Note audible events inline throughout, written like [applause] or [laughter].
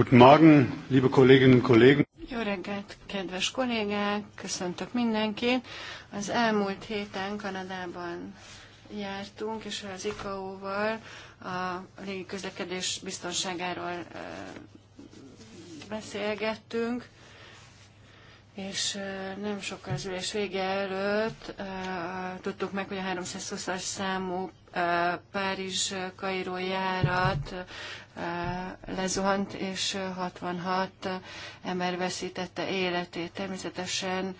Guten Morgen, liebe Kolleginnen und Kollegen. Jó reggelt, kedves kollégák, köszöntök mindenkit. Az elmúlt héten Kanadában jártunk, és az ICAO-val a légi közlekedés biztonságáról beszélgettünk és nem sokkal az ülés vége előtt tudtuk meg, hogy a 320-as számú Párizs-Kairó járat lezuhant, és 66 ember veszítette életét. Természetesen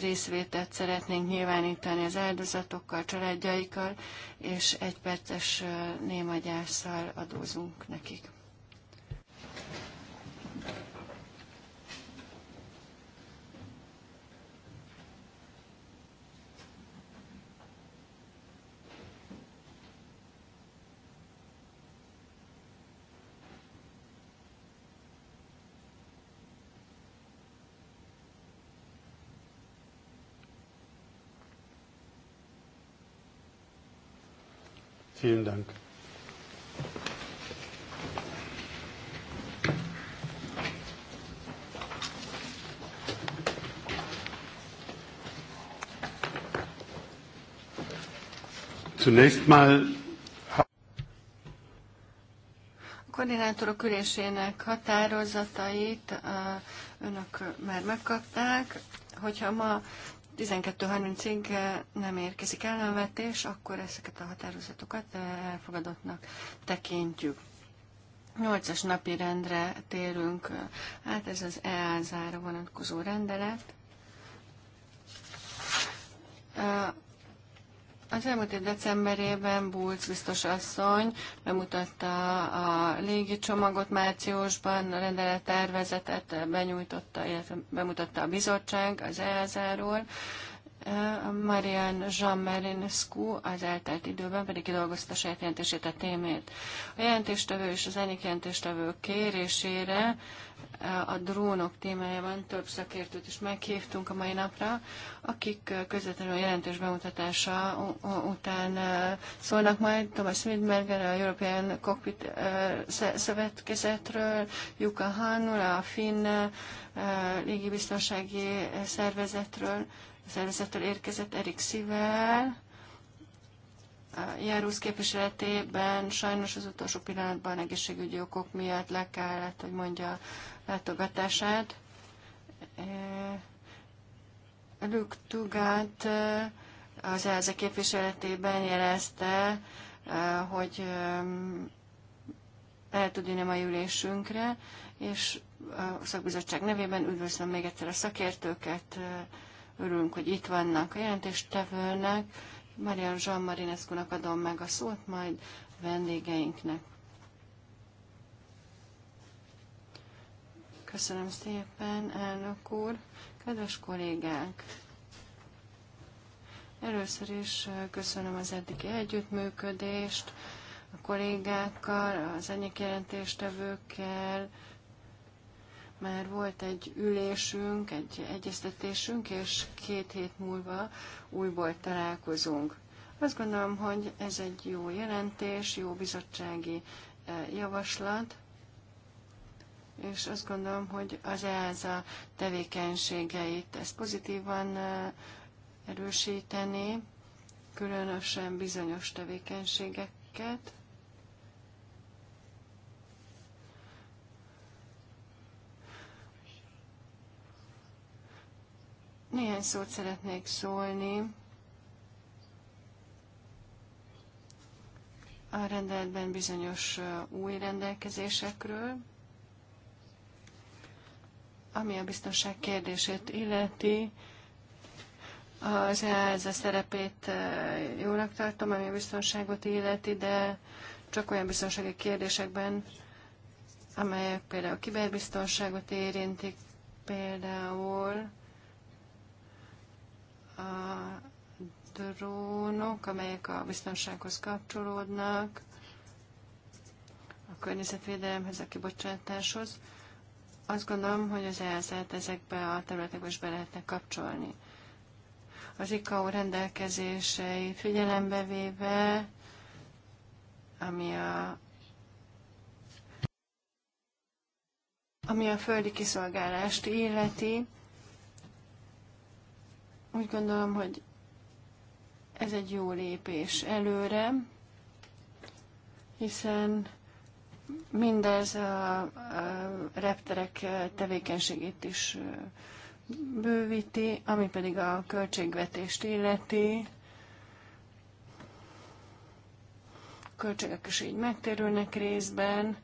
részvételt szeretnénk nyilvánítani az áldozatokkal, családjaikkal, és egy perces néma adózunk nekik. Vielen Dank. Zunächst mal a koordinátorok ülésének határozatait önök már megkapták. Hogyha ma 12.30-ig eh, nem érkezik ellenvetés, akkor ezeket a határozatokat eh, elfogadottnak tekintjük. 8-as napi rendre térünk eh, át, ez az eaz vonatkozó rendelet. Az elmúlt év decemberében Bulc biztos asszony bemutatta a légi csomagot márciusban, a rendelettervezetet benyújtotta, illetve bemutatta a bizottság az EASA-ról. Marian Jean-Marinescu az eltelt időben pedig kidolgozta saját jelentését a témét. A jelentéstevő és az enyik jelentéstevő kérésére a drónok témájában több szakértőt is meghívtunk a mai napra, akik közvetlenül a jelentős bemutatása után szólnak majd. Thomas Midberger a European Cockpit Szövetkezetről, Juka Hannul a Finn Légibiztonsági Szervezetről, a szervezettől érkezett Erik Szivel, Járusz képviseletében sajnos az utolsó pillanatban egészségügyi okok miatt le kellett, hogy mondja látogatását. E, Luke Tugát e, az ELZE e képviseletében jelezte, hogy el tud jönni a mai ülésünkre, és a szakbizottság nevében üdvözlöm még egyszer a szakértőket, örülünk, hogy itt vannak a jelentéstevőnek, Marian Jean marinescu adom meg a szót, majd a vendégeinknek. Köszönöm szépen, elnök úr, kedves kollégák! Először is köszönöm az eddigi együttműködést a kollégákkal, az enyék jelentéstevőkkel, már volt egy ülésünk, egy egyeztetésünk, és két hét múlva újból találkozunk. Azt gondolom, hogy ez egy jó jelentés, jó bizottsági e, javaslat, és azt gondolom, hogy az EASA tevékenységeit ezt pozitívan e, erősíteni, különösen bizonyos tevékenységeket. Néhány szót szeretnék szólni a rendeletben bizonyos új rendelkezésekről, ami a biztonság kérdését illeti. Az EASA szerepét jónak tartom, ami a biztonságot illeti, de csak olyan biztonsági kérdésekben, amelyek például a kiberbiztonságot érintik, például a drónok, amelyek a biztonsághoz kapcsolódnak, a környezetvédelemhez, a kibocsátáshoz. Azt gondolom, hogy az elszállt ezekbe a területekbe is be lehetne kapcsolni. Az ICAO rendelkezéseit figyelembe véve, ami a ami a földi kiszolgálást illeti, úgy gondolom, hogy ez egy jó lépés előre, hiszen mindez a, repterek tevékenységét is bővíti, ami pedig a költségvetést illeti. A költségek is így megtérülnek részben,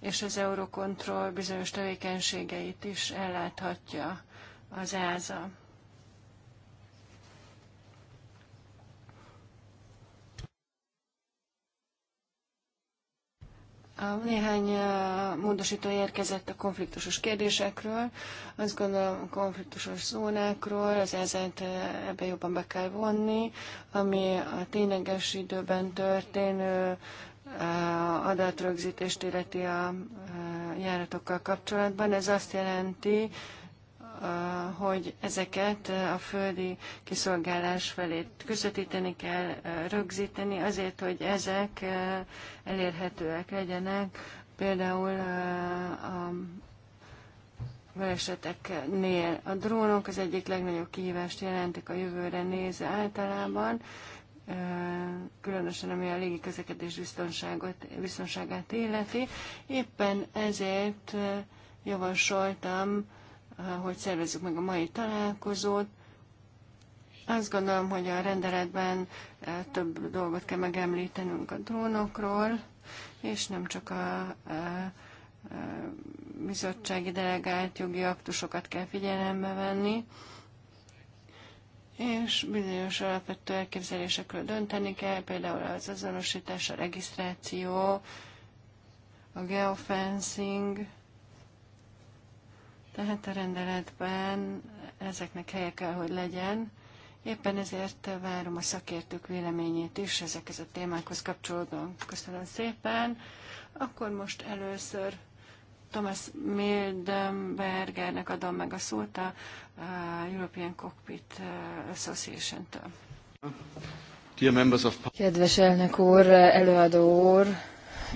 és az Eurocontrol bizonyos tevékenységeit is elláthatja az ÁZA. Néhány módosító érkezett a konfliktusos kérdésekről. Azt gondolom, a konfliktusos zónákról az ezet ebbe jobban be kell vonni, ami a tényleges időben történő adatrögzítést illeti a járatokkal kapcsolatban. Ez azt jelenti, Eh, hogy ezeket eh, a földi kiszolgálás felé közvetíteni kell, eh, rögzíteni, azért, hogy ezek elérhetőek legyenek, például a baleseteknél. A drónok az egyik legnagyobb kihívást jelentik a jövőre nézve általában, különösen ami a közlekedés biztonságot, biztonságát illeti. Éppen ezért javasoltam hogy szervezzük meg a mai találkozót. Azt gondolom, hogy a rendeletben eh, több dolgot kell megemlítenünk a drónokról, és nem csak a, eh, eh, bizottsági delegált jogi aktusokat kell figyelembe venni, és bizonyos alapvető elképzelésekről dönteni kell, például az azonosítás, a regisztráció, a geofencing, tehát a rendeletben ezeknek helye kell, hogy legyen. Éppen ezért várom a szakértők véleményét is ezekhez a témákhoz kapcsolódóan. Köszönöm szépen. Akkor most először Thomas Mildenbergernek adom meg a szót a European Cockpit Association-től. Kedves elnök úr, előadó úr,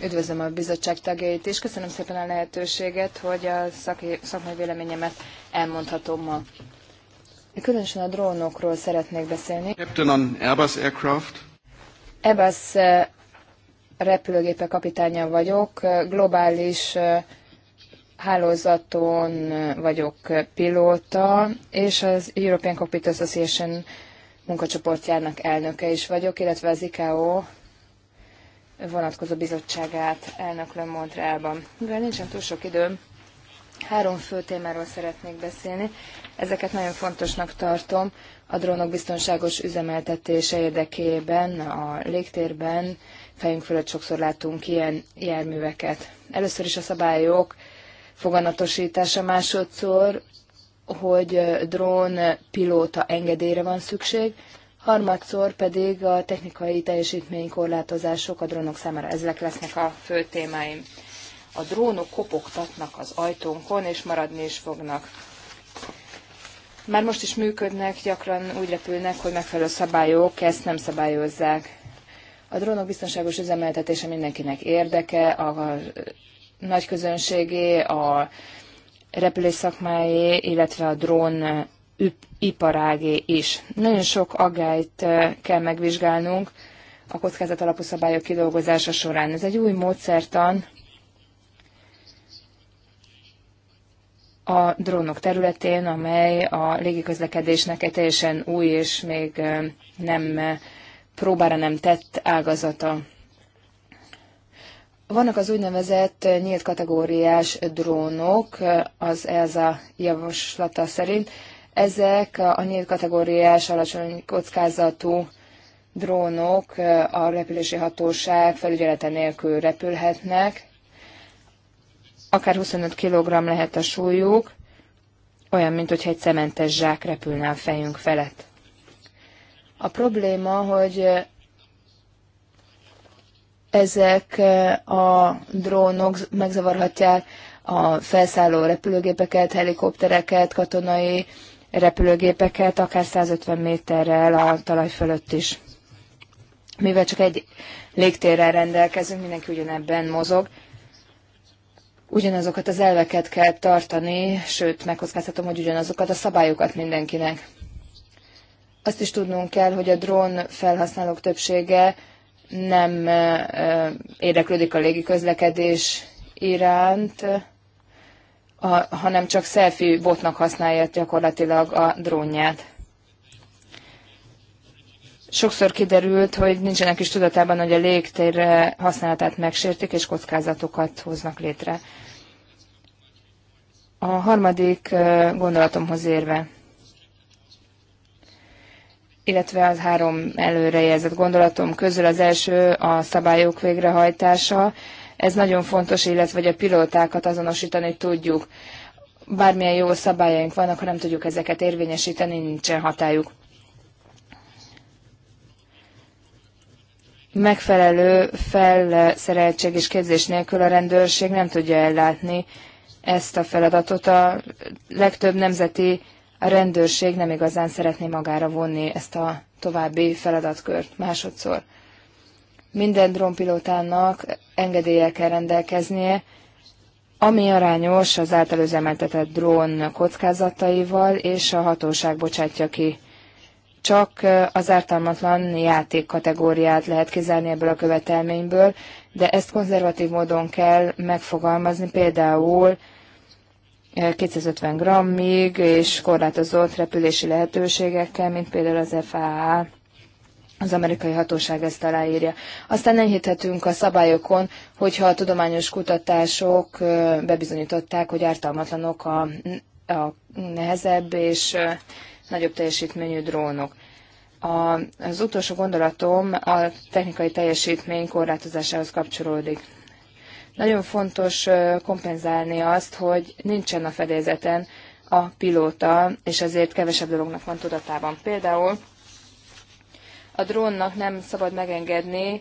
üdvözlöm a bizottság tagjait is. Köszönöm szépen a lehetőséget, hogy a szakmai véleményemet elmondhatom ma. Különösen a drónokról szeretnék beszélni. Captain on Airbus aircraft. Airbus eh, repülőgépe kapitánya vagyok, globális eh, hálózaton eh, vagyok pilóta, és az European Cockpit Association munkacsoportjának elnöke is vagyok, illetve az ICAO vonatkozó bizottságát elnököm Montrealban. Mivel nincsen túl sok időm, három fő témáról szeretnék beszélni. Ezeket nagyon fontosnak tartom a drónok biztonságos üzemeltetése érdekében, a légtérben, fejünk fölött sokszor látunk ilyen járműveket. Először is a szabályok foganatosítása, másodszor, hogy drón pilóta engedélyre van szükség, harmadszor pedig a technikai teljesítménykorlátozások a drónok számára. Ezek lesznek a fő témáim. A drónok kopogtatnak az ajtónkon, és maradni is fognak. Már most is működnek, gyakran úgy repülnek, hogy megfelelő szabályok ezt nem szabályozzák. A drónok biztonságos üzemeltetése mindenkinek érdeke, a nagy közönségé, a repülés szakmájé, illetve a drón iparágé is. Nagyon sok agályt eh, kell megvizsgálnunk a kockázat alapú szabályok kidolgozása során. Ez egy új módszertan a drónok területén, amely a légiközlekedésnek egy teljesen új és még eh, nem eh, próbára nem tett ágazata. Vannak az úgynevezett nyílt kategóriás drónok az ELSA javaslata szerint, ezek a nyílt kategóriás, alacsony kockázatú drónok a repülési hatóság felügyelete nélkül repülhetnek, akár 25 kg lehet a súlyuk, olyan, mint hogy egy cementes zsák repülne a fejünk felett. A probléma, hogy ezek a drónok megzavarhatják a felszálló repülőgépeket, helikoptereket, katonai repülőgépeket, akár 150 méterrel a talaj fölött is. Mivel csak egy légtérrel rendelkezünk, mindenki ugyanebben mozog, ugyanazokat az elveket kell tartani, sőt, meghozgáthatom, hogy ugyanazokat a szabályokat mindenkinek. Azt is tudnunk kell, hogy a drón felhasználók többsége nem érdeklődik a légiközlekedés iránt, a, hanem csak selfie botnak használja gyakorlatilag a drónját. Sokszor kiderült, hogy nincsenek is tudatában, hogy a légtér használatát megsértik, és kockázatokat hoznak létre. A harmadik gondolatomhoz érve, illetve az három előrejelzett gondolatom közül az első a szabályok végrehajtása, ez nagyon fontos, illetve hogy a pilótákat azonosítani tudjuk. Bármilyen jó szabályaink vannak, ha nem tudjuk ezeket érvényesíteni, nincsen hatájuk. Megfelelő felszereltség és képzés nélkül a rendőrség nem tudja ellátni ezt a feladatot. A legtöbb nemzeti a rendőrség nem igazán szeretné magára vonni ezt a további feladatkört másodszor minden drónpilótának engedélye kell rendelkeznie, ami arányos az által üzemeltetett drón kockázataival, és a hatóság bocsátja ki. Csak az ártalmatlan játék kategóriát lehet kizárni ebből a követelményből, de ezt konzervatív módon kell megfogalmazni, például 250 grammig és korlátozott repülési lehetőségekkel, mint például az FAA az amerikai hatóság ezt aláírja. Aztán enyhíthetünk a szabályokon, hogyha a tudományos kutatások bebizonyították, hogy ártalmatlanok a, a nehezebb és nagyobb teljesítményű drónok. A, az utolsó gondolatom a technikai teljesítmény korlátozásához kapcsolódik. Nagyon fontos kompenzálni azt, hogy nincsen a fedélzeten a pilóta, és ezért kevesebb dolognak van tudatában. Például a drónnak nem szabad megengedni,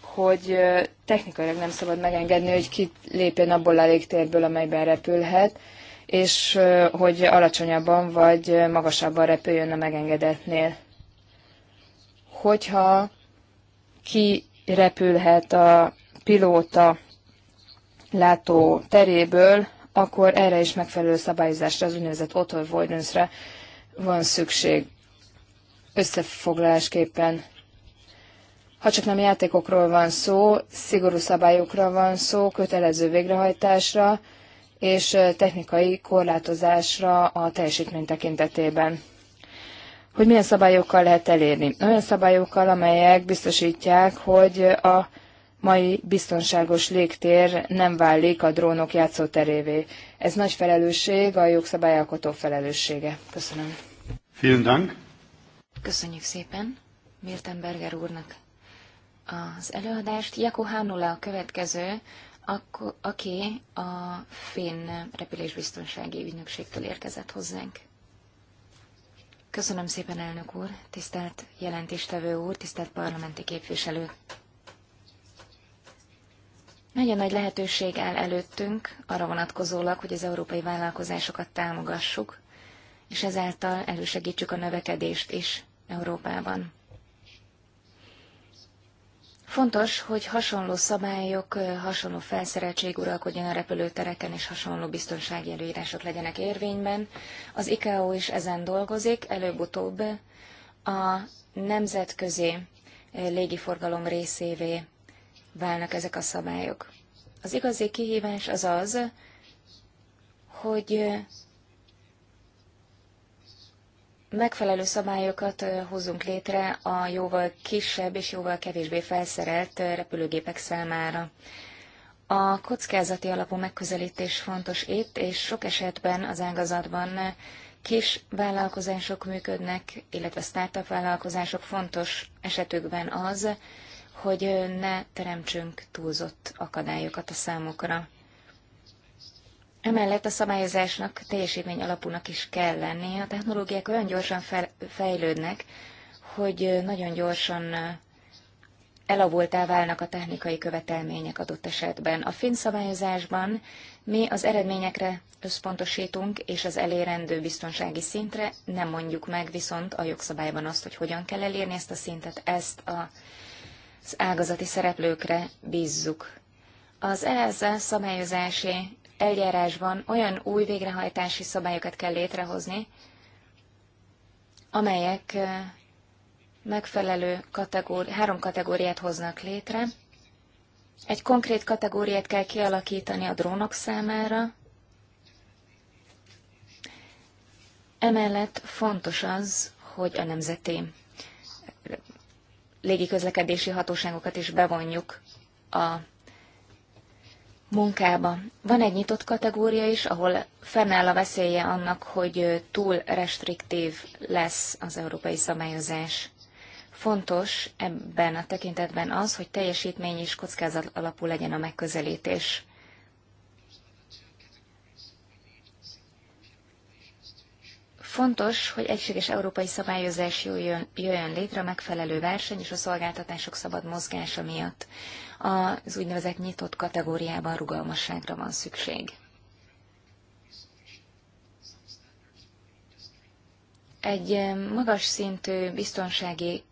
hogy technikailag nem szabad megengedni, hogy lépjen abból a légtérből, amelyben repülhet, és hogy alacsonyabban vagy magasabban repüljön a megengedetnél. Hogyha repülhet a pilóta látó teréből, akkor erre is megfelelő szabályozásra, az úgynevezett auto avoidance van szükség. Összefoglalásképpen, ha csak nem játékokról van szó, szigorú szabályokra van szó, kötelező végrehajtásra és technikai korlátozásra a teljesítmény tekintetében hogy milyen szabályokkal lehet elérni. Olyan szabályokkal, amelyek biztosítják, hogy a mai biztonságos légtér nem válik a drónok játszóterévé. Ez nagy felelősség, a jogszabályalkotó felelőssége. Köszönöm. Vielen Dank. Köszönjük szépen Miltenberger úrnak az előadást. Jako Hánula a következő, aki a Finn repülésbiztonsági ügynökségtől érkezett hozzánk. Köszönöm szépen, elnök úr, tisztelt jelentéstevő úr, tisztelt parlamenti képviselő. Nagyon nagy lehetőség áll előttünk arra vonatkozólag, hogy az európai vállalkozásokat támogassuk, és ezáltal elősegítsük a növekedést is. Európában. Fontos, hogy hasonló szabályok, hasonló felszereltség uralkodjon a repülőtereken, és hasonló biztonsági előírások legyenek érvényben. Az ICAO is ezen dolgozik, előbb-utóbb a nemzetközi légiforgalom részévé válnak ezek a szabályok. Az igazi kihívás az az, hogy megfelelő szabályokat hozzunk létre a jóval kisebb és jóval kevésbé felszerelt repülőgépek számára. A kockázati alapú megközelítés fontos itt, és sok esetben az ágazatban kis vállalkozások működnek, illetve startup vállalkozások fontos esetükben az, hogy ne teremtsünk túlzott akadályokat a számukra. Emellett a szabályozásnak teljesítmény alapúnak is kell lenni. A technológiák olyan gyorsan fejlődnek, hogy nagyon gyorsan elavultá válnak a technikai követelmények adott esetben. A finn szabályozásban mi az eredményekre összpontosítunk, és az elérendő biztonsági szintre nem mondjuk meg viszont a jogszabályban azt, hogy hogyan kell elérni ezt a szintet, ezt a, az ágazati szereplőkre bízzuk. Az ELSA szabályozási eljárásban olyan új végrehajtási szabályokat kell létrehozni, amelyek megfelelő kategóri- három kategóriát hoznak létre. Egy konkrét kategóriát kell kialakítani a drónok számára. Emellett fontos az, hogy a nemzeti légiközlekedési hatóságokat is bevonjuk a munkába. Van egy nyitott kategória is, ahol fennáll a veszélye annak, hogy túl restriktív lesz az európai szabályozás. Fontos ebben a tekintetben az, hogy teljesítmény és kockázat alapú legyen a megközelítés. Fontos, hogy egységes európai szabályozás jöjjön, jöjjön létre a megfelelő verseny és a szolgáltatások szabad mozgása miatt az úgynevezett nyitott kategóriában rugalmasságra van szükség. Egy eh, magas szintű biztonsági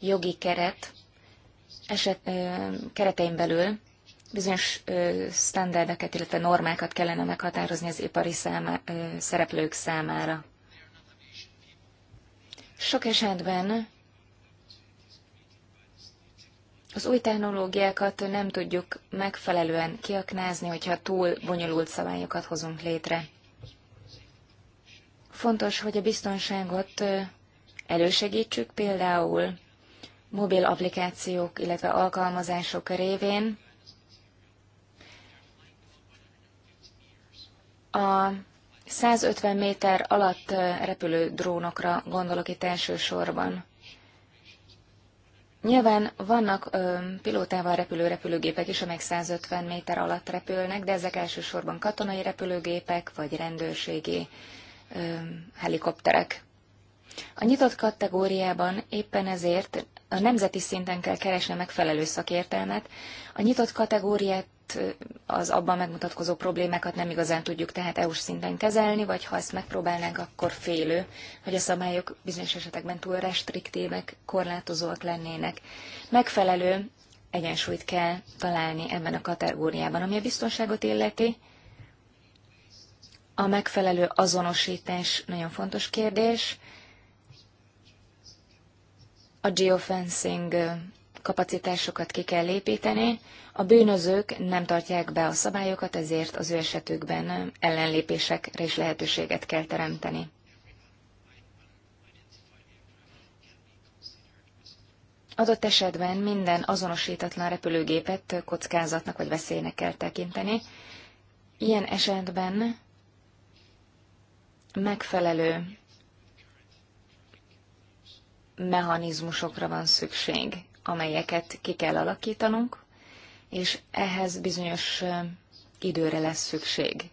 jogi keret eset, ö, eh, keretein belül bizonyos ö, eh, standardeket, illetve normákat kellene meghatározni az ipari számá, ö, szereplők számára. Sok esetben az új technológiákat nem tudjuk megfelelően kiaknázni, hogyha túl bonyolult szabályokat hozunk létre. Fontos, hogy a biztonságot elősegítsük, például mobil applikációk, illetve alkalmazások révén. A 150 méter alatt repülő drónokra gondolok itt elsősorban. Nyilván vannak ö, pilótával repülő repülőgépek is, amelyek 150 méter alatt repülnek, de ezek elsősorban katonai repülőgépek vagy rendőrségi ö, helikopterek. A nyitott kategóriában éppen ezért a nemzeti szinten kell keresni megfelelő szakértelmet. A nyitott kategóriát Hát, az abban megmutatkozó problémákat nem igazán tudjuk tehát EU-s szinten kezelni, vagy ha ezt megpróbálnánk, akkor félő, hogy a szabályok bizonyos esetekben túl restriktívek, korlátozóak lennének. Megfelelő egyensúlyt kell találni ebben a kategóriában, ami a biztonságot illeti. A megfelelő azonosítás nagyon fontos kérdés. A geofencing kapacitásokat ki kell építeni, a bűnözők nem tartják be a szabályokat, ezért az ő esetükben ellenlépésekre is lehetőséget kell teremteni. Adott esetben minden azonosítatlan repülőgépet kockázatnak vagy veszélynek kell tekinteni. Ilyen esetben megfelelő mechanizmusokra van szükség, amelyeket ki kell alakítanunk, és ehhez bizonyos időre lesz szükség.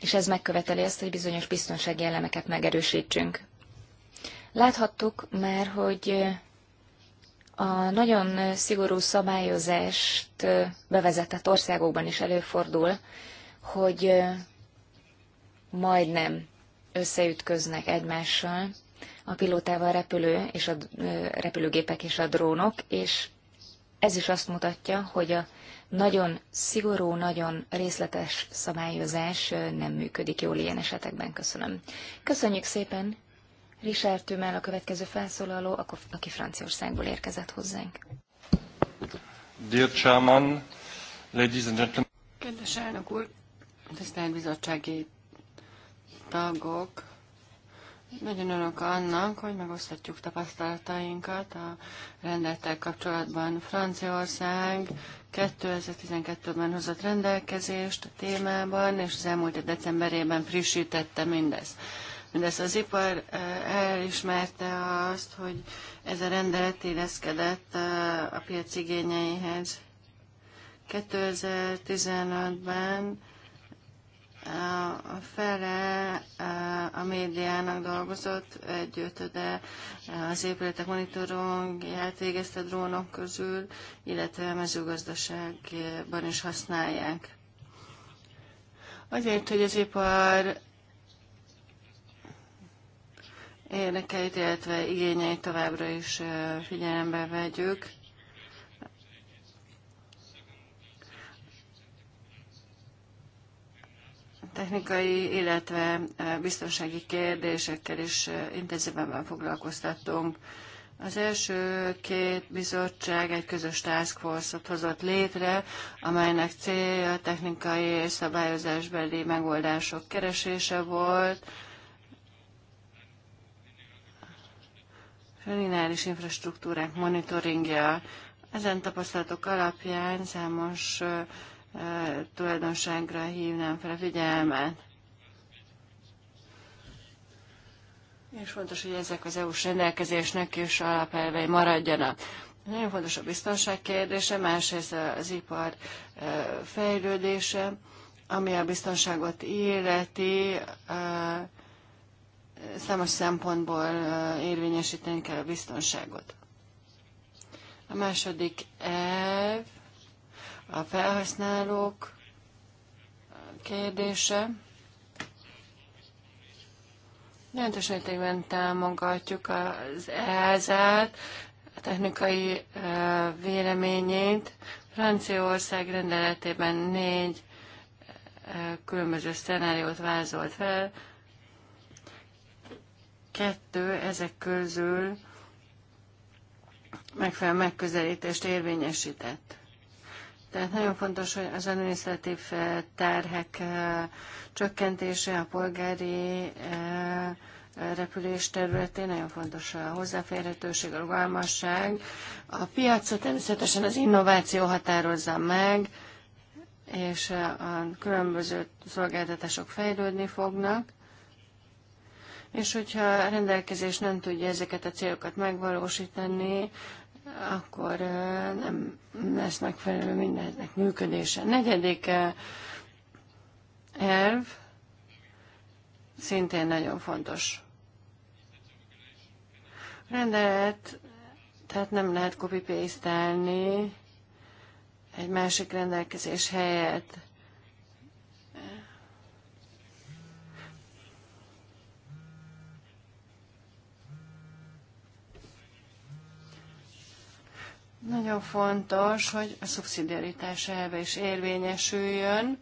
És ez megköveteli azt, hogy bizonyos biztonsági elemeket megerősítsünk. Láthattuk már, hogy a nagyon szigorú szabályozást bevezetett országokban is előfordul, hogy majdnem összeütköznek egymással a pilótával repülő és a repülőgépek és a drónok, és ez is azt mutatja, hogy a nagyon szigorú, nagyon részletes szabályozás nem működik jól ilyen esetekben. Köszönöm. Köszönjük szépen Richard Tümel a következő felszólaló, aki Franciaországból érkezett hozzánk. Dear Chairman, ladies and gentlemen. Kedves elnök úr, tisztelt bizottsági tagok, nagyon örülök annak, hogy megosztatjuk tapasztalatainkat a rendelettel kapcsolatban. Franciaország 2012-ben hozott rendelkezést a témában, és az elmúlt decemberében frissítette mindezt. Mindezt az ipar eh, elismerte azt, hogy ez a rendelet éleszkedett eh, a piac igényeihez. 2015-ben a fele a médiának dolgozott, egy ötöde az épületek monitorongját végezte drónok közül, illetve a mezőgazdaságban is használják. Azért, hogy az ipar érdekeit, illetve igényeit továbbra is figyelembe vegyük, technikai, illetve biztonsági kérdésekkel is intenzívebben foglalkoztattunk. Az első két bizottság egy közös task force-ot hozott létre, amelynek célja technikai és szabályozásbeli megoldások keresése volt, lineáris infrastruktúrák monitoringja. Ezen tapasztalatok alapján számos tulajdonságra hívnám fel a figyelmet. És fontos, hogy ezek az EU-s rendelkezésnek is alapelvei maradjanak. Nagyon fontos a biztonság kérdése, másrészt az ipar fejlődése, ami a biztonságot illeti, számos szempontból érvényesíteni kell a biztonságot. A második elv, a felhasználók kérdése. Jelentős mértékben támogatjuk az EHZ-át, a technikai véleményét. Franciaország rendeletében négy különböző szenáriót vázolt fel. Kettő ezek közül megfelelő megközelítést érvényesített. Tehát nagyon fontos, hogy az administratív terhek csökkentése a polgári repülés területén nagyon fontos a hozzáférhetőség, a rugalmasság. A piacot természetesen az innováció határozza meg, és a különböző szolgáltatások fejlődni fognak. És hogyha a rendelkezés nem tudja ezeket a célokat megvalósítani, akkor nem lesz megfelelő mindennek működése. Negyedik elv szintén nagyon fontos. Rendelet, tehát nem lehet copy egy másik rendelkezés helyett. Nagyon fontos, hogy a szubszidiaritás elve is érvényesüljön,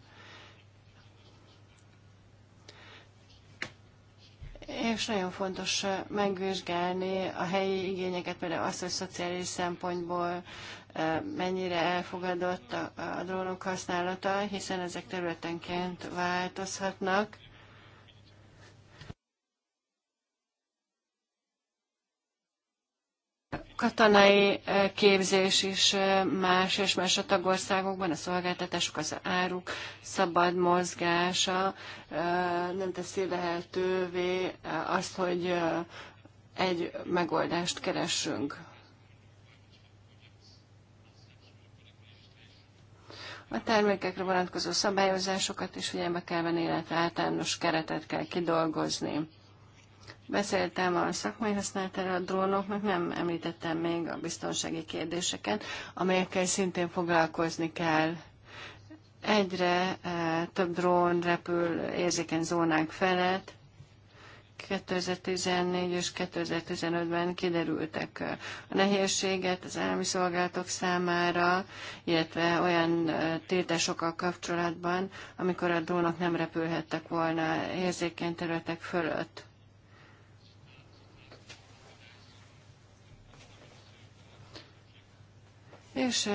és nagyon fontos megvizsgálni a helyi igényeket, például azt, hogy szociális szempontból e, mennyire elfogadott a drónok használata, hiszen ezek területenként változhatnak. katonai képzés is más és más a tagországokban, a szolgáltatások, az áruk szabad mozgása nem teszi lehetővé azt, hogy egy megoldást keressünk. A termékekre vonatkozó szabályozásokat is figyelme kell venni, illetve általános keretet kell kidolgozni. Beszéltem a szakmai használatára a drónoknak, nem említettem még a biztonsági kérdéseket, amelyekkel szintén foglalkozni kell. Egyre eh, több drón repül érzékeny zónák felett, 2014 és 2015-ben kiderültek eh, a nehézséget az állami szolgálatok számára, illetve olyan eh, tiltásokkal kapcsolatban, amikor a drónok nem repülhettek volna érzékeny területek fölött. és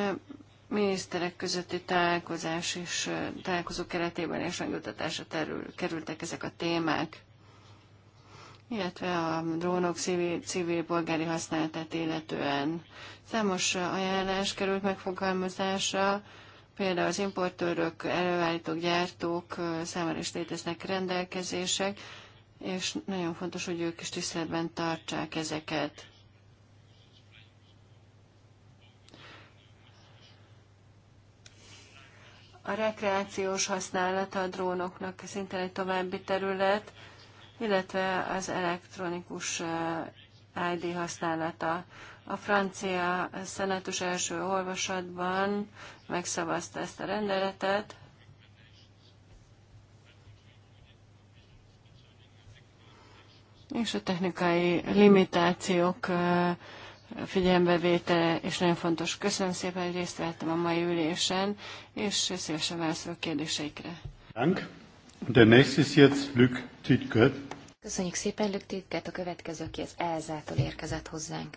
miniszterek közötti találkozás és találkozó keretében és megjutatásra kerültek ezek a témák, illetve a drónok civil, civil polgári használatát illetően. Számos ajánlás került megfogalmazásra, például az importőrök, előállítók, gyártók számára is léteznek rendelkezések, és nagyon fontos, hogy ők is tiszteletben tartsák ezeket. A rekreációs használata a drónoknak szintén egy további terület, illetve az elektronikus eh, ID használata. A francia szenátus első olvasatban megszavazta ezt a rendeletet, és a technikai limitációk eh, figyelembevétele, és nagyon fontos. Köszönöm szépen, hogy részt vettem a mai ülésen, és szívesen válaszolok kérdéseikre. Dank. de nächste jetzt Köszönjük szépen, Luc Tütköt, a következő, aki az Elzától érkezett hozzánk.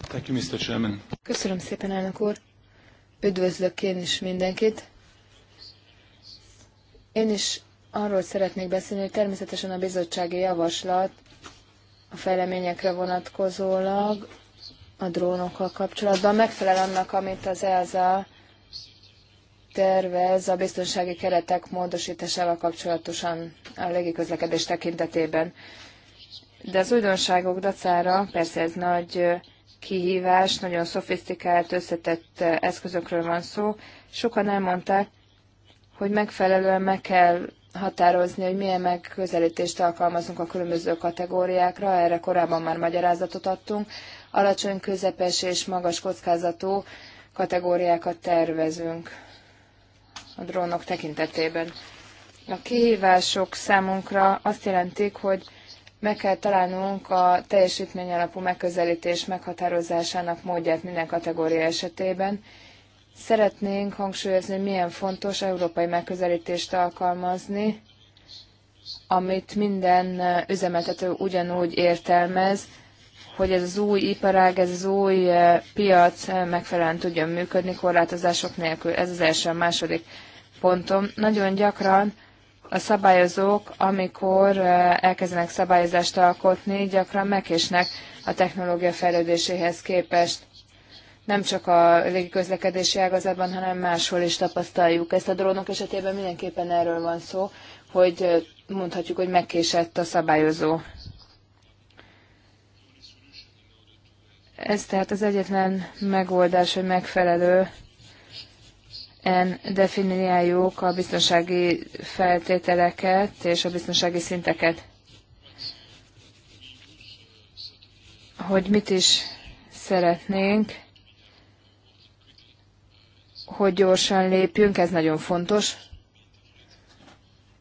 Thank you, Mr. Chairman. Köszönöm szépen, elnök úr. Üdvözlök én is mindenkit. Én is arról szeretnék beszélni, hogy természetesen a bizottsági javaslat a fejleményekre vonatkozólag a drónokkal kapcsolatban megfelel annak, amit az ELSA tervez a biztonsági keretek módosításával kapcsolatosan a légiközlekedés tekintetében. De az újdonságok dacára, persze ez nagy kihívás, nagyon szofisztikált, összetett eszközökről van szó. Sokan elmondták, hogy megfelelően meg kell határozni, hogy milyen megközelítést alkalmazunk a különböző kategóriákra, erre korábban már magyarázatot adtunk, alacsony, közepes és magas kockázatú kategóriákat tervezünk a drónok tekintetében. A kihívások számunkra azt jelentik, hogy meg kell találnunk a teljesítmény alapú megközelítés meghatározásának módját minden kategória esetében, Szeretnénk hangsúlyozni, hogy milyen fontos európai megközelítést alkalmazni, amit minden üzemeltető ugyanúgy értelmez, hogy ez az új iparág, ez az új eh, piac eh, megfelelően tudjon működni korlátozások nélkül. Ez az első, a második pontom. Nagyon gyakran a szabályozók, amikor eh, elkezdenek szabályozást alkotni, gyakran megkésnek a technológia fejlődéséhez képest nem csak a légiközlekedési ágazatban, hanem máshol is tapasztaljuk. Ezt a drónok esetében mindenképpen erről van szó, hogy mondhatjuk, hogy megkésett a szabályozó. Ez tehát az egyetlen megoldás, hogy megfelelő en definiáljuk a biztonsági feltételeket és a biztonsági szinteket. Hogy mit is szeretnénk, hogy gyorsan lépjünk, ez nagyon fontos,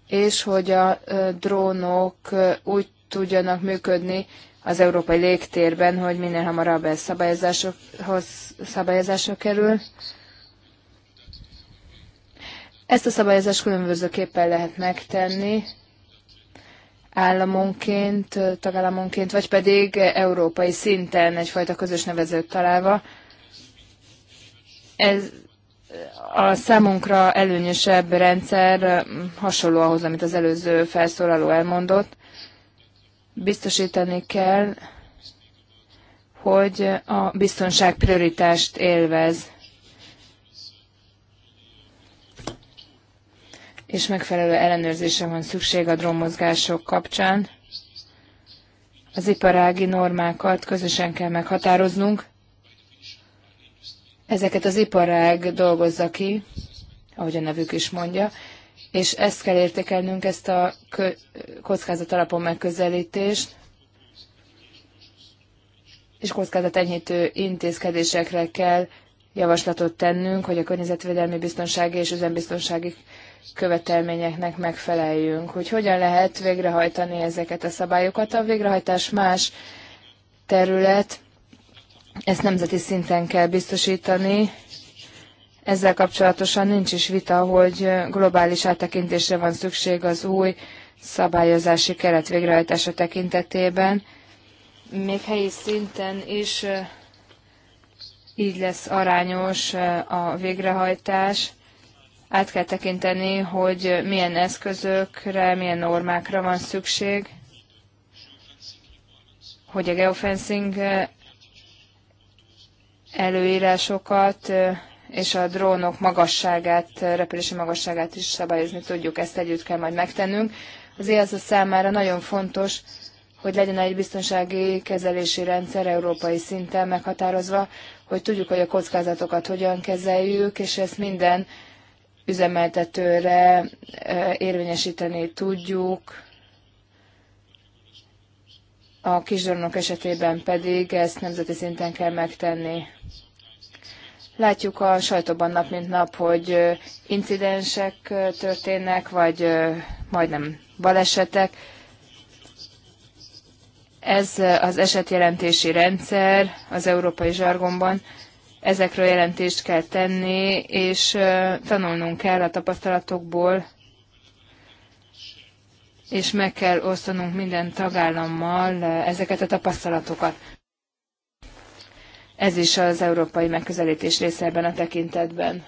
és hogy a drónok úgy tudjanak működni az európai légtérben, hogy minél hamarabb ez szabályozásokhoz szabályozásra kerül. Ezt a szabályozást különbözőképpen lehet megtenni, államonként, tagállamonként, vagy pedig európai szinten egyfajta közös nevezőt találva. Ez a számunkra előnyösebb rendszer mm, hasonló ahhoz, amit az előző felszólaló elmondott. Biztosítani kell, hogy a biztonság prioritást élvez, és megfelelő ellenőrzésre van szükség a drónmozgások kapcsán. Az iparági normákat közösen kell meghatároznunk, Ezeket az iparág dolgozza ki, ahogy a nevük is mondja, és ezt kell értékelnünk, ezt a kockázat alapon megközelítést, és kockázat enyhítő intézkedésekre kell javaslatot tennünk, hogy a környezetvédelmi biztonsági és üzembiztonsági követelményeknek megfeleljünk. Hogy hogyan lehet végrehajtani ezeket a szabályokat. A végrehajtás más terület, ezt nemzeti szinten kell biztosítani. Ezzel kapcsolatosan nincs is vita, hogy globális áttekintésre van szükség az új szabályozási keret végrehajtása tekintetében. Még helyi szinten is így lesz arányos a végrehajtás. Át kell tekinteni, hogy milyen eszközökre, milyen normákra van szükség, hogy a geofencing előírásokat és a drónok magasságát, repülési magasságát is szabályozni tudjuk, ezt együtt kell majd megtennünk. Az EASA számára nagyon fontos, hogy legyen egy biztonsági kezelési rendszer európai szinten meghatározva, hogy tudjuk, hogy a kockázatokat hogyan kezeljük, és ezt minden üzemeltetőre érvényesíteni tudjuk, a kisdrónok esetében pedig ezt nemzeti szinten kell megtenni. Látjuk a sajtóban nap mint nap, hogy incidensek történnek, vagy majdnem balesetek. Ez az esetjelentési rendszer az európai zsargonban, ezekről jelentést kell tenni, és tanulnunk kell a tapasztalatokból, és meg kell osztanunk minden tagállammal eh, ezeket a tapasztalatokat. Ez is az európai megközelítés része ebben a tekintetben.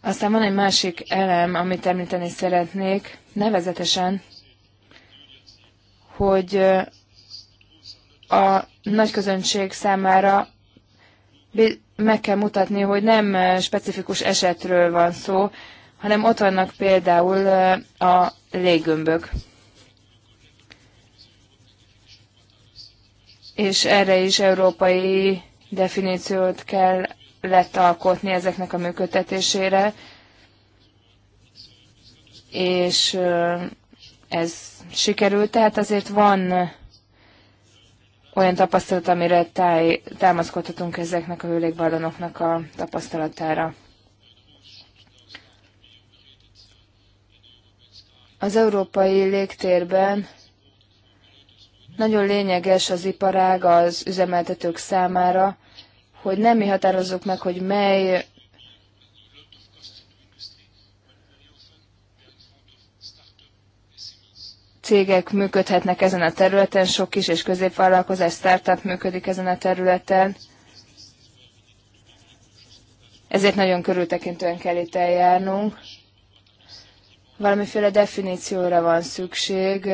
Aztán van egy másik elem, amit említeni szeretnék, nevezetesen, hogy eh, a nagyközönség számára meg kell mutatni, hogy nem eh, specifikus esetről van szó, hanem ott vannak például a léggömbök. És erre is európai definíciót kell letalkotni ezeknek a működtetésére, és ez sikerült, tehát azért van olyan tapasztalat, amire táj, támaszkodhatunk ezeknek a hőlékballonoknak a tapasztalatára. Az európai légtérben nagyon lényeges az iparág az üzemeltetők számára, hogy nem mi határozzuk meg, hogy mely cégek működhetnek ezen a területen, sok kis és középvállalkozás, startup működik ezen a területen. Ezért nagyon körültekintően kell itt eljárnunk valamiféle definícióra van szükség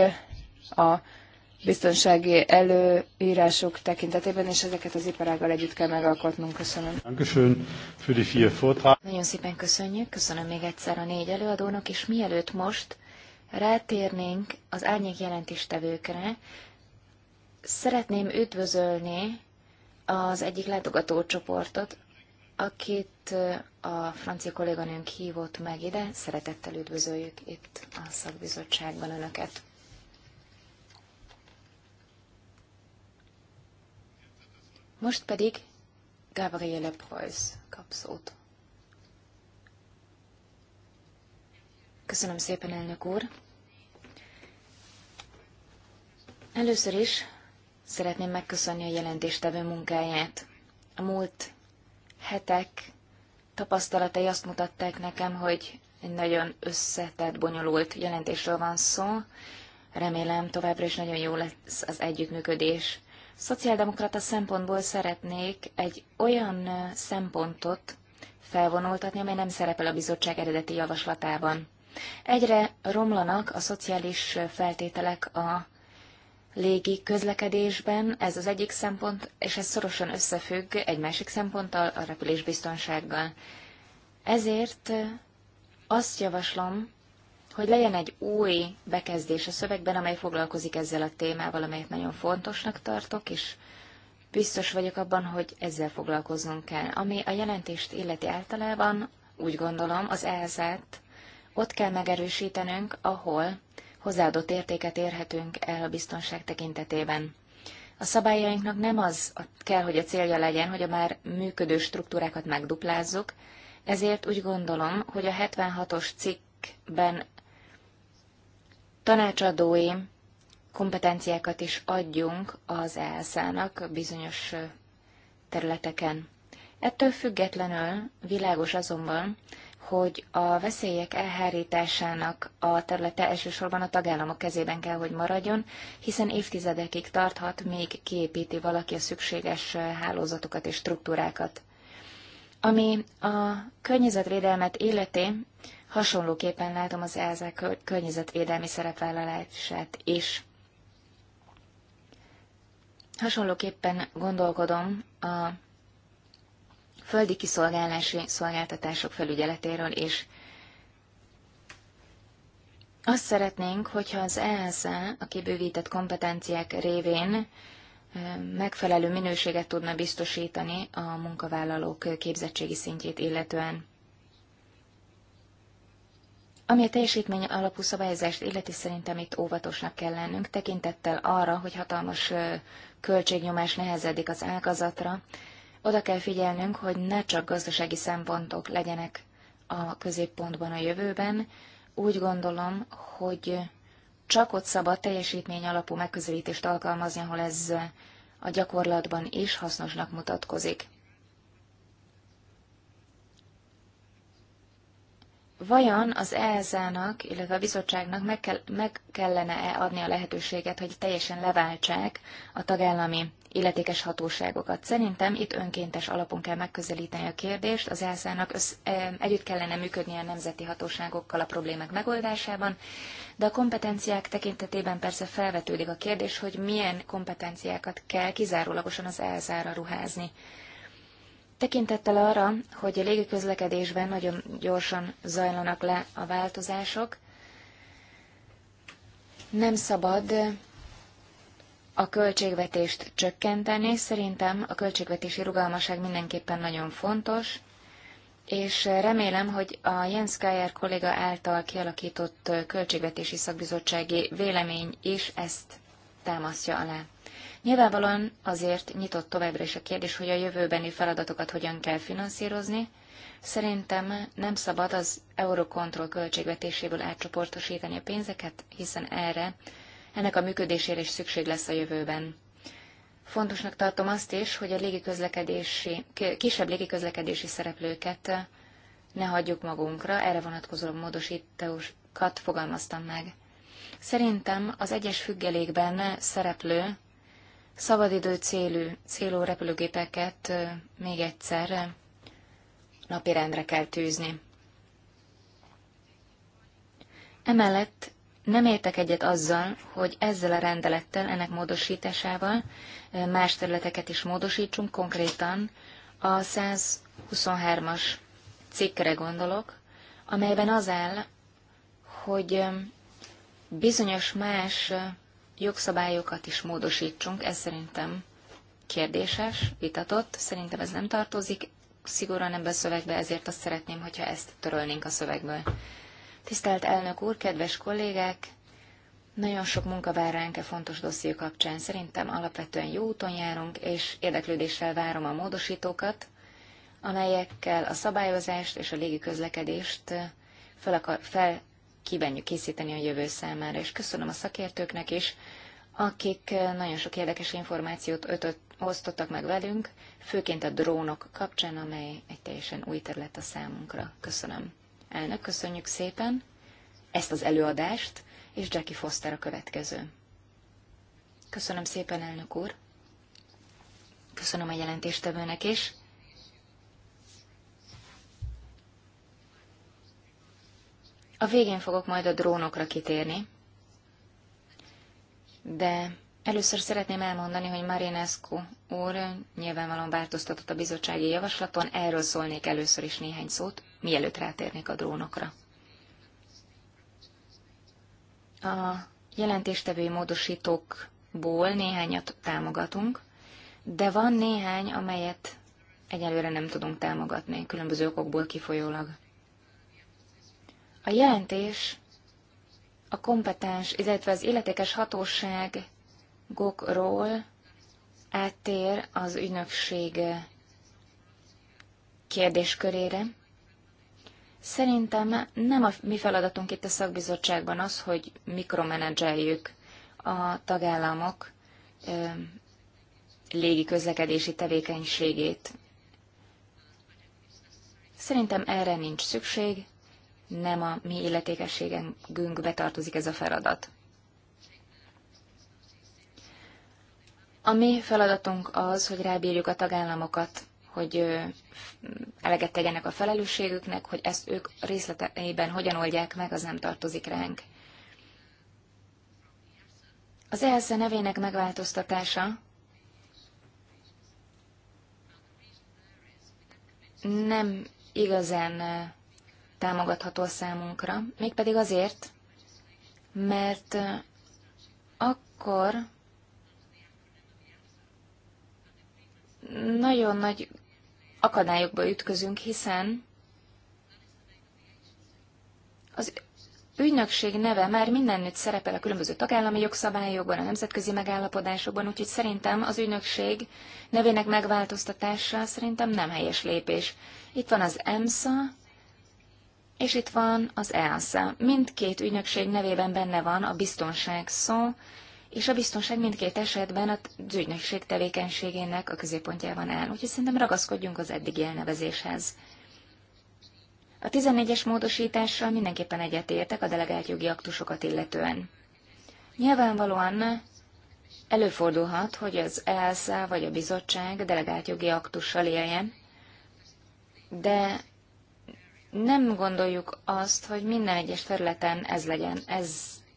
a biztonsági előírások tekintetében, és ezeket az iparággal együtt kell megalkotnunk. Köszönöm. Nagyon szépen köszönjük, köszönöm még egyszer a négy előadónak, és mielőtt most rátérnénk az árnyék jelentéstevőkre, szeretném üdvözölni az egyik látogatócsoportot, akit a francia kolléganőnk hívott meg ide. Szeretettel üdvözöljük itt a szakbizottságban Önöket. Most pedig Gabriele Preuss kap szót. Köszönöm szépen, elnök úr! Először is szeretném megköszönni a jelentéstevő munkáját. A múlt hetek tapasztalatai azt mutatták nekem, hogy egy nagyon összetett, bonyolult jelentésről van szó. Remélem továbbra is nagyon jó lesz az együttműködés. Szociáldemokrata szempontból szeretnék egy olyan szempontot felvonultatni, amely nem szerepel a bizottság eredeti javaslatában. Egyre romlanak a szociális feltételek a légi közlekedésben, ez az egyik szempont, és ez szorosan összefügg egy másik szemponttal, a repülésbiztonsággal. Ezért azt javaslom, hogy legyen egy új bekezdés a szövegben, amely foglalkozik ezzel a témával, amelyet nagyon fontosnak tartok, és biztos vagyok abban, hogy ezzel foglalkoznunk kell. Ami a jelentést illeti általában, úgy gondolom, az elzát ott kell megerősítenünk, ahol hozzáadott értéket érhetünk el a biztonság tekintetében. A szabályainknak nem az kell, hogy a célja legyen, hogy a már működő struktúrákat megduplázzuk, ezért úgy gondolom, hogy a 76-os cikkben tanácsadói kompetenciákat is adjunk az elszának bizonyos területeken. Ettől függetlenül világos azonban, hogy a veszélyek elhárításának a területe elsősorban a tagállamok kezében kell, hogy maradjon, hiszen évtizedekig tarthat, még kiépíti valaki a szükséges hálózatokat és struktúrákat. Ami a környezetvédelmet illeti, hasonlóképpen látom az ELSA környezetvédelmi szerepvállalását is. Hasonlóképpen gondolkodom a földi kiszolgálási szolgáltatások felügyeletéről is. Azt szeretnénk, hogyha az ESA a kibővített kompetenciák révén megfelelő minőséget tudna biztosítani a munkavállalók képzettségi szintjét illetően. Ami a teljesítmény alapú szabályozást illeti, szerintem itt óvatosnak kell lennünk, tekintettel arra, hogy hatalmas költségnyomás nehezedik az ágazatra, oda kell figyelnünk, hogy ne csak gazdasági szempontok legyenek a középpontban a jövőben. Úgy gondolom, hogy csak ott szabad teljesítmény alapú megközelítést alkalmazni, ahol ez a gyakorlatban is hasznosnak mutatkozik. Vajon az ELSA-nak, illetve a bizottságnak meg, kell, meg kellene-e adni a lehetőséget, hogy teljesen leváltsák a tagállami illetékes hatóságokat? Szerintem itt önkéntes alapon kell megközelíteni a kérdést, az ELSA-nak e, együtt kellene működni a nemzeti hatóságokkal a problémák megoldásában, de a kompetenciák tekintetében persze felvetődik a kérdés, hogy milyen kompetenciákat kell kizárólagosan az ELSA-ra ruházni. Tekintettel arra, hogy a légiközlekedésben nagyon gyorsan zajlanak le a változások, nem szabad a költségvetést csökkenteni. Szerintem a költségvetési rugalmaság mindenképpen nagyon fontos, és remélem, hogy a Jens Kajer kolléga által kialakított költségvetési szakbizottsági vélemény is ezt támasztja alá. Nyilvánvalóan azért nyitott továbbra is a kérdés, hogy a jövőbeni feladatokat hogyan kell finanszírozni. Szerintem nem szabad az Eurocontrol költségvetéséből átcsoportosítani a pénzeket, hiszen erre, ennek a működésére is szükség lesz a jövőben. Fontosnak tartom azt is, hogy a légiközlekedési, kisebb légiközlekedési szereplőket ne hagyjuk magunkra, erre vonatkozó módosítókat fogalmaztam meg. Szerintem az egyes függelékben szereplő szabadidő célú, célú repülőgépeket még egyszer napirendre kell tűzni. Emellett nem értek egyet azzal, hogy ezzel a rendelettel, ennek módosításával más területeket is módosítsunk, konkrétan a 123-as cikkre gondolok, amelyben az áll, hogy bizonyos más jogszabályokat is módosítsunk, ez szerintem kérdéses, vitatott, szerintem ez nem tartozik szigorúan ebbe a szövegbe, ezért azt szeretném, hogyha ezt törölnénk a szövegből. Tisztelt elnök úr, kedves kollégák, nagyon sok munka vár ránk a e fontos dosszió kapcsán. Szerintem alapvetően jó úton járunk, és érdeklődéssel várom a módosítókat, amelyekkel a szabályozást és a légi közlekedést fel, akar, fel kívánjuk készíteni a jövő számára, és köszönöm a szakértőknek is, akik nagyon sok érdekes információt ötött, osztottak meg velünk, főként a drónok kapcsán, amely egy teljesen új terület a számunkra. Köszönöm. Elnök, köszönjük szépen ezt az előadást, és Jackie Foster a következő. Köszönöm szépen, elnök úr. Köszönöm a jelentéstevőnek is. A végén fogok majd a drónokra kitérni, de először szeretném elmondani, hogy Marinescu úr nyilvánvalóan változtatott a bizottsági javaslaton, erről szólnék először is néhány szót, mielőtt rátérnék a drónokra. A jelentéstevői módosítókból néhányat támogatunk, de van néhány, amelyet egyelőre nem tudunk támogatni, különböző okokból kifolyólag. A jelentés a kompetens, illetve az illetékes hatóságokról áttér az ügynökség kérdéskörére. Szerintem nem a mi feladatunk itt a szakbizottságban az, hogy mikromenedzseljük a tagállamok ö, légi közlekedési tevékenységét. Szerintem erre nincs szükség nem a mi illetékességünkbe betartozik ez a feladat. A mi feladatunk az, hogy rábírjuk a tagállamokat, hogy eleget tegyenek a felelősségüknek, hogy ezt ők részleteiben hogyan oldják meg, az nem tartozik ránk. Az ELSZE nevének megváltoztatása nem igazán támogatható a számunkra, mégpedig azért, mert akkor nagyon nagy akadályokba ütközünk, hiszen az ügynökség neve már mindenütt szerepel a különböző tagállami jogszabályokban, a nemzetközi megállapodásokban, úgyhogy szerintem az ügynökség nevének megváltoztatása szerintem nem helyes lépés. Itt van az EMSA, és itt van az ELSA. Mindkét ügynökség nevében benne van a biztonság szó, és a biztonság mindkét esetben az ügynökség tevékenységének a középpontjában áll, úgyhogy szerintem ragaszkodjunk az eddigi elnevezéshez. A 14-es módosítással mindenképpen egyetértek a delegált jogi aktusokat illetően. Nyilvánvalóan előfordulhat, hogy az ELSZ vagy a bizottság delegált jogi aktussal éljen, de nem gondoljuk azt, hogy minden egyes területen ez legyen, ez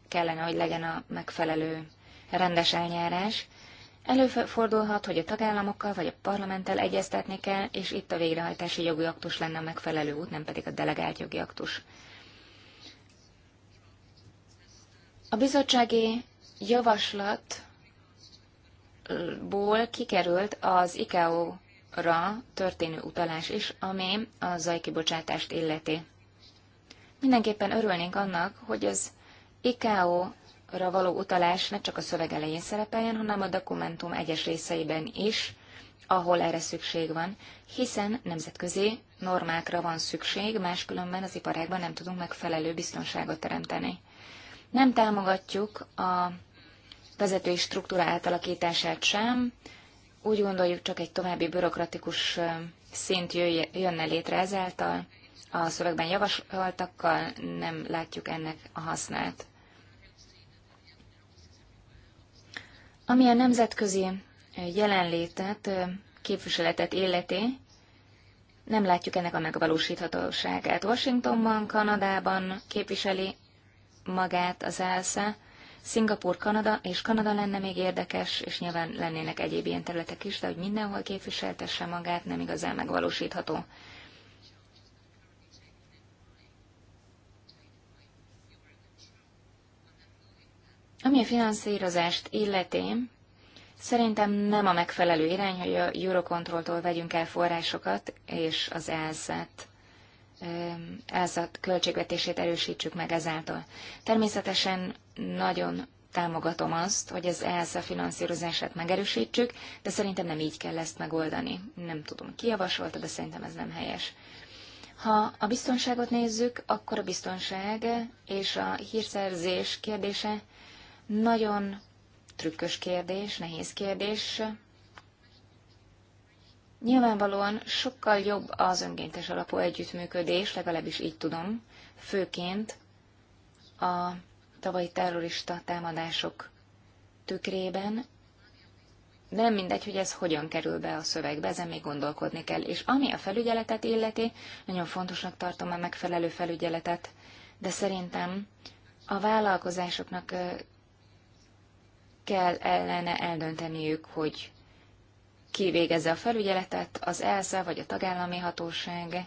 kellene, hogy legyen a megfelelő rendes eljárás. Előfordulhat, hogy a tagállamokkal vagy a parlamenttel egyeztetni kell, és itt a végrehajtási jogi aktus lenne a megfelelő út, nem pedig a delegált jogi aktus. A bizottsági javaslatból kikerült az ICAO ra történő utalás is, ami a zajkibocsátást illeti. Mindenképpen örülnénk annak, hogy az ICAO-ra való utalás ne csak a szöveg elején szerepeljen, hanem a dokumentum egyes részeiben is, ahol erre szükség van, hiszen nemzetközi normákra van szükség, máskülönben az iparágban nem tudunk megfelelő biztonságot teremteni. Nem támogatjuk a vezetői struktúra átalakítását sem, úgy gondoljuk, csak egy további bürokratikus szint jönne létre ezáltal, a szövegben javasoltakkal nem látjuk ennek a hasznát. Ami a nemzetközi jelenlétet, képviseletet illeti, nem látjuk ennek a megvalósíthatóságát. Washingtonban, Kanadában képviseli magát az ELSZE, Szingapur, Kanada és Kanada lenne még érdekes, és nyilván lennének egyéb ilyen területek is, de hogy mindenhol képviseltesse magát, nem igazán megvalósítható. Ami a finanszírozást illeti, szerintem nem a megfelelő irány, hogy a Eurocontroltól vegyünk el forrásokat, és az elszett elszak költségvetését erősítsük meg ezáltal. Természetesen nagyon támogatom azt, hogy az ELSA finanszírozását megerősítsük, de szerintem nem így kell ezt megoldani. Nem tudom, ki javasolta, de szerintem ez nem helyes. Ha a biztonságot nézzük, akkor a biztonság és a hírszerzés kérdése nagyon trükkös kérdés, nehéz kérdés. Nyilvánvalóan sokkal jobb az önkéntes alapú együttműködés, legalábbis így tudom, főként a tavalyi terrorista támadások tükrében. Nem mindegy, hogy ez hogyan kerül be a szövegbe, ezen még gondolkodni kell. És ami a felügyeletet illeti, nagyon fontosnak tartom a megfelelő felügyeletet, de szerintem a vállalkozásoknak kell ellene eldönteniük, hogy kivégezze a felügyeletet, az ELSZE vagy a tagállami hatóság,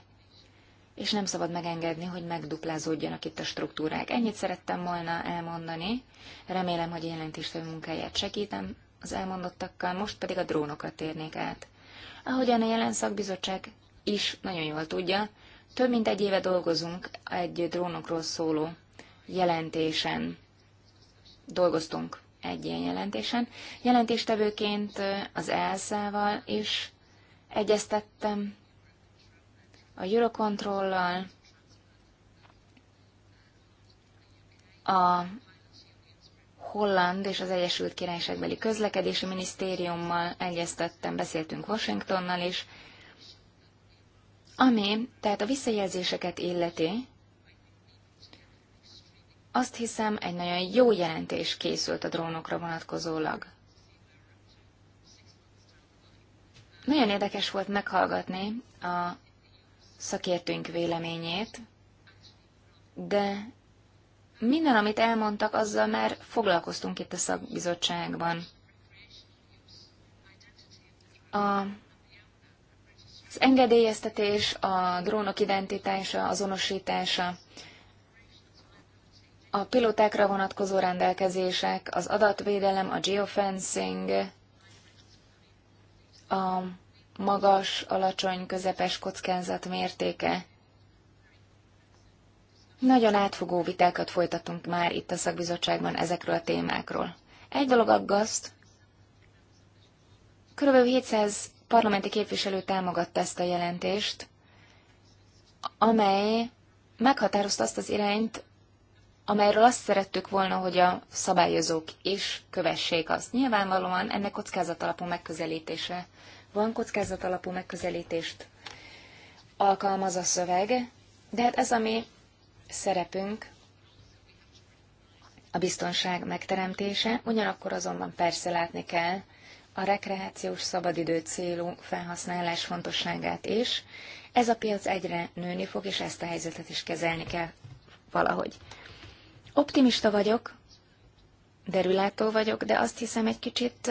és nem szabad megengedni, hogy megduplázódjanak itt a struktúrák. Ennyit szerettem volna elmondani. Remélem, hogy a munkáját segítem az elmondottakkal, most pedig a drónokra térnék át. Ahogyan a jelen szakbizottság is nagyon jól tudja, több mint egy éve dolgozunk egy drónokról szóló jelentésen. Dolgoztunk egy ilyen jelentésen. Jelentéstevőként az ELSZ-val is egyeztettem, a Eurocontrollal, a Holland és az Egyesült Királyságbeli Közlekedési Minisztériummal egyeztettem, beszéltünk Washingtonnal is, ami tehát a visszajelzéseket illeti, azt hiszem, egy nagyon jó jelentés készült a drónokra vonatkozólag. Nagyon érdekes volt meghallgatni a szakértőink véleményét, de minden, amit elmondtak, azzal már foglalkoztunk itt a szakbizottságban. A, az engedélyeztetés, a drónok identitása, azonosítása, a pilotákra vonatkozó rendelkezések, az adatvédelem, a geofencing, a magas, alacsony, közepes kockázat mértéke. Nagyon átfogó vitákat folytatunk már itt a szakbizottságban ezekről a témákról. Egy dolog aggaszt, kb. 700 parlamenti képviselő támogatta ezt a jelentést, amely meghatározta azt az irányt, amelyről azt szerettük volna, hogy a szabályozók is kövessék azt. Nyilvánvalóan ennek kockázatalapú megközelítése van, kockázatalapú megközelítést alkalmaz a szöveg, de hát ez a mi szerepünk, a biztonság megteremtése, ugyanakkor azonban persze látni kell a rekreációs szabadidő célú felhasználás fontosságát is. Ez a piac egyre nőni fog, és ezt a helyzetet is kezelni kell valahogy. Optimista vagyok, derülátó vagyok, de azt hiszem egy kicsit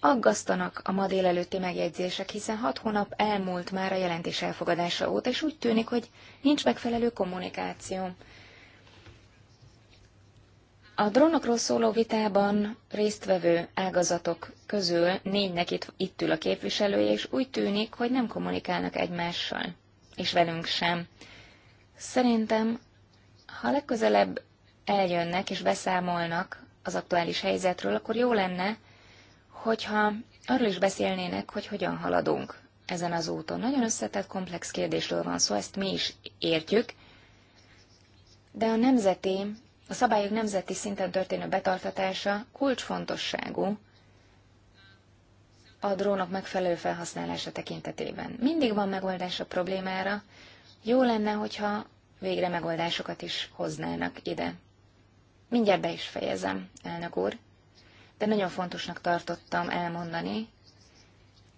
aggasztanak a ma délelőtti megjegyzések, hiszen hat hónap elmúlt már a jelentés elfogadása óta, és úgy tűnik, hogy nincs megfelelő kommunikáció. A drónokról szóló vitában résztvevő ágazatok közül négynek itt, itt ül a képviselője, és úgy tűnik, hogy nem kommunikálnak egymással, és velünk sem. Szerintem ha legközelebb eljönnek és beszámolnak az aktuális helyzetről, akkor jó lenne, hogyha arról is beszélnének, hogy hogyan haladunk ezen az úton. Nagyon összetett, komplex kérdésről van szó, ezt mi is értjük, de a nemzeti, a szabályok nemzeti szinten történő betartatása kulcsfontosságú a drónok megfelelő felhasználása tekintetében. Mindig van megoldás a problémára, jó lenne, hogyha végre megoldásokat is hoznának ide. Mindjárt be is fejezem, elnök úr, de nagyon fontosnak tartottam elmondani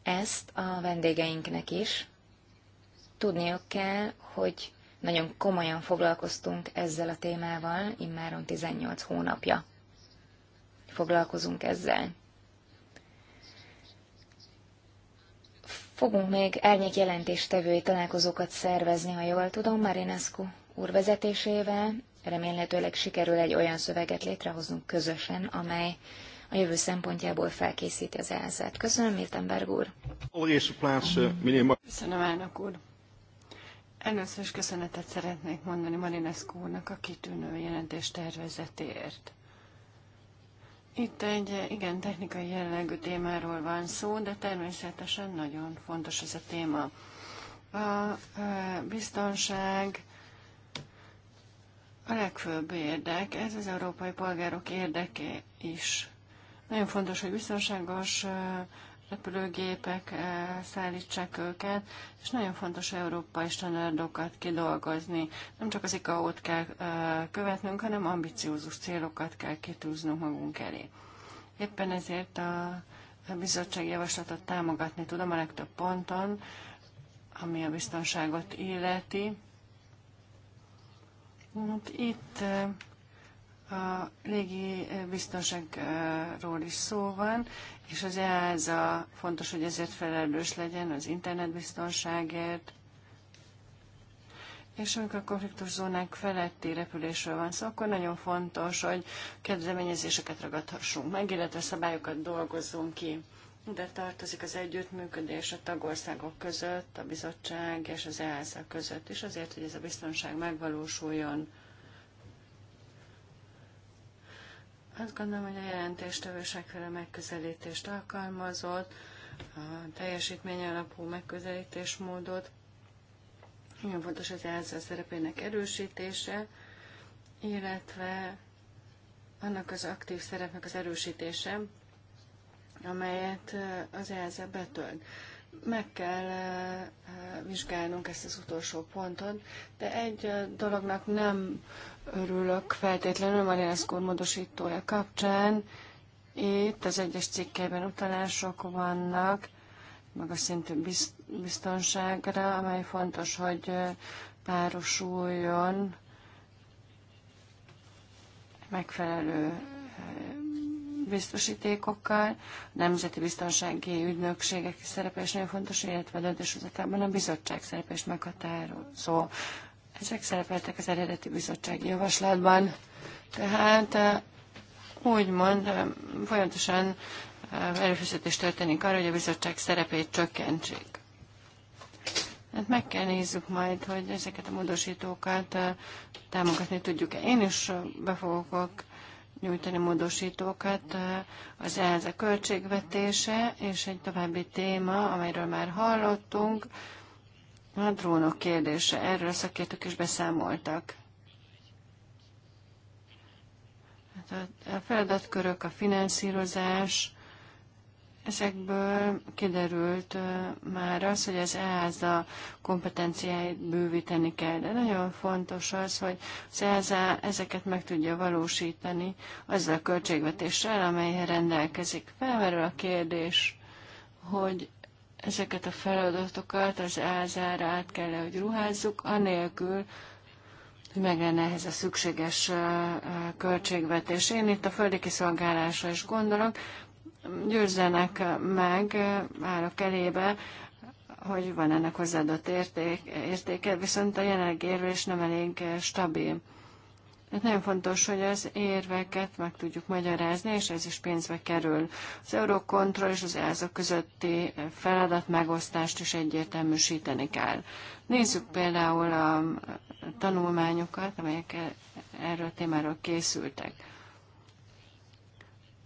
ezt a vendégeinknek is. Tudniuk kell, hogy nagyon komolyan foglalkoztunk ezzel a témával, immáron 18 hónapja foglalkozunk ezzel. Fogunk még árnyék jelentéstevői találkozókat szervezni, ha jól tudom, Marinescu úr vezetésével. Remélhetőleg sikerül egy olyan szöveget létrehoznunk közösen, amely a jövő szempontjából felkészíti az elzát. Köszönöm, Miltenberg úr. Köszönöm, elnök úr. Először is köszönetet szeretnék mondani Marinescu úrnak a kitűnő jelentés tervezetéért. Itt egy igen technikai jellegű témáról van szó, de természetesen nagyon fontos ez a téma. A biztonság a legfőbb érdek, ez az európai polgárok érdeke is. Nagyon fontos, hogy biztonságos repülőgépek eh, szállítsák őket, és nagyon fontos európai standardokat kidolgozni. Nem csak az ICAO-t kell eh, követnünk, hanem ambiciózus célokat kell kitűznünk magunk elé. Éppen ezért a bizottság javaslatot támogatni tudom a legtöbb ponton, ami a biztonságot illeti. Hát itt eh, a légi biztonságról is szó van, és az EASA fontos, hogy ezért felelős legyen az internetbiztonságért. És amikor a zónák feletti repülésről van szó, akkor nagyon fontos, hogy kedvezményezéseket ragadhassunk meg, illetve szabályokat dolgozzunk ki. De tartozik az együttműködés a tagországok között, a bizottság és az EASA között is, azért, hogy ez a biztonság megvalósuljon. Azt gondolom, hogy a jelentéstevő sokféle megközelítést alkalmazott, a teljesítmény alapú megközelítésmódot. Nagyon fontos az ELSZA szerepének erősítése, illetve annak az aktív szerepnek az erősítése, amelyet az ELSZA betölt. Meg kell vizsgálnunk ezt az utolsó pontot, de egy dolognak nem örülök feltétlenül Mariász módosítója kapcsán. Itt az egyes cikkeiben utalások vannak, a szintű biztonságra, amely fontos, hogy párosuljon megfelelő biztosítékokkal, a Nemzeti Biztonsági Ügynökségek szerepe is nagyon fontos, illetve a döntéshozatában a bizottság szerepe is meghatározó. Ezek szerepeltek az eredeti bizottsági javaslatban, tehát eh, úgymond eh, folyamatosan eh, erőfeszítés történik arra, hogy a bizottság szerepét csökkentsék. Hát meg kell nézzük majd, hogy ezeket a módosítókat támogatni tudjuk-e. Én is be fogok nyújtani módosítókat. Az a költségvetése és egy további téma, amelyről már hallottunk, a drónok kérdése. Erről a szakértők is beszámoltak. Hát a feladatkörök, a finanszírozás, ezekből kiderült már az, hogy az EASA kompetenciáit bővíteni kell, de nagyon fontos az, hogy az EASA ezeket meg tudja valósítani azzal a költségvetéssel, amelyhez rendelkezik. Felmerül a kérdés, hogy ezeket a feladatokat az ázára át kell hogy ruházzuk, anélkül, hogy meg lenne ehhez a szükséges költségvetés. Én itt a földi kiszolgálásra is gondolok, győzzenek meg, állok elébe, hogy van ennek hozzáadott érték, értéke, viszont a jelenleg érvés nem elég stabil. Tehát nagyon fontos, hogy az érveket meg tudjuk magyarázni, és ez is pénzbe kerül. Az Eurocontrol és az ELSA közötti feladat megosztást is egyértelműsíteni kell. Nézzük például a tanulmányokat, amelyek erről a témáról készültek.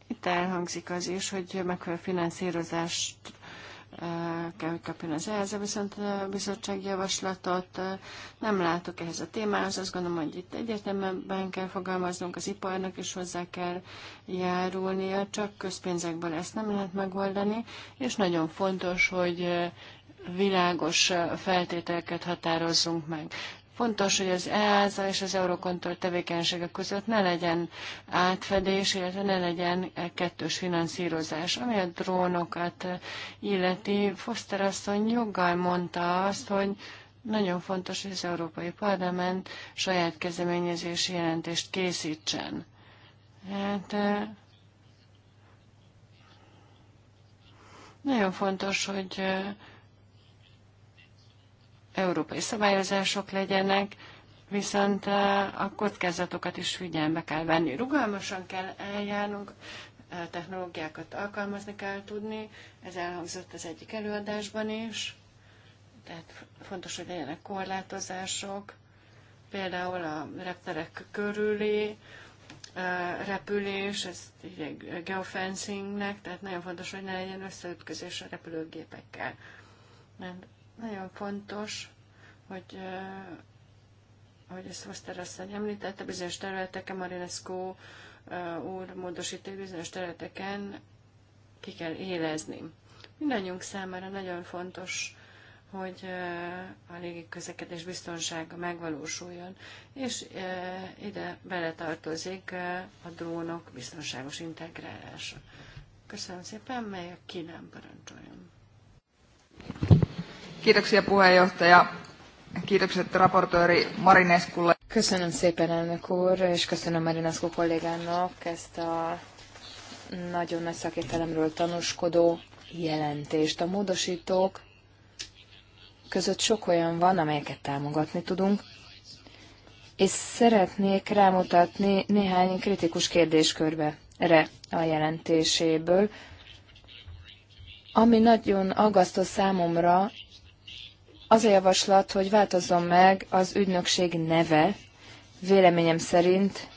Itt elhangzik az is, hogy megfelelő finanszírozást kell, hogy kapjon az ELZE, viszont a bizottság javaslatot nem látok ehhez a témához. Azt gondolom, hogy itt egyértelműen kell fogalmaznunk, az iparnak is hozzá kell járulnia, csak közpénzekből ezt nem lehet megoldani, és nagyon fontos, hogy világos feltételeket határozzunk meg. Fontos, hogy az EASA és az Eurokontroll tevékenysége között ne legyen átfedés, illetve ne legyen kettős finanszírozás. Ami a drónokat illeti, Foster asszony joggal mondta azt, hogy nagyon fontos, hogy az Európai Parlament saját kezdeményezési jelentést készítsen. Hát, nagyon fontos, hogy európai szabályozások legyenek, viszont a kockázatokat is figyelme kell venni. Rugalmasan kell eljárnunk, technológiákat alkalmazni kell tudni, ez elhangzott az egyik előadásban is, tehát fontos, hogy legyenek korlátozások, például a repterek körüli repülés, ez így geofencingnek, tehát nagyon fontos, hogy ne legyen összeütközés a repülőgépekkel. Mert nagyon fontos, hogy hogy ezt Foster asszony említette, bizonyos területeken Marinescu úr módosító bizonyos területeken ki kell élezni. Mindannyiunk számára nagyon fontos, hogy a légiközlekedés biztonsága megvalósuljon, és ide beletartozik a drónok biztonságos integrálása. Köszönöm szépen, mely a ki nem parancsoljon. Kiitoksia puheenjohtaja. Kiitokset raportőri Marineskulle. Köszönöm szépen elnök úr, és köszönöm Marinesku kollégának ezt a nagyon nagy szakértelemről tanúskodó jelentést. A módosítók között sok olyan van, amelyeket támogatni tudunk, és szeretnék rámutatni néhány kritikus kérdéskörbe erre a jelentéséből, ami nagyon aggasztó számomra, az a javaslat, hogy változzon meg az ügynökség neve, véleményem szerint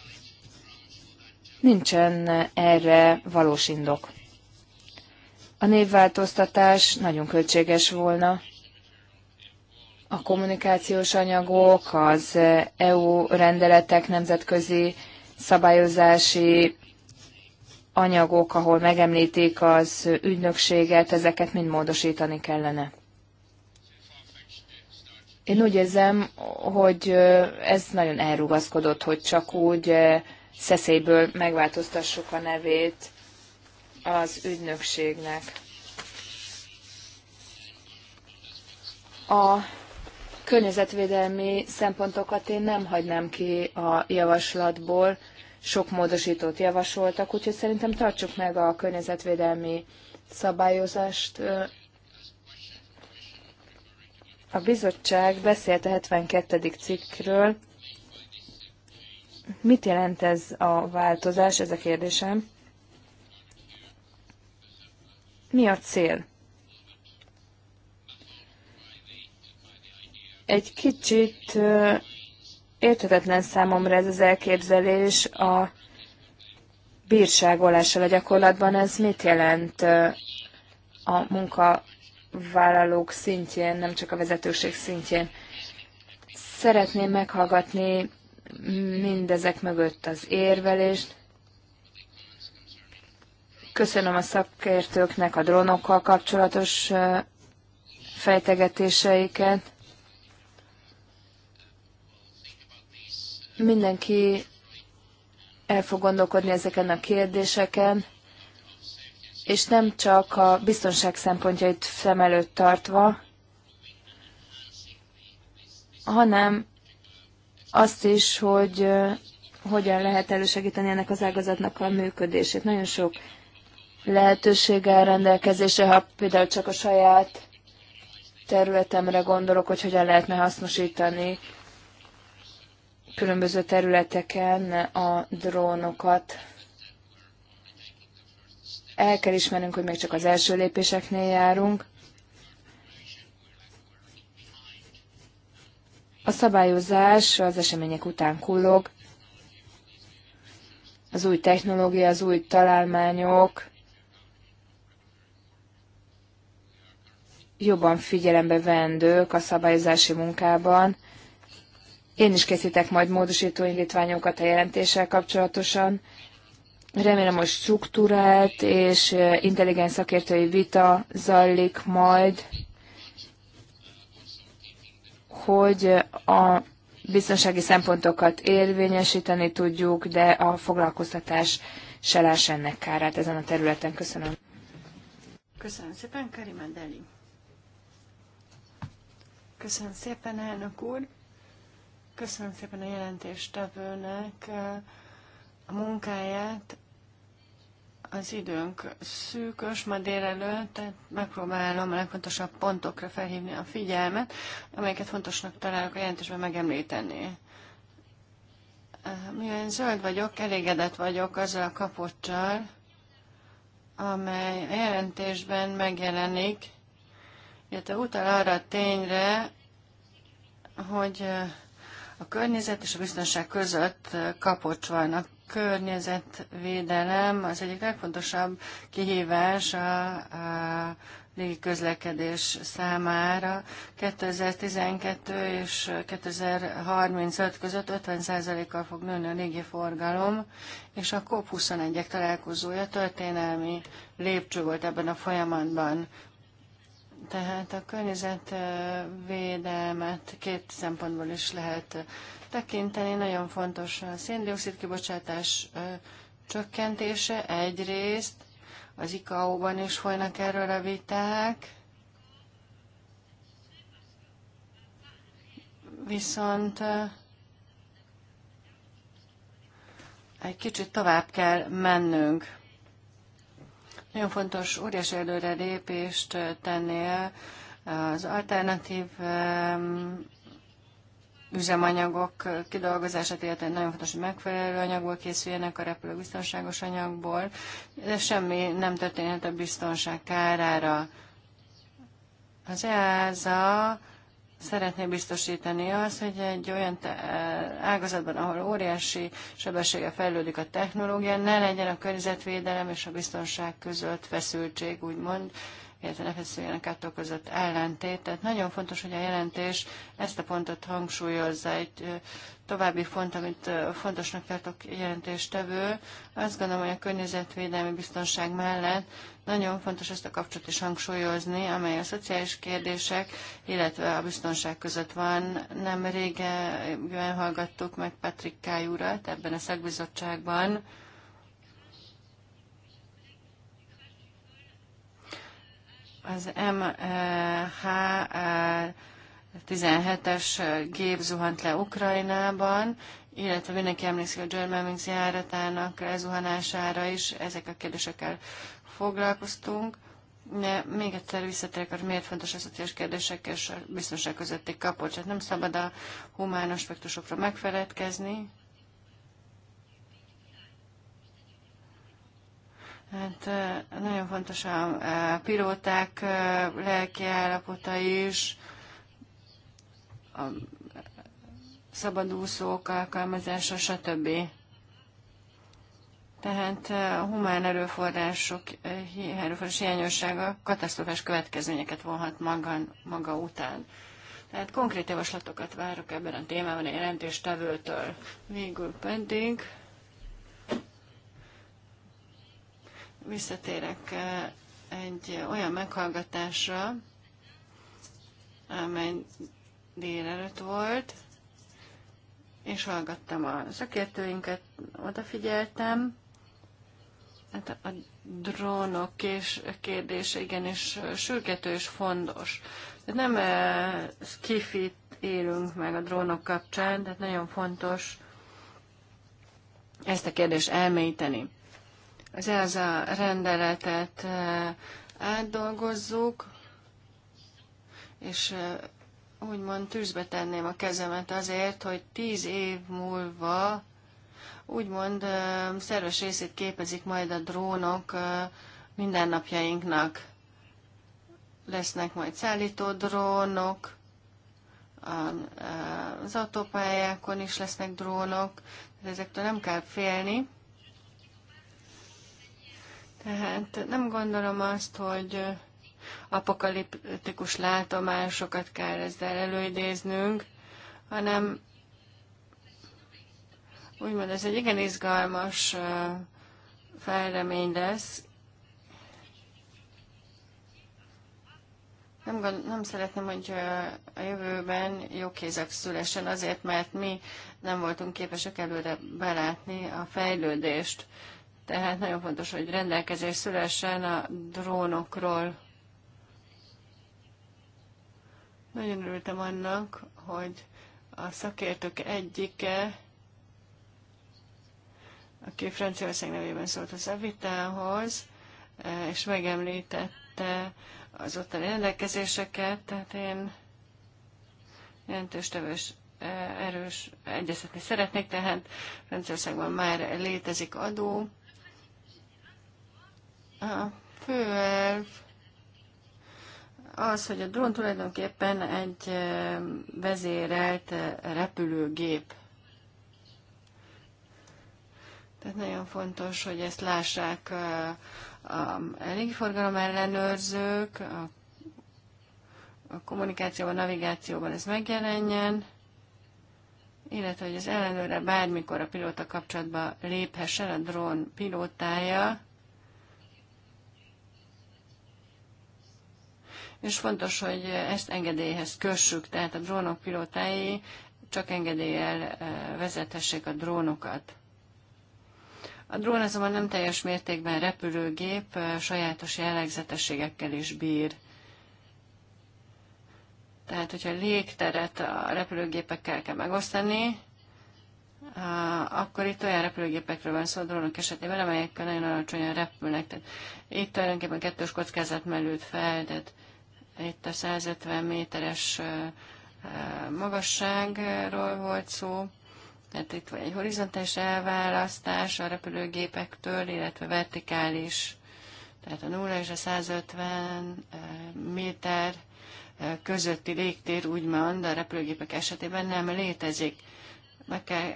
nincsen erre valós indok. A névváltoztatás nagyon költséges volna. A kommunikációs anyagok, az EU rendeletek, nemzetközi szabályozási anyagok, ahol megemlítik az ügynökséget, ezeket mind módosítani kellene. Én úgy érzem, hogy ez nagyon elrugaszkodott, hogy csak úgy szeszélyből megváltoztassuk a nevét az ügynökségnek. A környezetvédelmi szempontokat én nem hagynám ki a javaslatból, sok módosítót javasoltak, úgyhogy szerintem tartsuk meg a környezetvédelmi szabályozást a bizottság beszélt a 72. cikkről. Mit jelent ez a változás? Ez a kérdésem. Mi a cél? Egy kicsit érthetetlen számomra ez az elképzelés a bírságolással a gyakorlatban. Ez mit jelent a munka vállalók szintjén, nem csak a vezetőség szintjén. Szeretném meghallgatni mindezek mögött az érvelést. Köszönöm a szakértőknek a drónokkal kapcsolatos fejtegetéseiket. Mindenki el fog gondolkodni ezeken a kérdéseken és nem csak a biztonság szempontjait szem előtt tartva, hanem azt is, hogy hogyan lehet elősegíteni ennek az ágazatnak a működését. Nagyon sok lehetőséggel rendelkezésre, ha például csak a saját területemre gondolok, hogy hogyan lehetne hasznosítani különböző területeken a drónokat. El kell ismernünk, hogy még csak az első lépéseknél járunk. A szabályozás az események után kullog. Az új technológia, az új találmányok jobban figyelembe vendők a szabályozási munkában. Én is készítek majd módosító indítványokat a jelentéssel kapcsolatosan, Remélem, hogy struktúrált és intelligens szakértői vita zajlik majd, hogy a biztonsági szempontokat érvényesíteni tudjuk, de a foglalkoztatás se láss ennek kárát ezen a területen. Köszönöm. Köszönöm szépen, Karim Deli. Köszönöm szépen, elnök úr. Köszönöm szépen a jelentéstevőnek a munkáját. Az időnk szűkös ma délelőtt, tehát megpróbálom a legfontosabb pontokra felhívni a figyelmet, amelyeket fontosnak találok a jelentésben megemlíteni. Eh, mivel zöld vagyok, elégedett vagyok azzal a kapocsal, amely a jelentésben megjelenik, illetve utal arra a tényre, hogy eh, a környezet és a biztonság között eh, kapocs vannak környezetvédelem az egyik legfontosabb kihívás a, a légi közlekedés számára. 2012 és 2035 között 50%-kal fog nőni a légi forgalom, és a COP21-ek találkozója történelmi lépcső volt ebben a folyamatban. Tehát a környezetvédelmet két szempontból is lehet tekinteni. Nagyon fontos a széndiokszid kibocsátás csökkentése egyrészt, az ICAO-ban is folynak erről a viták, viszont egy kicsit tovább kell mennünk. Nagyon fontos, óriási lépést eh, tennél az alternatív üzemanyagok kidolgozását, illetve nagyon fontos, hogy megfelelő anyagból készüljenek a repülő biztonságos anyagból, de semmi nem történhet a biztonság kárára. Az EASA szeretné biztosítani az, hogy egy olyan ágazatban, ahol óriási sebessége fejlődik a technológia, ne legyen a környezetvédelem és a biztonság között feszültség, úgymond, illetve ne feszüljenek attól között ellentét. Tehát nagyon fontos, hogy a jelentés ezt a pontot hangsúlyozza. Egy további font, amit fontosnak tartok jelentéstevő, azt gondolom, hogy a környezetvédelmi biztonság mellett nagyon fontos ezt a kapcsolatot is hangsúlyozni, amely a szociális kérdések, illetve a biztonság között van. Nem régen hallgattuk meg Patrick Kály urat ebben a szakbizottságban, Az MH 17-es gép zuhant le Ukrajnában, illetve mindenki emlékszik a German Wings járatának lezuhanására is, ezek a kérdésekkel foglalkoztunk. De még egyszer visszatérek, hogy miért fontos a szociális kérdések és a biztonság közötti kapcsolat. Hát nem szabad a humán aspektusokra megfeledkezni, Hát nagyon fontos a pilóták lelki állapota is, a szabadúszók alkalmazása, stb. Tehát a humán erőforrások, erőforrás hiányossága katasztrofás következményeket vonhat maga, maga után. Tehát konkrét javaslatokat várok ebben a témában a jelentéstevőtől. Végül pedig visszatérek eh, egy olyan meghallgatásra, amely délelőtt volt, és hallgattam a szakértőinket, odafigyeltem. Hát a drónok és kérdése igenis sürgető és fontos. De nem eh, skifit élünk meg a drónok kapcsán, tehát nagyon fontos ezt a kérdést elmélyíteni az a rendeletet eh, átdolgozzuk, és eh, úgymond tűzbe tenném a kezemet azért, hogy tíz év múlva úgymond eh, szerves részét képezik majd a drónok mindennapjainknak. Lesznek majd szállító drónok, az autópályákon is lesznek drónok, de ezektől nem kell félni. Tehát nem gondolom azt, hogy apokaliptikus látomásokat kell ezzel előidéznünk, hanem úgymond ez egy igen izgalmas felremény lesz. Nem, gond, nem szeretném, hogy a jövőben jó kézek szülesen azért, mert mi nem voltunk képesek előre belátni a fejlődést. Tehát nagyon fontos, hogy rendelkezés szülessen a drónokról. Nagyon örültem annak, hogy a szakértők egyike, aki Franciaország nevében szólt az Evitához, eh, és megemlítette az ottani rendelkezéseket, tehát én jelentős tevős eh, erős egyeztetni szeretnék, tehát Franciaországban már létezik adó, a főelv az, hogy a drón tulajdonképpen egy vezérelt repülőgép. Tehát nagyon fontos, hogy ezt lássák a légiforgalom ellenőrzők, a, a kommunikációban, a navigációban ez megjelenjen, illetve hogy az ellenőre bármikor a pilóta kapcsolatba léphessen a drón pilótája, és fontos, hogy ezt engedélyhez kössük, tehát a drónok pilótái csak engedéllyel eh, vezethessék a drónokat. A drón azonban nem teljes mértékben repülőgép, eh, sajátos jellegzetességekkel is bír. Tehát, hogyha légteret a repülőgépekkel kell megosztani, akkor itt olyan repülőgépekről van szó, drónok esetében, amelyekkel nagyon alacsonyan repülnek. Tehát itt tulajdonképpen kettős kockázat mellőtt fel, tehát itt a 150 méteres magasságról volt szó, tehát itt van egy horizontális elválasztás a repülőgépektől, illetve vertikális, tehát a 0 és a 150 méter közötti légtér úgymond a repülőgépek esetében nem létezik. Meg kell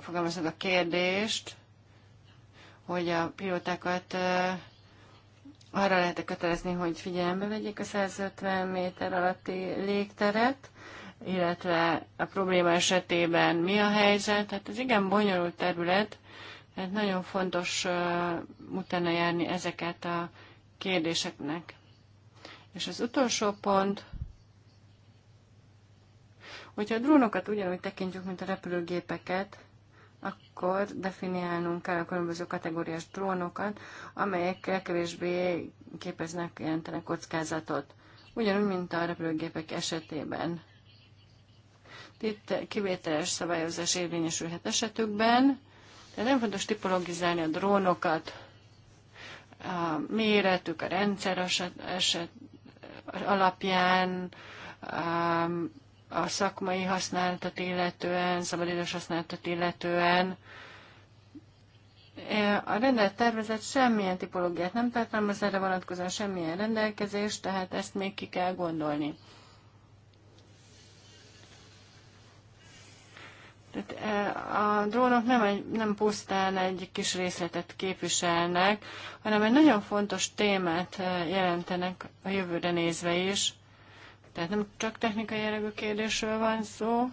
fogalmaznunk a kérdést, hogy a pilótákat arra lehet kötelezni, hogy figyelembe vegyék a 150 méter alatti légteret, illetve a probléma esetében mi a helyzet. Tehát ez igen bonyolult terület, tehát nagyon fontos uh, utána járni ezeket a kérdéseknek. És az utolsó pont, hogyha a drónokat ugyanúgy tekintjük, mint a repülőgépeket, akkor definiálnunk kell a különböző kategóriás drónokat, amelyek kevésbé képeznek, jelentenek kockázatot. Ugyanúgy, mint a repülőgépek esetében. Itt kivételes szabályozás érvényesülhet esetükben, tehát nem fontos tipologizálni a drónokat, a méretük, a rendszer eset, eset alapján, a szakmai használatot illetően, szabadidős használatot illetően. E, a rendelt tervezet semmilyen tipológiát nem tartalmaz, erre vonatkozóan semmilyen rendelkezés, tehát ezt még ki kell gondolni. Tehát e, a drónok nem, egy, nem pusztán egy kis részletet képviselnek, hanem egy nagyon fontos témát e, jelentenek a jövőre nézve is. Tehát nem csak technikai jellegű kérdésről van szó.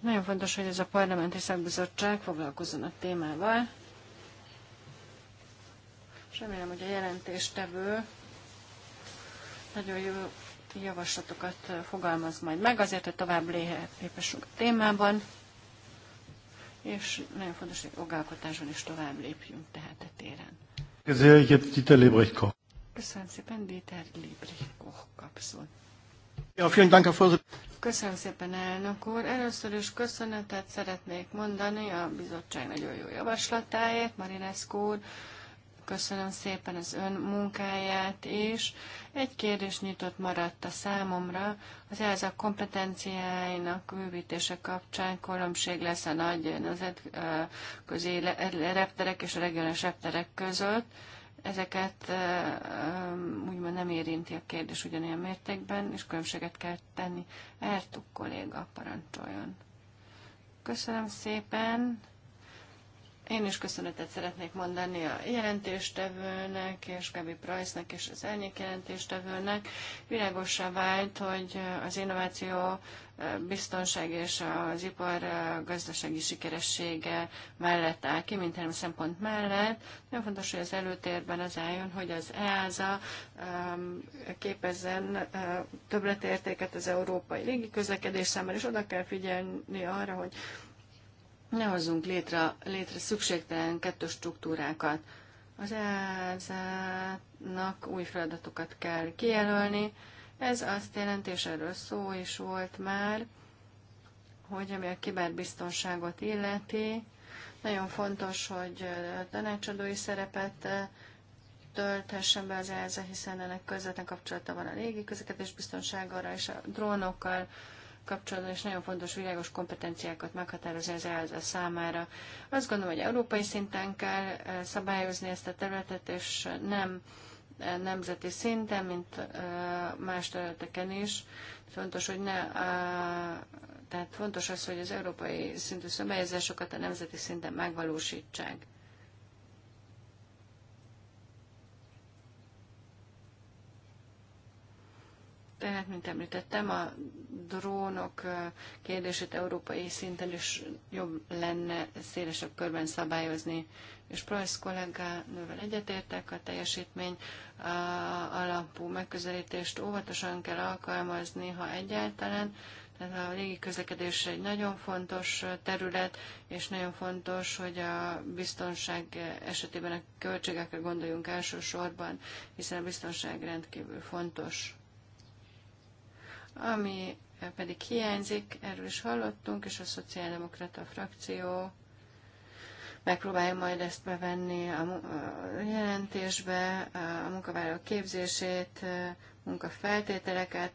Nagyon fontos, hogy ez a parlamenti szakbizottság foglalkozzon a témával. És remélem, hogy a jelentéstevő nagyon jó javaslatokat fogalmaz majd meg, azért, hogy tovább lépessünk a témában, és nagyon fontos, hogy jogálkotáson is tovább lépjünk tehát a téren. Köszönöm szépen, Péter Librikoch kapszol. Köszönöm szépen, elnök úr. Először is köszönetet szeretnék mondani a bizottság nagyon jó javaslatáért, Marinescu úr. Köszönöm szépen az ön munkáját is. Egy kérdés nyitott maradt a számomra. Az a kompetenciáinak bővítése kapcsán különbség lesz a nagy nemzetközi repterek és a regionális repterek között ezeket úgymond nem érinti a kérdés ugyanilyen mértékben, és különbséget kell tenni. Ertuk kolléga parancsoljon. Köszönöm szépen. Én is köszönetet szeretnék mondani a jelentéstevőnek, és Gabi Price-nek, és az elnyék jelentéstevőnek. Világosá vált, hogy az innováció biztonság és az ipar gazdasági sikeressége mellett áll ki, mint három szempont mellett. Nagyon fontos, hogy az előtérben az álljon, hogy az EASA képezzen többletértéket az európai közlekedés számára, és oda kell figyelni arra, hogy ne hozzunk létre, létre szükségtelen kettős struktúrákat. Az EASA-nak új feladatokat kell kijelölni, ez azt jelenti, és erről szó is volt már, hogy ami a kiberbiztonságot illeti, nagyon fontos, hogy tanácsadói szerepet eh, tölthessen be az ELSA, hiszen ennek közvetlen kapcsolata van a légi közlekedés biztonsággal és a drónokkal kapcsolatban, és nagyon fontos világos kompetenciákat meghatározni az ELSA számára. Azt gondolom, hogy európai szinten kell eh, szabályozni ezt a területet, és nem nemzeti szinten, mint más területeken is. Fontos, hogy ne, tehát fontos az, hogy az európai szintű szabályozásokat a nemzeti szinten megvalósítsák. Tehát, mint említettem, a drónok kérdését európai szinten is jobb lenne szélesebb körben szabályozni és Price kollégánővel egyetértek, a teljesítmény alapú megközelítést óvatosan kell alkalmazni, ha egyáltalán. Tehát a légi közlekedés egy nagyon fontos terület, és nagyon fontos, hogy a biztonság esetében a költségekre gondoljunk elsősorban, hiszen a biztonság rendkívül fontos. Ami pedig hiányzik, erről is hallottunk, és a Szociáldemokrata frakció megpróbálja majd ezt bevenni a jelentésbe, a munkavállalók képzését, munkafeltételeket,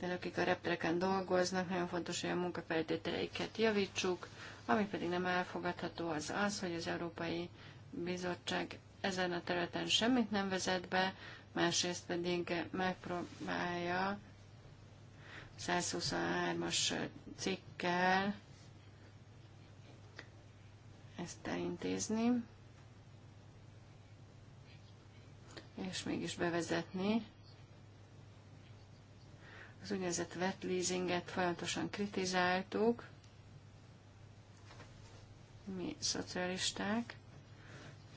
de akik a reptereken dolgoznak, nagyon fontos, hogy a munkafeltételeiket javítsuk, ami pedig nem elfogadható az az, hogy az Európai Bizottság ezen a területen semmit nem vezet be, másrészt pedig megpróbálja 123-as cikkel ezt elintézni, és mégis bevezetni. Az úgynevezett wet leasinget folyamatosan kritizáltuk, mi szocialisták,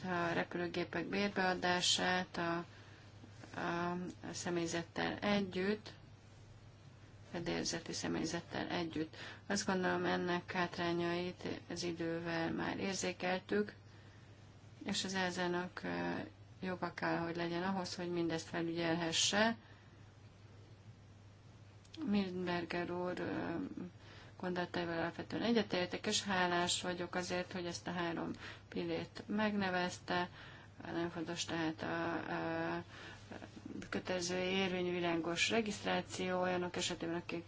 a repülőgépek bérbeadását, a, a, a személyzettel együtt, fedélzeti személyzettel együtt. Azt gondolom ennek hátrányait az idővel már érzékeltük, és az elzenök joga kell, hogy legyen ahhoz, hogy mindezt felügyelhesse. Mildberger úr gondolataival alapvetően egyetértek, és hálás vagyok azért, hogy ezt a három pillét megnevezte. nem fontos tehát a, a kötelező érvényű világos regisztráció olyanok esetében, akik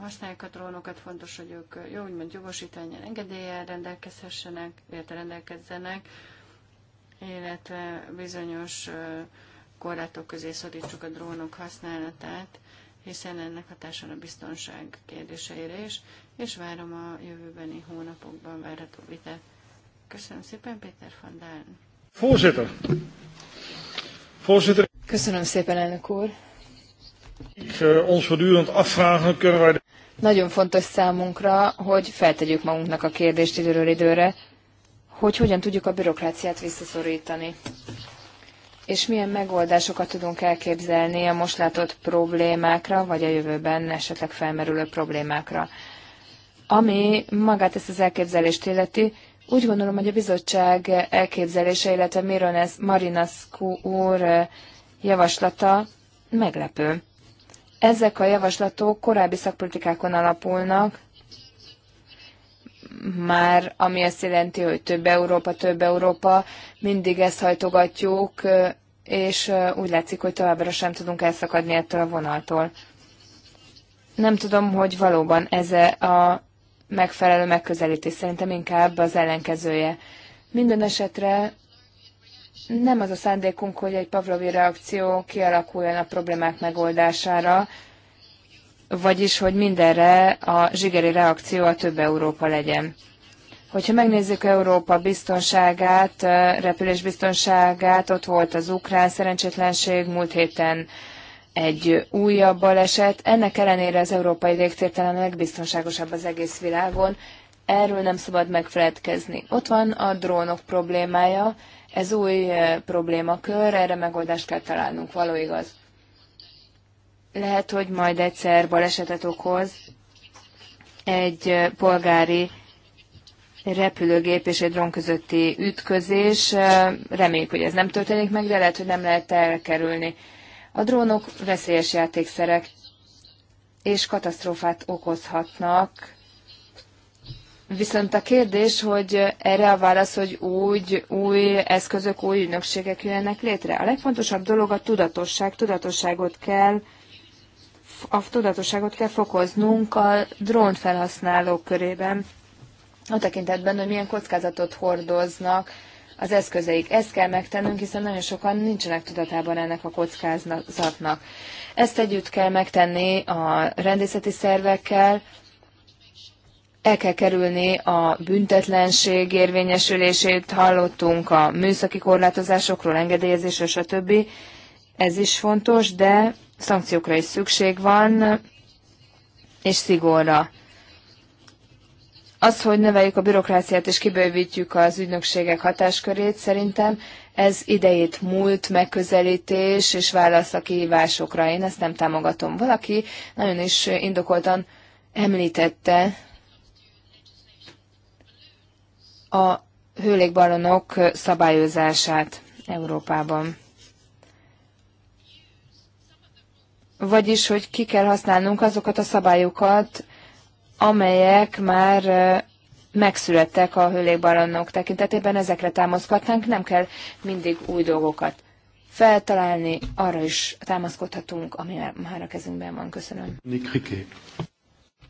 használják a drónokat, fontos, hogy ők jó, úgymond jogosítványon engedéllyel rendelkezhessenek, illetve rendelkezzenek, illetve bizonyos korlátok közé szorítsuk a drónok használatát, hiszen ennek hatáson a biztonság kérdéseire is, és várom a jövőbeni hónapokban várható vitát. Köszönöm szépen, Péter Fandán. Dáln. Voorzitter. Voorzitter. Köszönöm szépen, elnök úr. Eh, Nagyon fontos számunkra, hogy feltegyük magunknak a kérdést időről időre, hogy hogyan tudjuk a bürokráciát visszaszorítani. És milyen megoldásokat tudunk elképzelni a most látott problémákra, vagy a jövőben esetleg felmerülő problémákra. Ami magát ezt az elképzelést illeti, úgy gondolom, hogy a bizottság elképzelése, illetve Mirones Marinaszku úr eh, javaslata meglepő. Ezek a javaslatok korábbi szakpolitikákon alapulnak, már, ami azt jelenti, hogy több Európa, több Európa, mindig ezt hajtogatjuk, és úgy látszik, hogy továbbra sem tudunk elszakadni ettől a vonaltól. Nem tudom, hogy valóban ez a megfelelő megközelítés, szerintem inkább az ellenkezője. Minden esetre nem az a szándékunk, hogy egy pavlovi reakció kialakuljon a problémák megoldására, vagyis, hogy mindenre a zsigeri reakció a több Európa legyen. Hogyha megnézzük Európa biztonságát, repülésbiztonságát, ott volt az ukrán szerencsétlenség, múlt héten egy újabb baleset. Ennek ellenére az európai légtér a legbiztonságosabb az egész világon. Erről nem szabad megfeledkezni. Ott van a drónok problémája. Ez új eh, problémakör, erre megoldást kell találnunk, való igaz. Lehet, hogy majd egyszer balesetet okoz egy eh, polgári repülőgép és egy drón közötti ütközés. Eh, reméljük, hogy ez nem történik meg, de lehet, hogy nem lehet elkerülni. A drónok veszélyes játékszerek, és katasztrófát okozhatnak Viszont a kérdés, hogy erre a válasz, hogy úgy, új eszközök, új ügynökségek jönnek létre. A legfontosabb dolog a tudatosság. Tudatosságot kell, a tudatosságot kell fokoznunk a drón felhasználók körében. A tekintetben, hogy milyen kockázatot hordoznak az eszközeik. Ezt kell megtennünk, hiszen nagyon sokan nincsenek tudatában ennek a kockázatnak. Ezt együtt kell megtenni a rendészeti szervekkel, el kell kerülni a büntetlenség érvényesülését, hallottunk a műszaki korlátozásokról, engedélyezésről, stb. Ez is fontos, de szankciókra is szükség van, és szigorra. Az, hogy növeljük a bürokráciát és kibővítjük az ügynökségek hatáskörét, szerintem ez idejét múlt megközelítés és válasz a kihívásokra. Én ezt nem támogatom. Valaki nagyon is indokoltan említette, a hőlégballonok szabályozását Európában. Vagyis, hogy ki kell használnunk azokat a szabályokat, amelyek már megszülettek a hőlégballonok tekintetében, ezekre támaszkodhatnánk, nem kell mindig új dolgokat feltalálni, arra is támaszkodhatunk, ami már a kezünkben van. Köszönöm.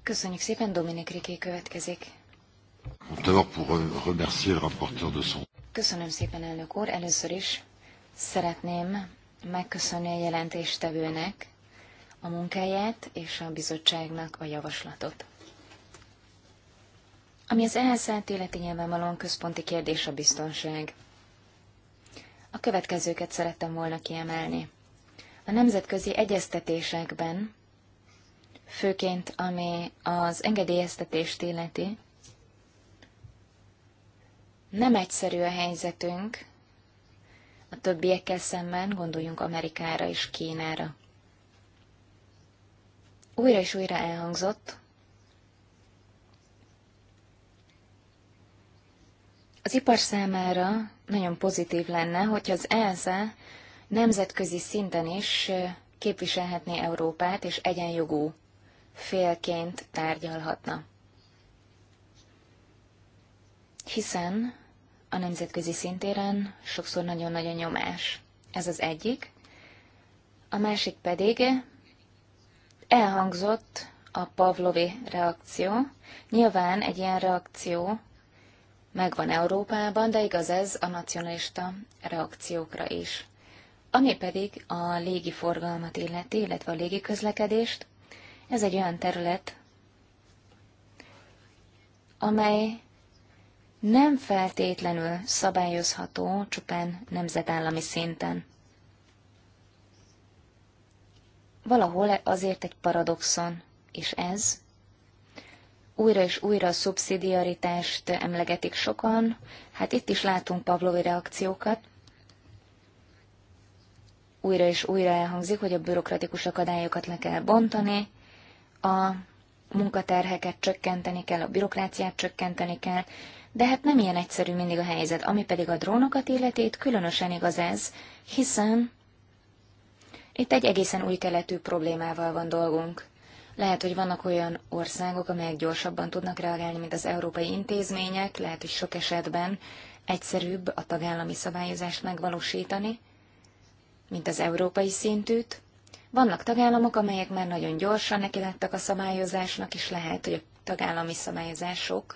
Köszönjük szépen, Dominik Riké következik. Köszönöm szépen, elnök úr. Először is szeretném megköszönni a jelentéstevőnek a munkáját és a bizottságnak a javaslatot. Ami az elszállt életi nyilvánvalóan központi kérdés a biztonság. A következőket szerettem volna kiemelni. A nemzetközi egyeztetésekben, főként ami az engedélyeztetést illeti, nem egyszerű a helyzetünk. A többiekkel szemben gondoljunk Amerikára és Kínára. Újra és újra elhangzott, Az ipar számára nagyon pozitív lenne, hogy az ELSA nemzetközi szinten is képviselhetné Európát, és egyenjogú félként tárgyalhatna. Hiszen a nemzetközi szintéren sokszor nagyon nagyon nyomás. Ez az egyik. A másik pedig elhangzott a Pavlovi reakció. Nyilván egy ilyen reakció megvan Európában, de igaz ez a nacionalista reakciókra is. Ami pedig a légiforgalmat illeti, illetve a légiközlekedést, ez egy olyan terület, amely nem feltétlenül szabályozható csupán nemzetállami szinten. Valahol azért egy paradoxon, és ez újra és újra a szubszidiaritást emlegetik sokan, hát itt is látunk Pavlovi reakciókat. Újra és újra elhangzik, hogy a bürokratikus akadályokat le kell bontani, a munkaterheket csökkenteni kell, a bürokráciát csökkenteni kell, de hát nem ilyen egyszerű mindig a helyzet, ami pedig a drónokat illetét különösen igaz ez, hiszen itt egy egészen új keletű problémával van dolgunk. Lehet, hogy vannak olyan országok, amelyek gyorsabban tudnak reagálni, mint az európai intézmények, lehet, hogy sok esetben egyszerűbb a tagállami szabályozást megvalósítani, mint az európai szintűt. Vannak tagállamok, amelyek már nagyon gyorsan nekilettek a szabályozásnak, és lehet, hogy a tagállami szabályozások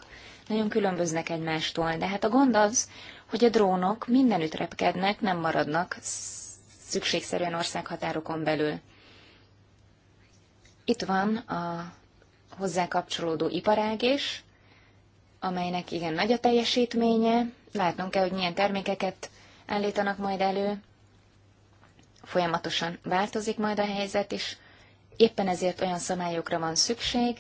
nagyon különböznek egymástól. De hát a gond az, hogy a drónok mindenütt repkednek, nem maradnak szükségszerűen országhatárokon belül. Itt van a hozzá kapcsolódó iparág is, amelynek igen nagy a teljesítménye, látnunk kell, hogy milyen termékeket állítanak majd elő, folyamatosan változik majd a helyzet, és éppen ezért olyan szabályokra van szükség,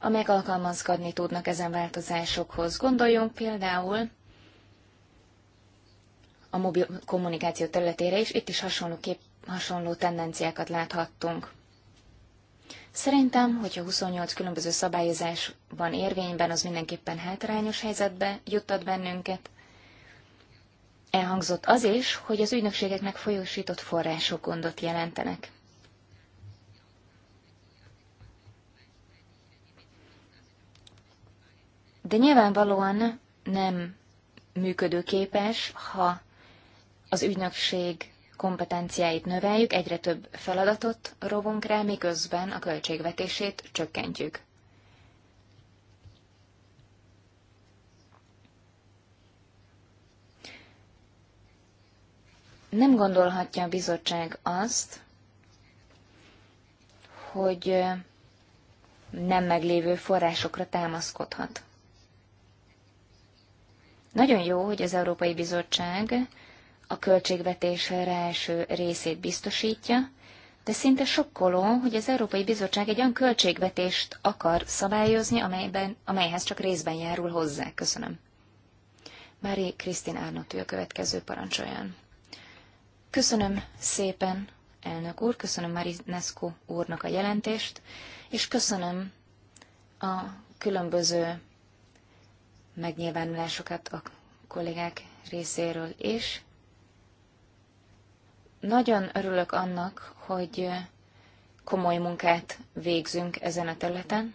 amelyek alkalmazkodni tudnak ezen változásokhoz. Gondoljunk például a mobil kommunikáció területére is, itt is hasonló kép, hasonló tendenciákat láthattunk. Szerintem, hogyha 28 különböző szabályozás van érvényben, az mindenképpen hátrányos helyzetbe juttat bennünket. Elhangzott az is, hogy az ügynökségeknek folyósított források gondot jelentenek. De nyilvánvalóan nem működőképes, ha az ügynökség kompetenciáit növeljük, egyre több feladatot rovunk rá, miközben a költségvetését csökkentjük. Nem gondolhatja a bizottság azt, hogy nem meglévő forrásokra támaszkodhat. Nagyon jó, hogy az Európai Bizottság a költségvetés első részét biztosítja, de szinte sokkoló, hogy az Európai Bizottság egy olyan költségvetést akar szabályozni, amelyben, amelyhez csak részben járul hozzá. Köszönöm. Mári Krisztin Árnotő a következő parancsolján. Köszönöm szépen, elnök úr, köszönöm Nesku úrnak a jelentést, és köszönöm a különböző megnyilvánulásokat a kollégák részéről is. Nagyon örülök annak, hogy komoly munkát végzünk ezen a területen.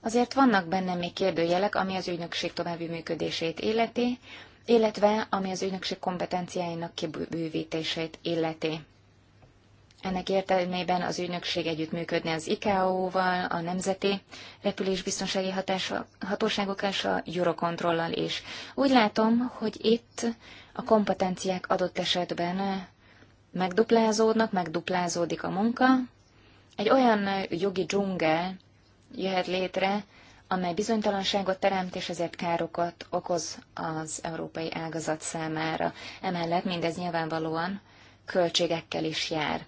Azért vannak benne még kérdőjelek, ami az ügynökség további működését illeti, illetve ami az ügynökség kompetenciáinak kibővítését illeti. Ennek értelmében az ügynökség együttműködne az ICAO-val, a Nemzeti Repülésbiztonsági Hatóságokkal, a Eurocontrollal is. Úgy látom, hogy itt a kompetenciák adott esetben megduplázódnak, megduplázódik a munka. Egy olyan jogi dzsungel jöhet létre, amely bizonytalanságot teremt, és ezért károkat okoz az európai ágazat számára. Emellett mindez nyilvánvalóan költségekkel is jár.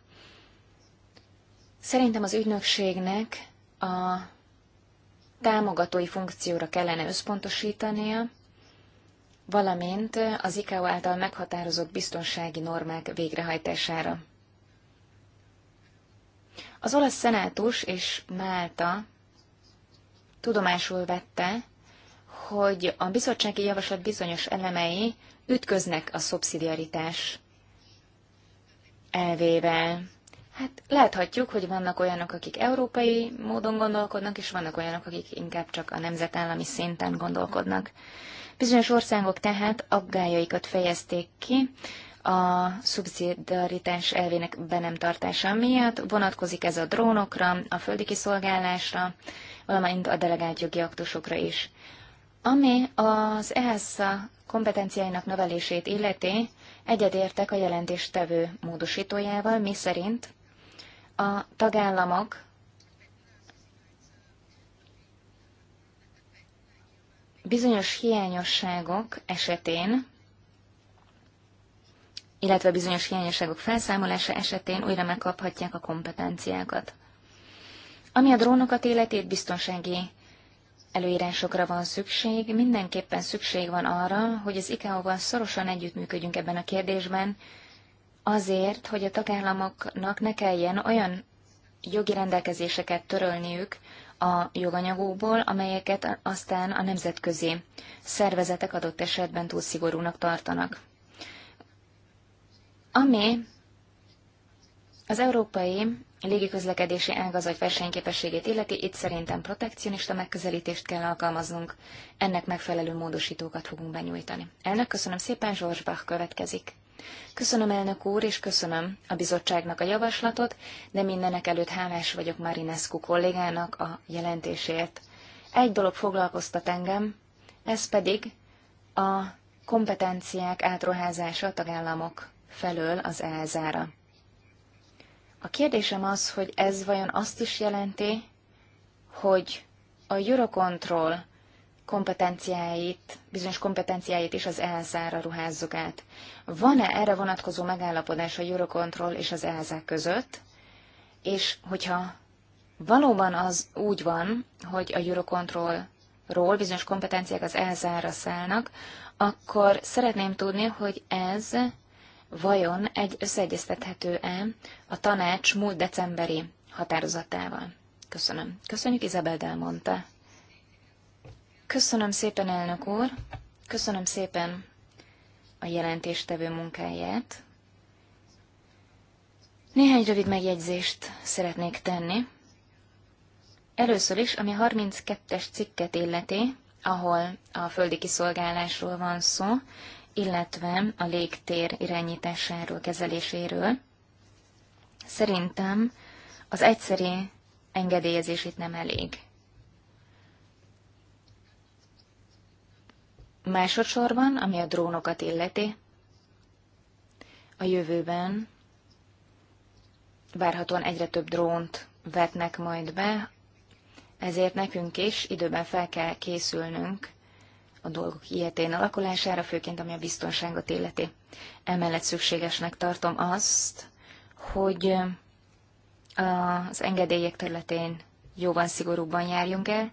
Szerintem az ügynökségnek a támogatói funkcióra kellene összpontosítania, valamint az ICAO által meghatározott biztonsági normák végrehajtására. Az olasz szenátus és Málta tudomásul vette, hogy a bizottsági javaslat bizonyos elemei ütköznek a szubszidiaritás elvével. Hát láthatjuk, hogy vannak olyanok, akik európai módon gondolkodnak, és vannak olyanok, akik inkább csak a nemzetállami szinten gondolkodnak. Bizonyos országok tehát aggájaikat fejezték ki a szubszidaritás elvének be nem tartása miatt. Vonatkozik ez a drónokra, a földi kiszolgálásra, valamint a delegált jogi aktusokra is. Ami az ESZA kompetenciáinak növelését illeti, egyedértek a jelentéstevő módosítójával, mi szerint a tagállamok bizonyos hiányosságok esetén, illetve bizonyos hiányosságok felszámolása esetén újra megkaphatják a kompetenciákat. Ami a drónokat életét biztonsági előírásokra van szükség, mindenképpen szükség van arra, hogy az ICAO-val szorosan együttműködjünk ebben a kérdésben, azért, hogy a tagállamoknak ne kelljen olyan jogi rendelkezéseket törölniük a joganyagokból, amelyeket aztán a nemzetközi szervezetek adott esetben túl szigorúnak tartanak. Ami az európai légiközlekedési ágazat versenyképességét illeti, itt szerintem protekcionista megközelítést kell alkalmaznunk, ennek megfelelő módosítókat fogunk benyújtani. Elnök, köszönöm szépen, Zsorzs következik. Köszönöm elnök úr, és köszönöm a bizottságnak a javaslatot, de mindenek előtt hálás vagyok Marinescu kollégának a jelentésért. Egy dolog foglalkoztat engem, ez pedig a kompetenciák átruházása a tagállamok felől az elzára. A kérdésem az, hogy ez vajon azt is jelenti, hogy a Eurocontrol kompetenciáit, bizonyos kompetenciáit is az ELSZ-ra ruházzuk át. Van-e erre vonatkozó megállapodás a Eurocontrol és az ELSZ között? És hogyha valóban az úgy van, hogy a Eurocontrolról bizonyos kompetenciák az ELSZ-ra szállnak, akkor szeretném tudni, hogy ez vajon egy összeegyeztethető-e a tanács múlt decemberi határozatával. Köszönöm. Köszönjük, Izabel Del Köszönöm szépen, elnök úr. Köszönöm szépen a jelentéstevő munkáját. Néhány rövid megjegyzést szeretnék tenni. Először is, ami 32-es cikket illeti, ahol a földi kiszolgálásról van szó, illetve a légtér irányításáról, kezeléséről. Szerintem az egyszeri engedélyezés itt nem elég. Másodszorban, ami a drónokat illeti, a jövőben várhatóan egyre több drónt vetnek majd be, ezért nekünk is időben fel kell készülnünk a dolgok ilyetén alakulására, főként ami a biztonságot illeti. Emellett szükségesnek tartom azt, hogy az engedélyek területén jóval szigorúbban járjunk el,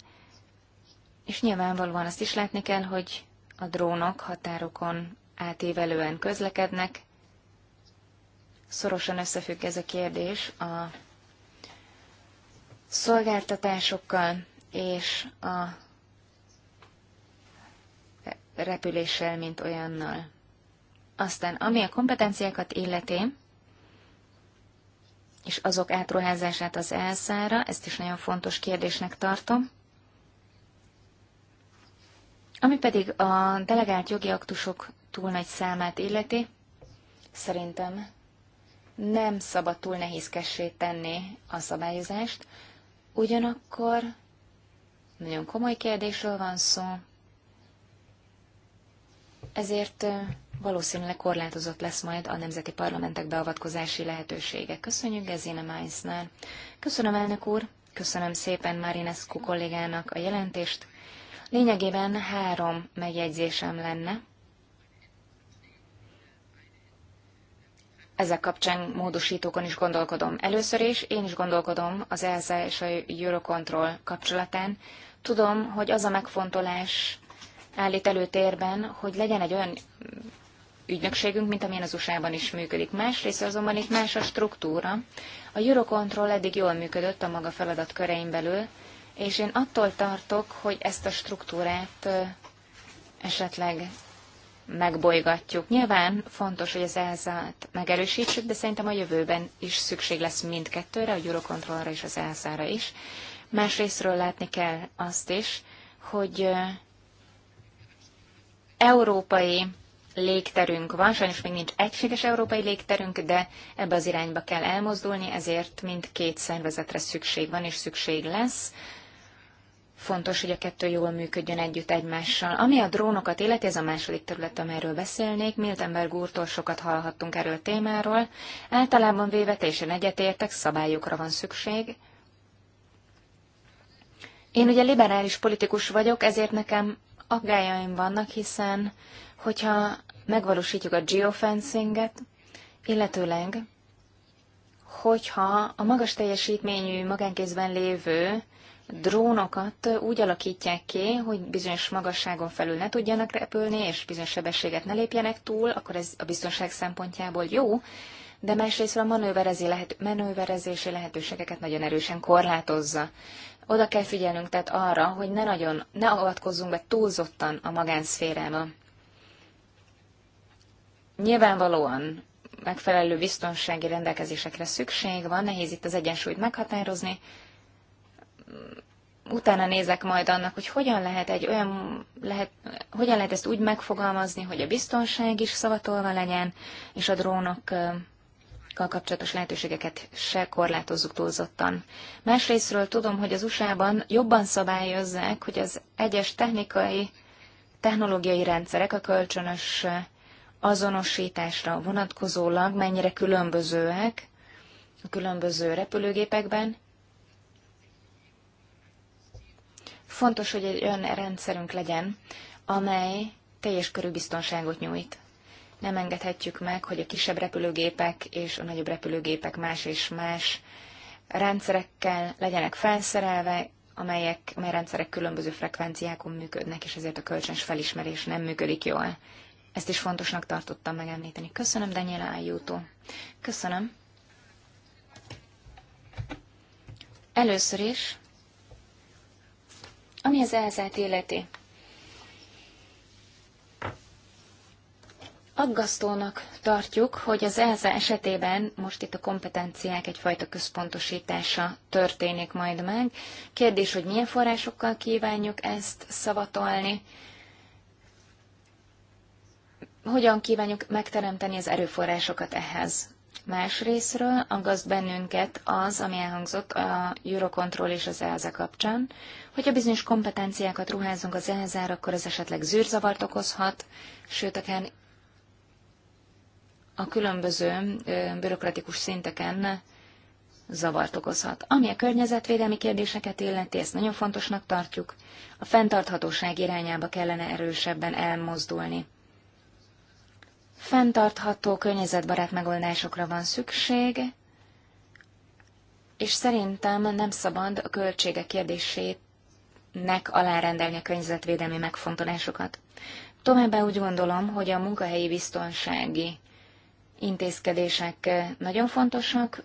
és nyilvánvalóan azt is látni kell, hogy a drónok határokon átívelően közlekednek. Szorosan összefügg ez a kérdés a szolgáltatásokkal és a repüléssel, mint olyannal. Aztán, ami a kompetenciákat illeti, és azok átruházását az elszára, ezt is nagyon fontos kérdésnek tartom. Ami pedig a delegált jogi aktusok túl nagy számát illeti, szerintem nem szabad túl nehézkessé tenni a szabályozást, ugyanakkor nagyon komoly kérdésről van szó, ezért valószínűleg korlátozott lesz majd a nemzeti parlamentek beavatkozási lehetősége. Köszönjük Gezine Meissner. Köszönöm elnök úr, köszönöm szépen Marinescu kollégának a jelentést, Lényegében három megjegyzésem lenne. Ezek kapcsán módosítókon is gondolkodom. Először is én is gondolkodom az ELSA és a Eurocontrol kapcsolatán. Tudom, hogy az a megfontolás állít előtérben, hogy legyen egy olyan ügynökségünk, mint amilyen az USA-ban is működik. Másrészt azonban itt más a struktúra. A Eurocontrol eddig jól működött a maga feladat körein belül, és én attól tartok, hogy ezt a struktúrát esetleg megbolygatjuk. Nyilván fontos, hogy az elzát megerősítsük, de szerintem a jövőben is szükség lesz mindkettőre, a Eurocontrollra és az elzára is. Másrésztről látni kell azt is, hogy európai légterünk van, sajnos még nincs egységes európai légterünk, de ebbe az irányba kell elmozdulni, ezért mind két szervezetre szükség van és szükség lesz fontos, hogy a kettő jól működjön együtt egymással. Ami a drónokat illeti, ez a második terület, amelyről beszélnék. Miltenberg úrtól sokat hallhattunk erről a témáról. Általában véve teljesen egyetértek, szabályokra van szükség. Én ugye liberális politikus vagyok, ezért nekem aggájaim vannak, hiszen hogyha megvalósítjuk a geofencinget, illetőleg, hogyha a magas teljesítményű magánkézben lévő drónokat úgy alakítják ki, hogy bizonyos magasságon felül ne tudjanak repülni, és bizonyos sebességet ne lépjenek túl, akkor ez a biztonság szempontjából jó, de másrészt a manőverezi lehet, manőverezési lehetőségeket nagyon erősen korlátozza. Oda kell figyelnünk tehát arra, hogy ne nagyon, ne avatkozzunk be túlzottan a magánszférába. Nyilvánvalóan megfelelő biztonsági rendelkezésekre szükség van, nehéz itt az egyensúlyt meghatározni, utána nézek majd annak, hogy hogyan lehet egy olyan, lehet, hogyan lehet ezt úgy megfogalmazni, hogy a biztonság is szavatolva legyen, és a drónokkal kapcsolatos lehetőségeket se korlátozzuk túlzottan. Másrésztről tudom, hogy az USA-ban jobban szabályozzák, hogy az egyes technikai, technológiai rendszerek a kölcsönös azonosításra vonatkozólag mennyire különbözőek a különböző repülőgépekben, Fontos, hogy egy olyan rendszerünk legyen, amely teljes körű biztonságot nyújt. Nem engedhetjük meg, hogy a kisebb repülőgépek és a nagyobb repülőgépek más és más rendszerekkel legyenek felszerelve, amelyek, amely rendszerek különböző frekvenciákon működnek, és ezért a kölcsönös felismerés nem működik jól. Ezt is fontosnak tartottam megemlíteni. Köszönöm, Daniela Ájútó. Köszönöm. Először is ami az elzárt életé. Aggasztónak tartjuk, hogy az ELSA esetében most itt a kompetenciák egyfajta központosítása történik majd meg. Kérdés, hogy milyen forrásokkal kívánjuk ezt szavatolni, hogyan kívánjuk megteremteni az erőforrásokat ehhez. Másrésztről aggaszt bennünket az, ami elhangzott a Eurocontrol és az ELSA kapcsán, hogy a bizonyos kompetenciákat ruházunk az elsa akkor ez esetleg zűrzavart okozhat, sőt, akár a különböző bürokratikus szinteken zavart okozhat. Ami a környezetvédelmi kérdéseket illeti, ezt nagyon fontosnak tartjuk, a fenntarthatóság irányába kellene erősebben elmozdulni. Fenntartható, környezetbarát megoldásokra van szükség, és szerintem nem szabad a költségek kérdésének alárendelni a környezetvédelmi megfontolásokat. Továbbá úgy gondolom, hogy a munkahelyi biztonsági intézkedések nagyon fontosak,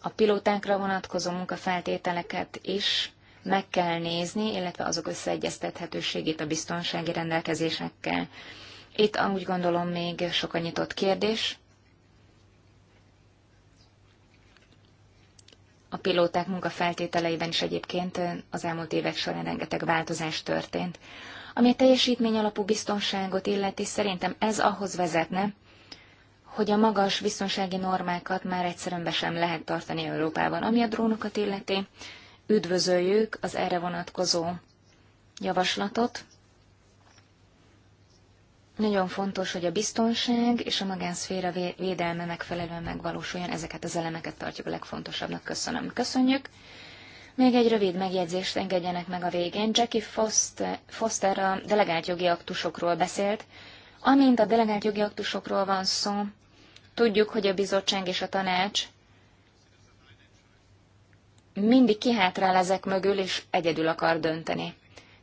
a pilótákra vonatkozó munkafeltételeket is meg kell nézni, illetve azok összeegyeztethetőségét a biztonsági rendelkezésekkel. Itt amúgy gondolom még sok a nyitott kérdés. A pilóták munkafeltételeiben is egyébként az elmúlt évek során rengeteg változás történt. Ami a teljesítmény alapú biztonságot illeti, szerintem ez ahhoz vezetne, hogy a magas biztonsági normákat már egyszerűen be sem lehet tartani Európában. Ami a drónokat illeti, üdvözöljük az erre vonatkozó javaslatot, nagyon fontos, hogy a biztonság és a magánszféra védelme megfelelően megvalósuljon. Ezeket az elemeket tartjuk a legfontosabbnak. Köszönöm. Köszönjük. Még egy rövid megjegyzést engedjenek meg a végén. Jackie Foster a delegált jogi aktusokról beszélt. Amint a delegált jogi aktusokról van szó, tudjuk, hogy a bizottság és a tanács mindig kihátrál ezek mögül, és egyedül akar dönteni.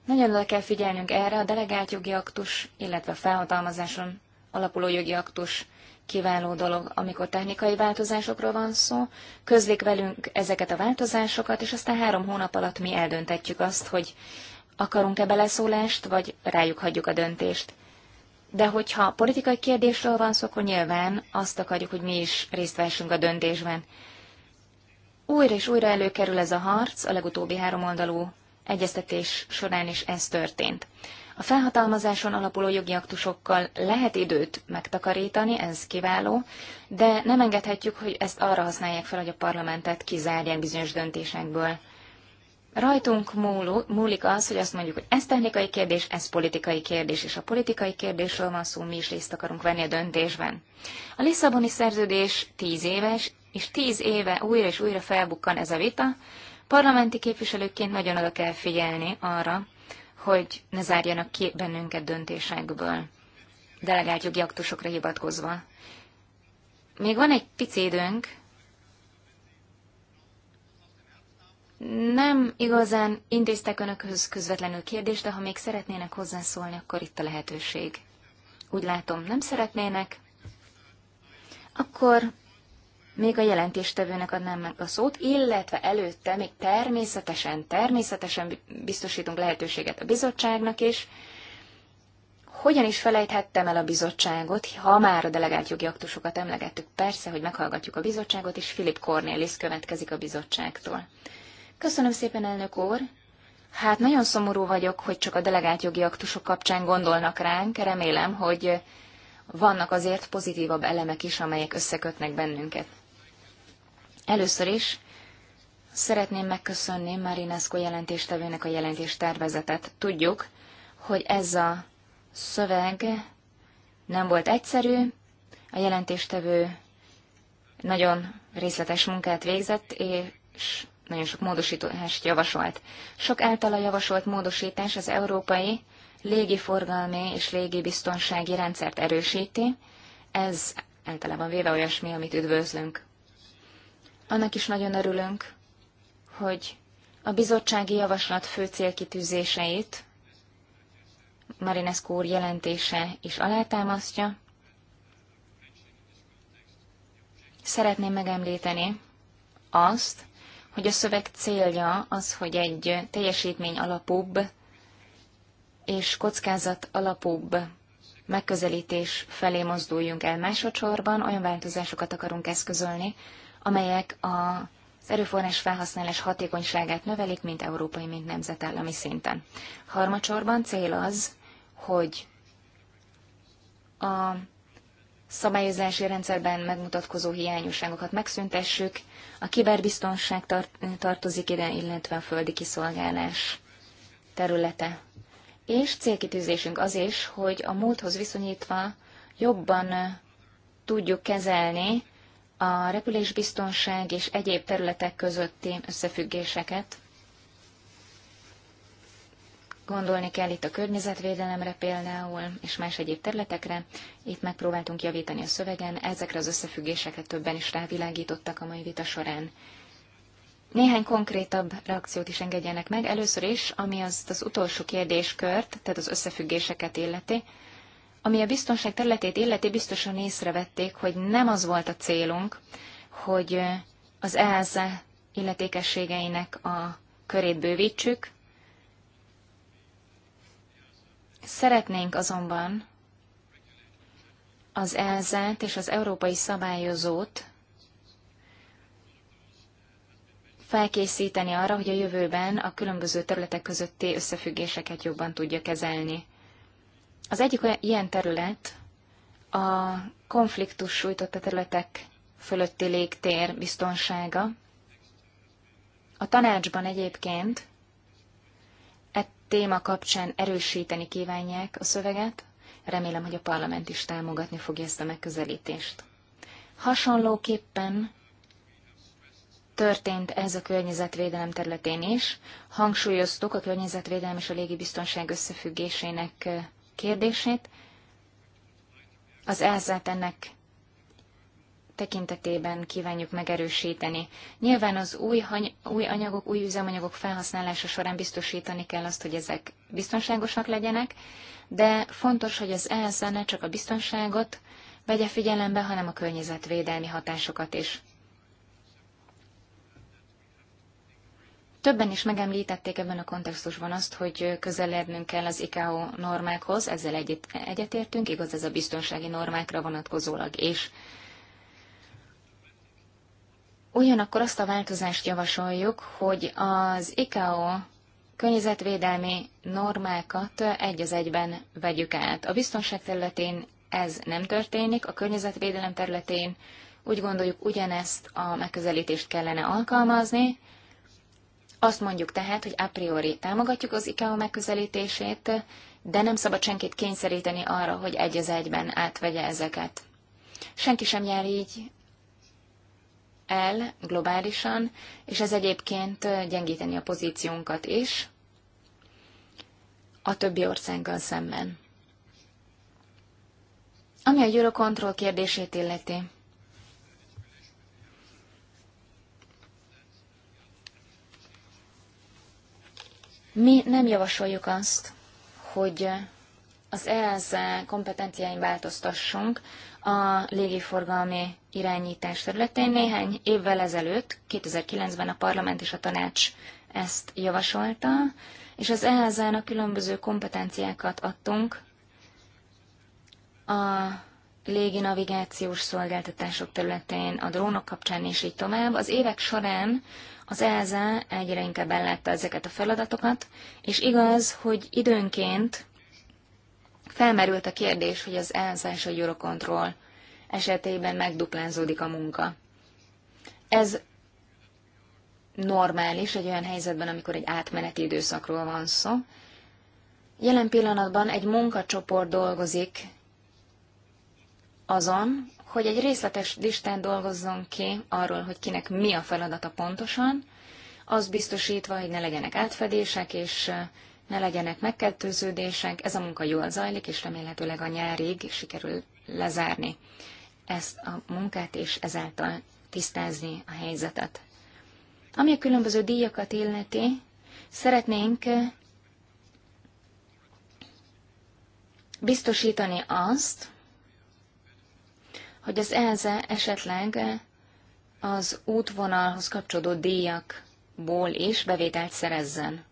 Nagyon oda kell figyelnünk erre, a delegált jogi aktus, illetve a felhatalmazáson alapuló jogi aktus kiváló dolog, amikor technikai változásokról van szó. Közlik velünk ezeket a változásokat, és aztán három hónap alatt mi eldöntetjük azt, hogy akarunk-e beleszólást, vagy rájuk hagyjuk a döntést. De hogyha politikai kérdésről van szó, akkor nyilván azt akarjuk, hogy mi is részt vessünk a döntésben. Újra és újra előkerül ez a harc a legutóbbi három oldalú egyeztetés során is ez történt. A felhatalmazáson alapuló jogi aktusokkal lehet időt megtakarítani, ez kiváló, de nem engedhetjük, hogy ezt arra használják fel, hogy a parlamentet kizárják bizonyos döntésekből. Rajtunk múlik az, hogy azt mondjuk, hogy ez technikai kérdés, ez politikai kérdés, és a politikai kérdésről van szó, mi is részt akarunk venni a döntésben. A Lisszaboni szerződés tíz éves, és tíz éve újra és újra felbukkan ez a vita, Parlamenti képviselőként nagyon oda kell figyelni arra, hogy ne zárjanak ki bennünket döntésekből, delegált jogi aktusokra hivatkozva. Még van egy pici időnk, nem igazán intéztek önökhöz közvetlenül kérdést, de ha még szeretnének hozzászólni, akkor itt a lehetőség. Úgy látom, nem szeretnének. Akkor még a jelentéstevőnek adnám meg a szót, illetve előtte még természetesen, természetesen biztosítunk lehetőséget a bizottságnak is. Hogyan is felejthettem el a bizottságot, ha már a delegált jogi aktusokat emlegettük? Persze, hogy meghallgatjuk a bizottságot, és Filip Cornélis következik a bizottságtól. Köszönöm szépen, elnök úr! Hát nagyon szomorú vagyok, hogy csak a delegált jogi aktusok kapcsán gondolnak ránk. Remélem, hogy vannak azért pozitívabb elemek is, amelyek összekötnek bennünket. Először is szeretném megköszönni Marinesco jelentéstevőnek a jelentést tervezetet. Tudjuk, hogy ez a szöveg nem volt egyszerű, a jelentéstevő nagyon részletes munkát végzett, és nagyon sok módosítást javasolt. Sok általa javasolt módosítás az európai légiforgalmi és légibiztonsági rendszert erősíti. Ez általában véve olyasmi, amit üdvözlünk. Annak is nagyon örülünk, hogy a bizottsági javaslat fő célkitűzéseit Marinescu úr jelentése is alátámasztja. Szeretném megemlíteni azt, hogy a szöveg célja az, hogy egy teljesítmény alapúbb és kockázat alapúbb megközelítés felé mozduljunk el másodszorban, olyan változásokat akarunk eszközölni, amelyek a az erőforrás felhasználás hatékonyságát növelik, mint európai, mint nemzetállami szinten. Harmadsorban cél az, hogy a szabályozási rendszerben megmutatkozó hiányosságokat megszüntessük, a kiberbiztonság tart- tartozik ide, illetve a földi kiszolgálás területe. És célkitűzésünk az is, hogy a múlthoz viszonyítva jobban tudjuk kezelni a repülésbiztonság és egyéb területek közötti összefüggéseket. Gondolni kell itt a környezetvédelemre például, és más egyéb területekre. Itt megpróbáltunk javítani a szövegen, ezekre az összefüggésekre többen is rávilágítottak a mai vita során. Néhány konkrétabb reakciót is engedjenek meg. Először is, ami az az utolsó kérdéskört, tehát az összefüggéseket illeti. Ami a biztonság területét illeti, biztosan észrevették, hogy nem az volt a célunk, hogy az ELSA illetékességeinek a körét bővítsük. Szeretnénk azonban az elsa és az európai szabályozót felkészíteni arra, hogy a jövőben a különböző területek közötti összefüggéseket jobban tudja kezelni. Az egyik olyan, ilyen terület a konfliktus a területek fölötti légtér biztonsága. A tanácsban egyébként e téma kapcsán erősíteni kívánják a szöveget, remélem, hogy a parlament is támogatni fogja ezt a megközelítést. Hasonlóképpen történt ez a környezetvédelem területén is. Hangsúlyoztuk a környezetvédelem és a légibiztonság összefüggésének kérdését. Az elzárt ennek tekintetében kívánjuk megerősíteni. Nyilván az új, új anyagok, új üzemanyagok felhasználása során biztosítani kell azt, hogy ezek biztonságosak legyenek, de fontos, hogy az ELSZ ne csak a biztonságot vegye figyelembe, hanem a környezetvédelmi hatásokat is. Többen is megemlítették ebben a kontextusban azt, hogy közelednünk kell az ICAO normákhoz, ezzel egyet, egyetértünk, igaz ez a biztonsági normákra vonatkozólag is. Ugyanakkor azt a változást javasoljuk, hogy az ICAO környezetvédelmi normákat egy az egyben vegyük át. A biztonság területén ez nem történik, a környezetvédelem területén úgy gondoljuk ugyanezt a megközelítést kellene alkalmazni, azt mondjuk tehát, hogy a priori támogatjuk az ICAO megközelítését, de nem szabad senkit kényszeríteni arra, hogy egy az egyben átvegye ezeket. Senki sem jár így el globálisan, és ez egyébként gyengíteni a pozíciónkat is a többi országgal szemben. Ami a Eurocontrol kérdését illeti, Mi nem javasoljuk azt, hogy az EASA kompetenciáin változtassunk a légiforgalmi irányítás területén. Néhány évvel ezelőtt, 2009-ben a parlament és a tanács ezt javasolta, és az EASA-nak különböző kompetenciákat adtunk a légi navigációs szolgáltatások területén, a drónok kapcsán és így tovább. Az évek során az ELSA egyre inkább ellátta ezeket a feladatokat, és igaz, hogy időnként felmerült a kérdés, hogy az ELSA és a Eurocontrol esetében megduplázódik a munka. Ez normális egy olyan helyzetben, amikor egy átmeneti időszakról van szó. Jelen pillanatban egy munkacsoport dolgozik azon, hogy egy részletes listán dolgozzon ki arról, hogy kinek mi a feladata pontosan, az biztosítva, hogy ne legyenek átfedések, és ne legyenek megkettőződések. Ez a munka jól zajlik, és remélhetőleg a nyárig sikerül lezárni ezt a munkát, és ezáltal tisztázni a helyzetet. Ami a különböző díjakat illeti, szeretnénk biztosítani azt, hogy az ELZE e esetleg az útvonalhoz kapcsolódó díjakból is bevételt szerezzen.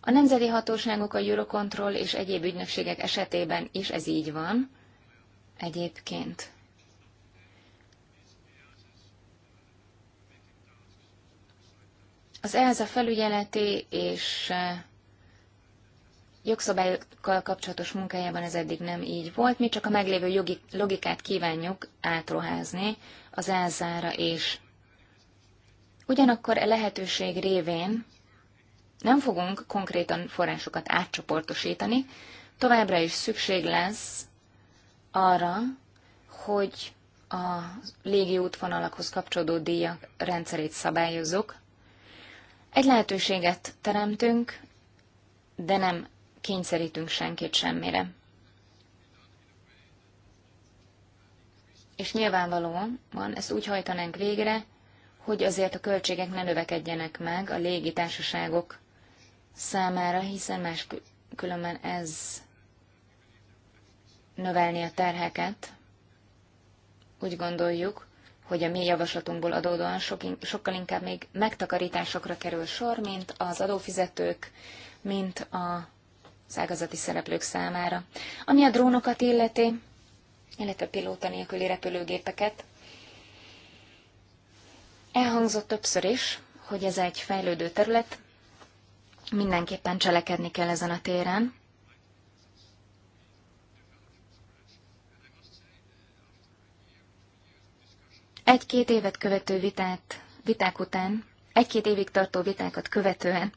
A nemzeti hatóságok, a Eurocontrol és egyéb ügynökségek esetében is ez így van egyébként. Az ELSA e felügyeleti és jogszabályokkal kapcsolatos munkájában ez eddig nem így volt, mi csak a meglévő jogi, logikát kívánjuk átruházni az elzára és. Ugyanakkor e lehetőség révén nem fogunk konkrétan forrásokat átcsoportosítani, továbbra is szükség lesz arra, hogy a légi útvonalakhoz kapcsolódó díjak rendszerét szabályozzuk. Egy lehetőséget teremtünk, de nem kényszerítünk senkit semmire. És nyilvánvalóan van, ezt úgy hajtanánk végre, hogy azért a költségek ne növekedjenek meg a légitársaságok számára, hiszen más különben ez növelni a terheket. Úgy gondoljuk, hogy a mi javaslatunkból adódóan sokkal inkább még megtakarításokra kerül sor, mint az adófizetők, mint a az ágazati szereplők számára. Ami a drónokat illeti, illetve pilóta nélküli repülőgépeket, elhangzott többször is, hogy ez egy fejlődő terület, mindenképpen cselekedni kell ezen a téren. Egy-két évet követő vitát, viták után, egy-két évig tartó vitákat követően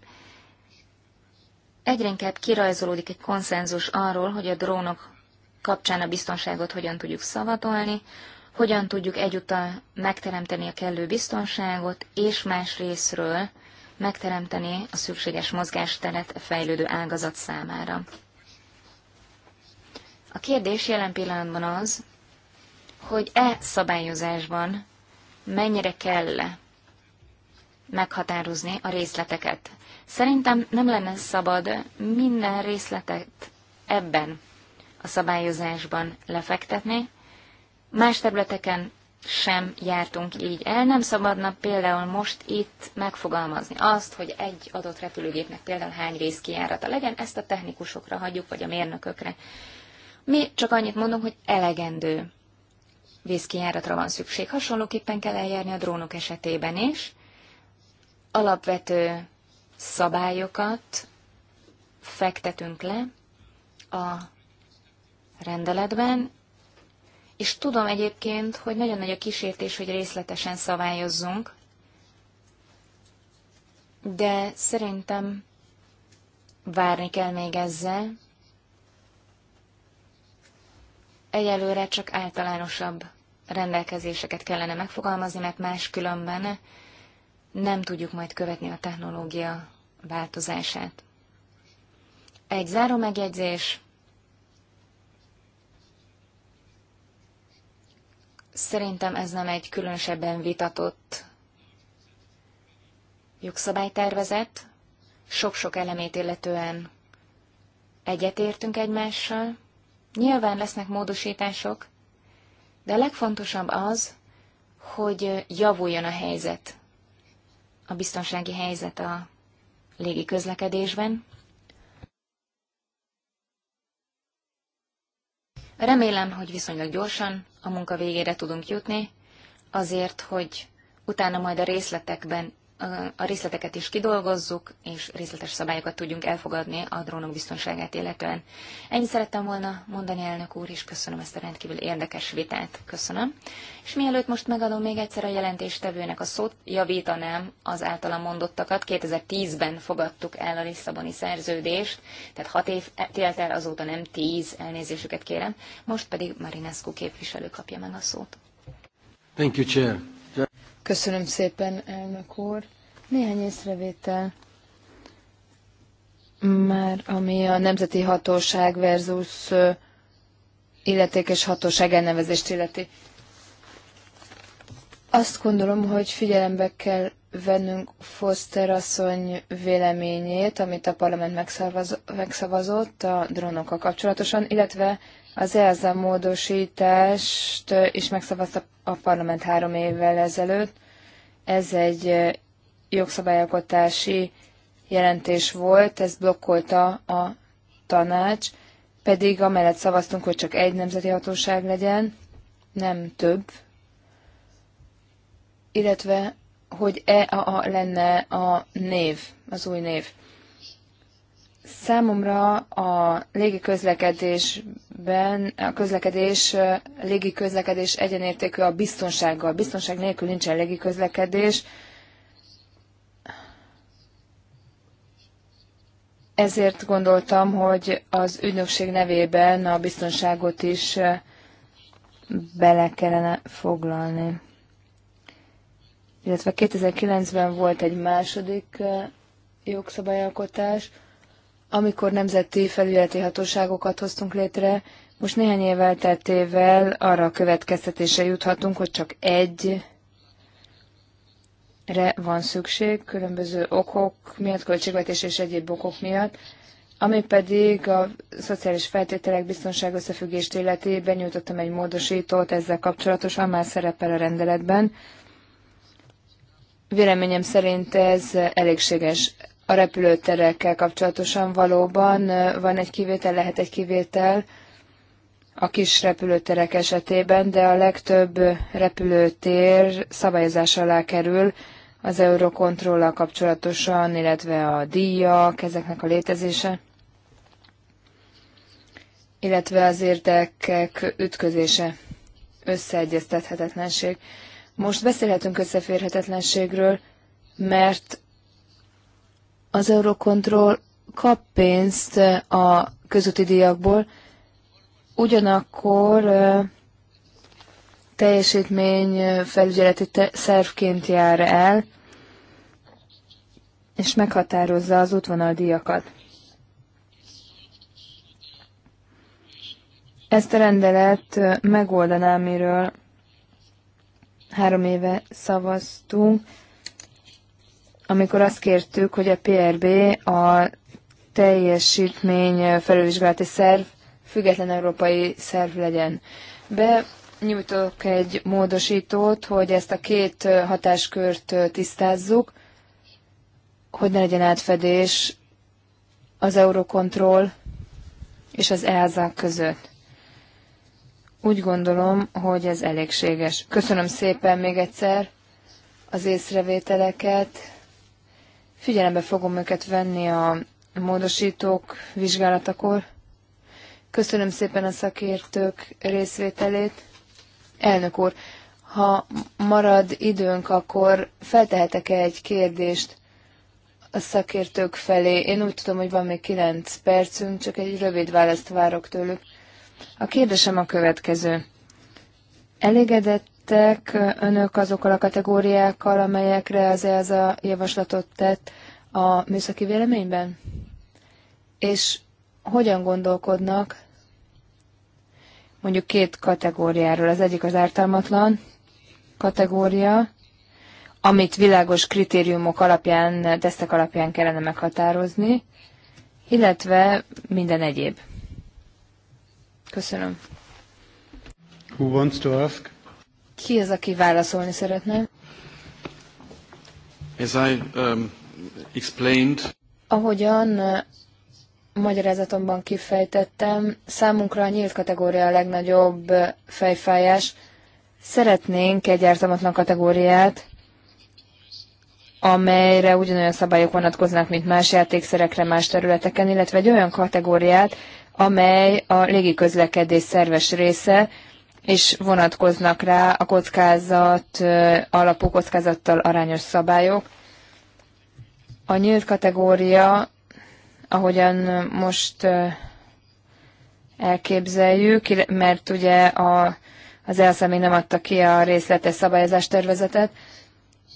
egyre inkább kirajzolódik egy konszenzus arról, hogy a drónok kapcsán a biztonságot hogyan tudjuk szavatolni, hogyan tudjuk egyúttal megteremteni a kellő biztonságot, és más részről megteremteni a szükséges mozgásteret a fejlődő ágazat számára. A kérdés jelen pillanatban az, hogy e szabályozásban mennyire kell meghatározni a részleteket. Szerintem nem lenne szabad minden részletet ebben a szabályozásban lefektetni. Más területeken sem jártunk így el. Nem szabadna például most itt megfogalmazni azt, hogy egy adott repülőgépnek például hány rész kiárata legyen, ezt a technikusokra hagyjuk, vagy a mérnökökre. Mi csak annyit mondunk, hogy elegendő vészkijáratra van szükség. Hasonlóképpen kell eljárni a drónok esetében is. Alapvető szabályokat fektetünk le a rendeletben, és tudom egyébként, hogy nagyon nagy a kísértés, hogy részletesen szabályozzunk, de szerintem várni kell még ezzel. Egyelőre csak általánosabb rendelkezéseket kellene megfogalmazni, mert máskülönben nem tudjuk majd követni a technológia változását. Egy záró megjegyzés. Szerintem ez nem egy különösebben vitatott jogszabálytervezet. Sok-sok elemét illetően egyetértünk egymással. Nyilván lesznek módosítások, de a legfontosabb az, hogy javuljon a helyzet a biztonsági helyzet a légi közlekedésben. Remélem, hogy viszonylag gyorsan a munka végére tudunk jutni, azért, hogy utána majd a részletekben a részleteket is kidolgozzuk, és részletes szabályokat tudjunk elfogadni a drónok biztonságát illetően. Ennyi szerettem volna mondani, elnök úr, és köszönöm ezt a rendkívül érdekes vitát. Köszönöm. És mielőtt most megadom még egyszer a jelentéstevőnek a szót, javítanám az általam mondottakat. 2010-ben fogadtuk el a Lisszaboni szerződést, tehát hat év telt el, azóta nem tíz, elnézésüket kérem. Most pedig Marinescu képviselő kapja meg a szót. Thank you, Chair. Köszönöm szépen, elnök úr. Néhány észrevétel már, ami a nemzeti hatóság versus illetékes hatóság elnevezést illeti. Azt gondolom, hogy figyelembe kell vennünk Foster asszony véleményét, amit a parlament megszavazott a drónokkal kapcsolatosan, illetve az EASA módosítást is megszavazta a parlament három évvel ezelőtt. Ez egy jogszabályalkotási jelentés volt, ezt blokkolta a tanács, pedig amellett szavaztunk, hogy csak egy nemzeti hatóság legyen, nem több, illetve hogy EAA lenne a név, az új név. Számomra a légiközlekedésben, a közlekedés, légiközlekedés egyenértékű a biztonsággal. Biztonság nélkül nincsen légiközlekedés. Ezért gondoltam, hogy az ügynökség nevében a biztonságot is bele kellene foglalni. Illetve 2009-ben volt egy második jogszabályalkotás, amikor nemzeti felügyeleti hatóságokat hoztunk létre, most néhány év elteltével arra a következtetése juthatunk, hogy csak egy re van szükség, különböző okok miatt, költségvetés és egyéb okok miatt, ami pedig a szociális feltételek biztonság összefüggést illeti, benyújtottam egy módosítót ezzel kapcsolatosan, már szerepel a rendeletben. Véleményem szerint ez elégséges. A repülőterekkel kapcsolatosan valóban van egy kivétel, lehet egy kivétel a kis repülőterek esetében, de a legtöbb repülőtér szabályozás alá kerül az eurokontrollal kapcsolatosan, illetve a díjak, ezeknek a létezése illetve az érdekek ütközése, összeegyeztethetetlenség. Most beszélhetünk összeférhetetlenségről, mert az Eurocontrol kap pénzt a közúti díjakból, ugyanakkor teljesítmény felügyeleti szervként jár el, és meghatározza az útvonaldíjakat. Ezt a rendelet megoldaná, amiről három éve szavaztunk, amikor azt kértük, hogy a PRB a teljesítmény felülvizsgálati szerv független európai szerv legyen. Be nyújtok egy módosítót, hogy ezt a két hatáskört tisztázzuk, hogy ne legyen átfedés az Eurocontrol és az EASA között. Úgy gondolom, hogy ez elégséges. Köszönöm szépen még egyszer az észrevételeket, Figyelembe fogom őket venni a módosítók vizsgálatakor. Köszönöm szépen a szakértők részvételét. Elnök úr, ha marad időnk, akkor feltehetek -e egy kérdést a szakértők felé? Én úgy tudom, hogy van még kilenc percünk, csak egy rövid választ várok tőlük. A kérdésem a következő. Elégedett Egyetértettek önök azokkal a kategóriákkal, amelyekre az ELSA javaslatot tett a műszaki véleményben? És hogyan gondolkodnak mondjuk két kategóriáról? Az egyik az ártalmatlan kategória, amit világos kritériumok alapján, tesztek alapján kellene meghatározni, illetve minden egyéb. Köszönöm. Who wants to ask? Ki az, aki válaszolni szeretne? As I, um, explained... Ahogyan uh, magyarázatomban kifejtettem, számunkra a nyílt kategória a legnagyobb uh, fejfájás. Szeretnénk egy ártalmatlan kategóriát, amelyre ugyanolyan szabályok vonatkoznak, mint más játékszerekre más területeken, illetve egy olyan kategóriát, amely a légiközlekedés szerves része, és vonatkoznak rá a kockázat, alapú kockázattal arányos szabályok. A nyílt kategória, ahogyan most elképzeljük, mert ugye a, az ELSZA nem adta ki a részletes szabályozás tervezetet,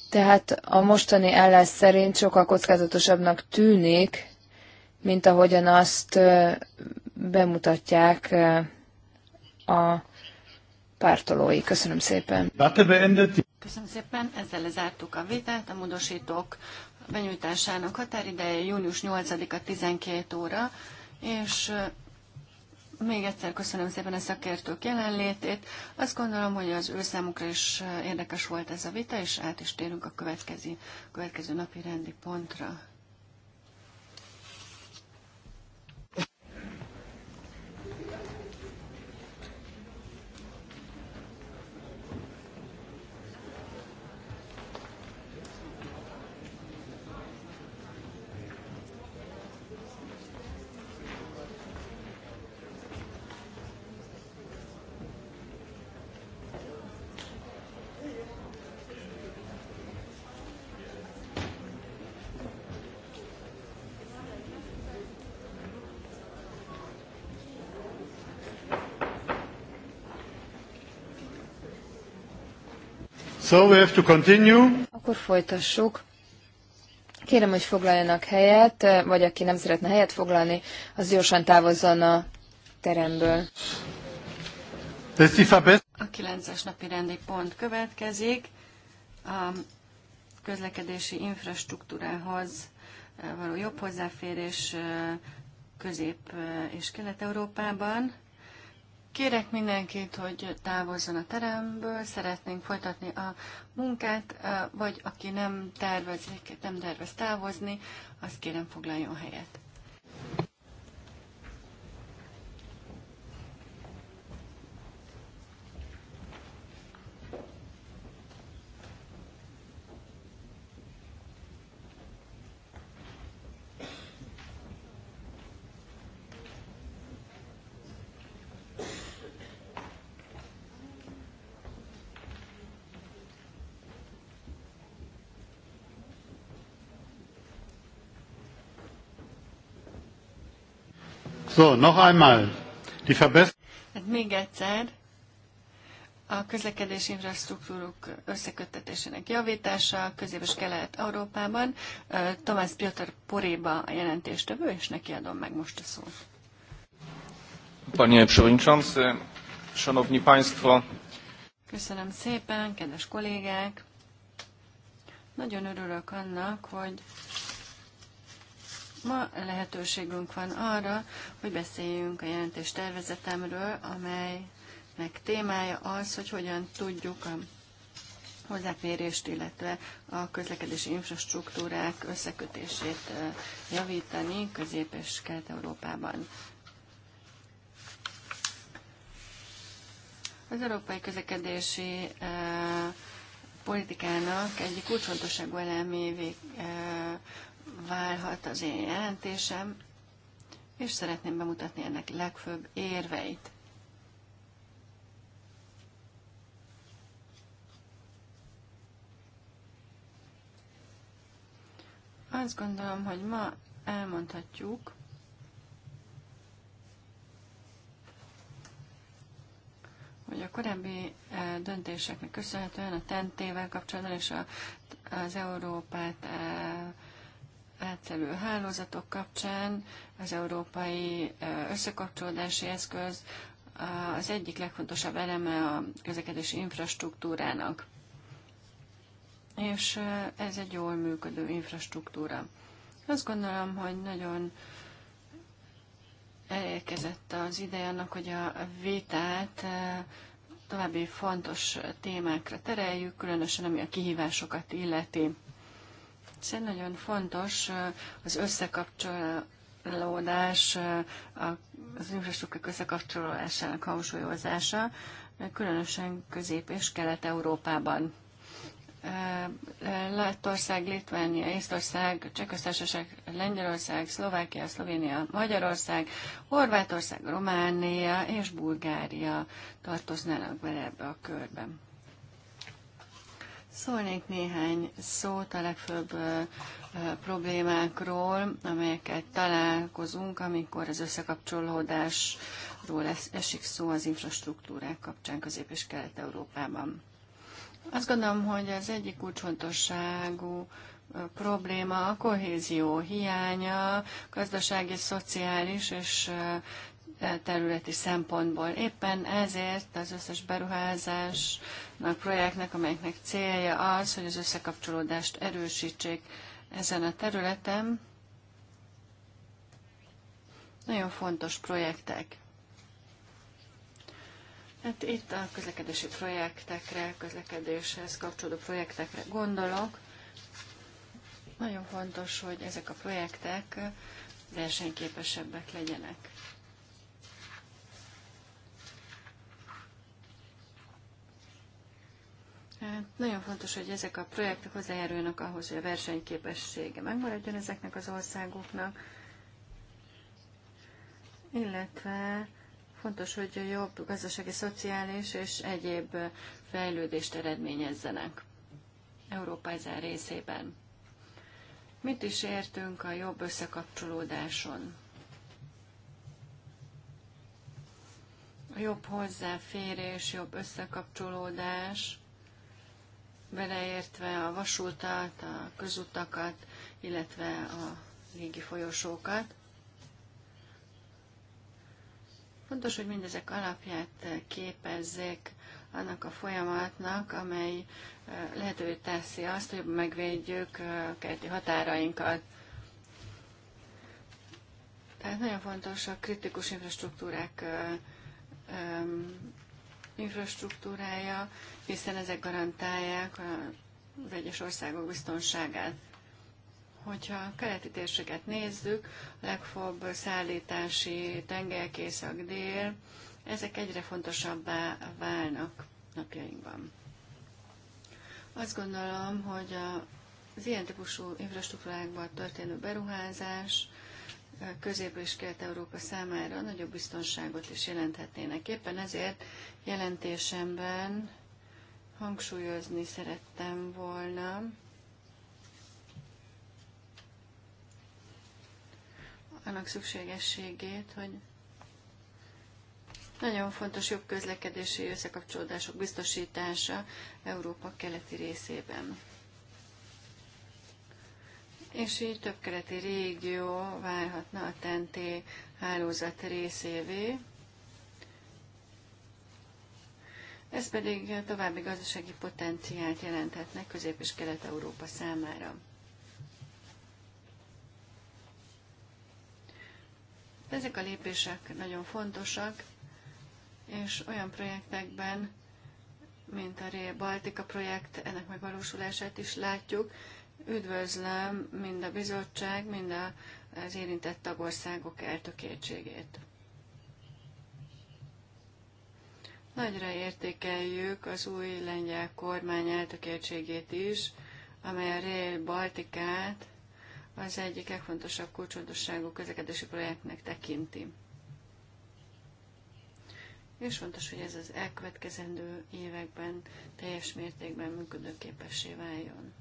tehát a mostani ellás szerint sokkal kockázatosabbnak tűnik, mint ahogyan azt bemutatják a pártolói. Köszönöm szépen. Köszönöm szépen, ezzel lezártuk a vitát. A módosítók benyújtásának határideje június 8-a 12 óra, és még egyszer köszönöm szépen a szakértők jelenlétét. Azt gondolom, hogy az ő számukra is érdekes volt ez a vita, és át is térünk a következő, következő napi rendi pontra. So we have to continue. Akkor folytassuk. Kérem, hogy foglaljanak helyet, vagy aki nem szeretne helyet foglalni, az gyorsan távozzon a teremből. A 9-es napi rendi pont következik. A közlekedési infrastruktúrához eh, való jobb hozzáférés eh, Közép- eh, és Kelet-Európában. Kérek mindenkit, hogy távozzon a teremből, szeretnénk folytatni a munkát, vagy aki nem tervezik, nem tervez távozni, azt kérem foglaljon helyet. So, noch einmal. Die Verbesserung. Hát még egyszer. A közlekedési infrastruktúrok összeköttetésének javítása közéves kelet-európában. Tomás Piotr Poréba a jelentéstevő, és neki adom meg most a szót. Panie Przewodniczący, Szanowni Państwo. Köszönöm szépen, kedves kollégák! Nagyon örülök annak, hogy Ma lehetőségünk van arra, hogy beszéljünk a jelentés tervezetemről, amelynek témája az, hogy hogyan tudjuk a hozzáférést, illetve a közlekedési infrastruktúrák összekötését javítani Közép- és Kelet-Európában. Az európai közlekedési politikának egyik kulcsfontosságú elemévé válhat az én jelentésem, és szeretném bemutatni ennek legfőbb érveit. Azt gondolom, hogy ma elmondhatjuk, hogy a korábbi e, döntéseknek köszönhetően a tentével kapcsolatban és az Európát e, átszelő hálózatok kapcsán az európai összekapcsolódási eszköz az egyik legfontosabb eleme a közlekedési infrastruktúrának. És ez egy jól működő infrastruktúra. Azt gondolom, hogy nagyon elérkezett az ideje annak, hogy a vétát további fontos témákra tereljük, különösen ami a kihívásokat illeti. Szerintem nagyon fontos az összekapcsolódás, az infrastruktúrák összekapcsolódásának hangsúlyozása, különösen Közép- és Kelet-Európában. Lettország, Litvánia, Észtország, Csehköztársaság, Lengyelország, Szlovákia, Szlovénia, Magyarország, Horvátország, Románia és Bulgária tartoznának bele ebbe a körbe. Szólnék néhány szót a legfőbb problémákról, amelyeket találkozunk, amikor az összekapcsolódásról esik szó az infrastruktúrák kapcsán Közép- és Kelet-Európában. Azt gondolom, hogy az egyik kulcsfontosságú probléma a kohézió hiánya, gazdasági, szociális és területi szempontból. Éppen ezért az összes beruházásnak, projektnek, amelyeknek célja az, hogy az összekapcsolódást erősítsék ezen a területen, nagyon fontos projektek. Hát itt a közlekedési projektekre, közlekedéshez kapcsolódó projektekre gondolok. Nagyon fontos, hogy ezek a projektek versenyképesebbek legyenek. nagyon fontos, hogy ezek a projektek hozzájárulnak ahhoz, hogy a versenyképessége megmaradjon ezeknek az országoknak, illetve fontos, hogy a jobb gazdasági, szociális és egyéb fejlődést eredményezzenek Európa ezen részében. Mit is értünk a jobb összekapcsolódáson? A jobb hozzáférés, jobb összekapcsolódás – beleértve a vasútat, a közutakat, illetve a légi folyosókat. Fontos, hogy mindezek alapját képezzék annak a folyamatnak, amely lehetővé teszi azt, hogy megvédjük a kerti határainkat. Tehát nagyon fontos a kritikus infrastruktúrák infrastruktúrája, hiszen ezek garantálják az egyes országok biztonságát. Hogyha a keleti térséget nézzük, a legfőbb szállítási tengelkészak dél, ezek egyre fontosabbá válnak napjainkban. Azt gondolom, hogy az ilyen típusú infrastruktúrákban történő beruházás Közép- és Kelet-Európa számára nagyobb biztonságot is jelenthetnének. Éppen ezért jelentésemben hangsúlyozni szerettem volna, annak szükségességét, hogy nagyon fontos jobb közlekedési összekapcsolódások biztosítása Európa keleti részében és így több régió válhatna a TNT hálózat részévé. Ez pedig további gazdasági potenciált jelenthetne Közép- és Kelet-Európa számára. Ezek a lépések nagyon fontosak, és olyan projektekben, mint a Rail Baltica projekt, ennek megvalósulását is látjuk, Üdvözlöm mind a bizottság, mind a, az érintett tagországok eltökéltségét. Nagyra értékeljük az új lengyel kormány eltökéltségét is, amely a Rail Baltikát az egyik legfontosabb kulcsontosságú közlekedési projektnek tekinti. És fontos, hogy ez az elkövetkezendő években teljes mértékben működőképessé váljon.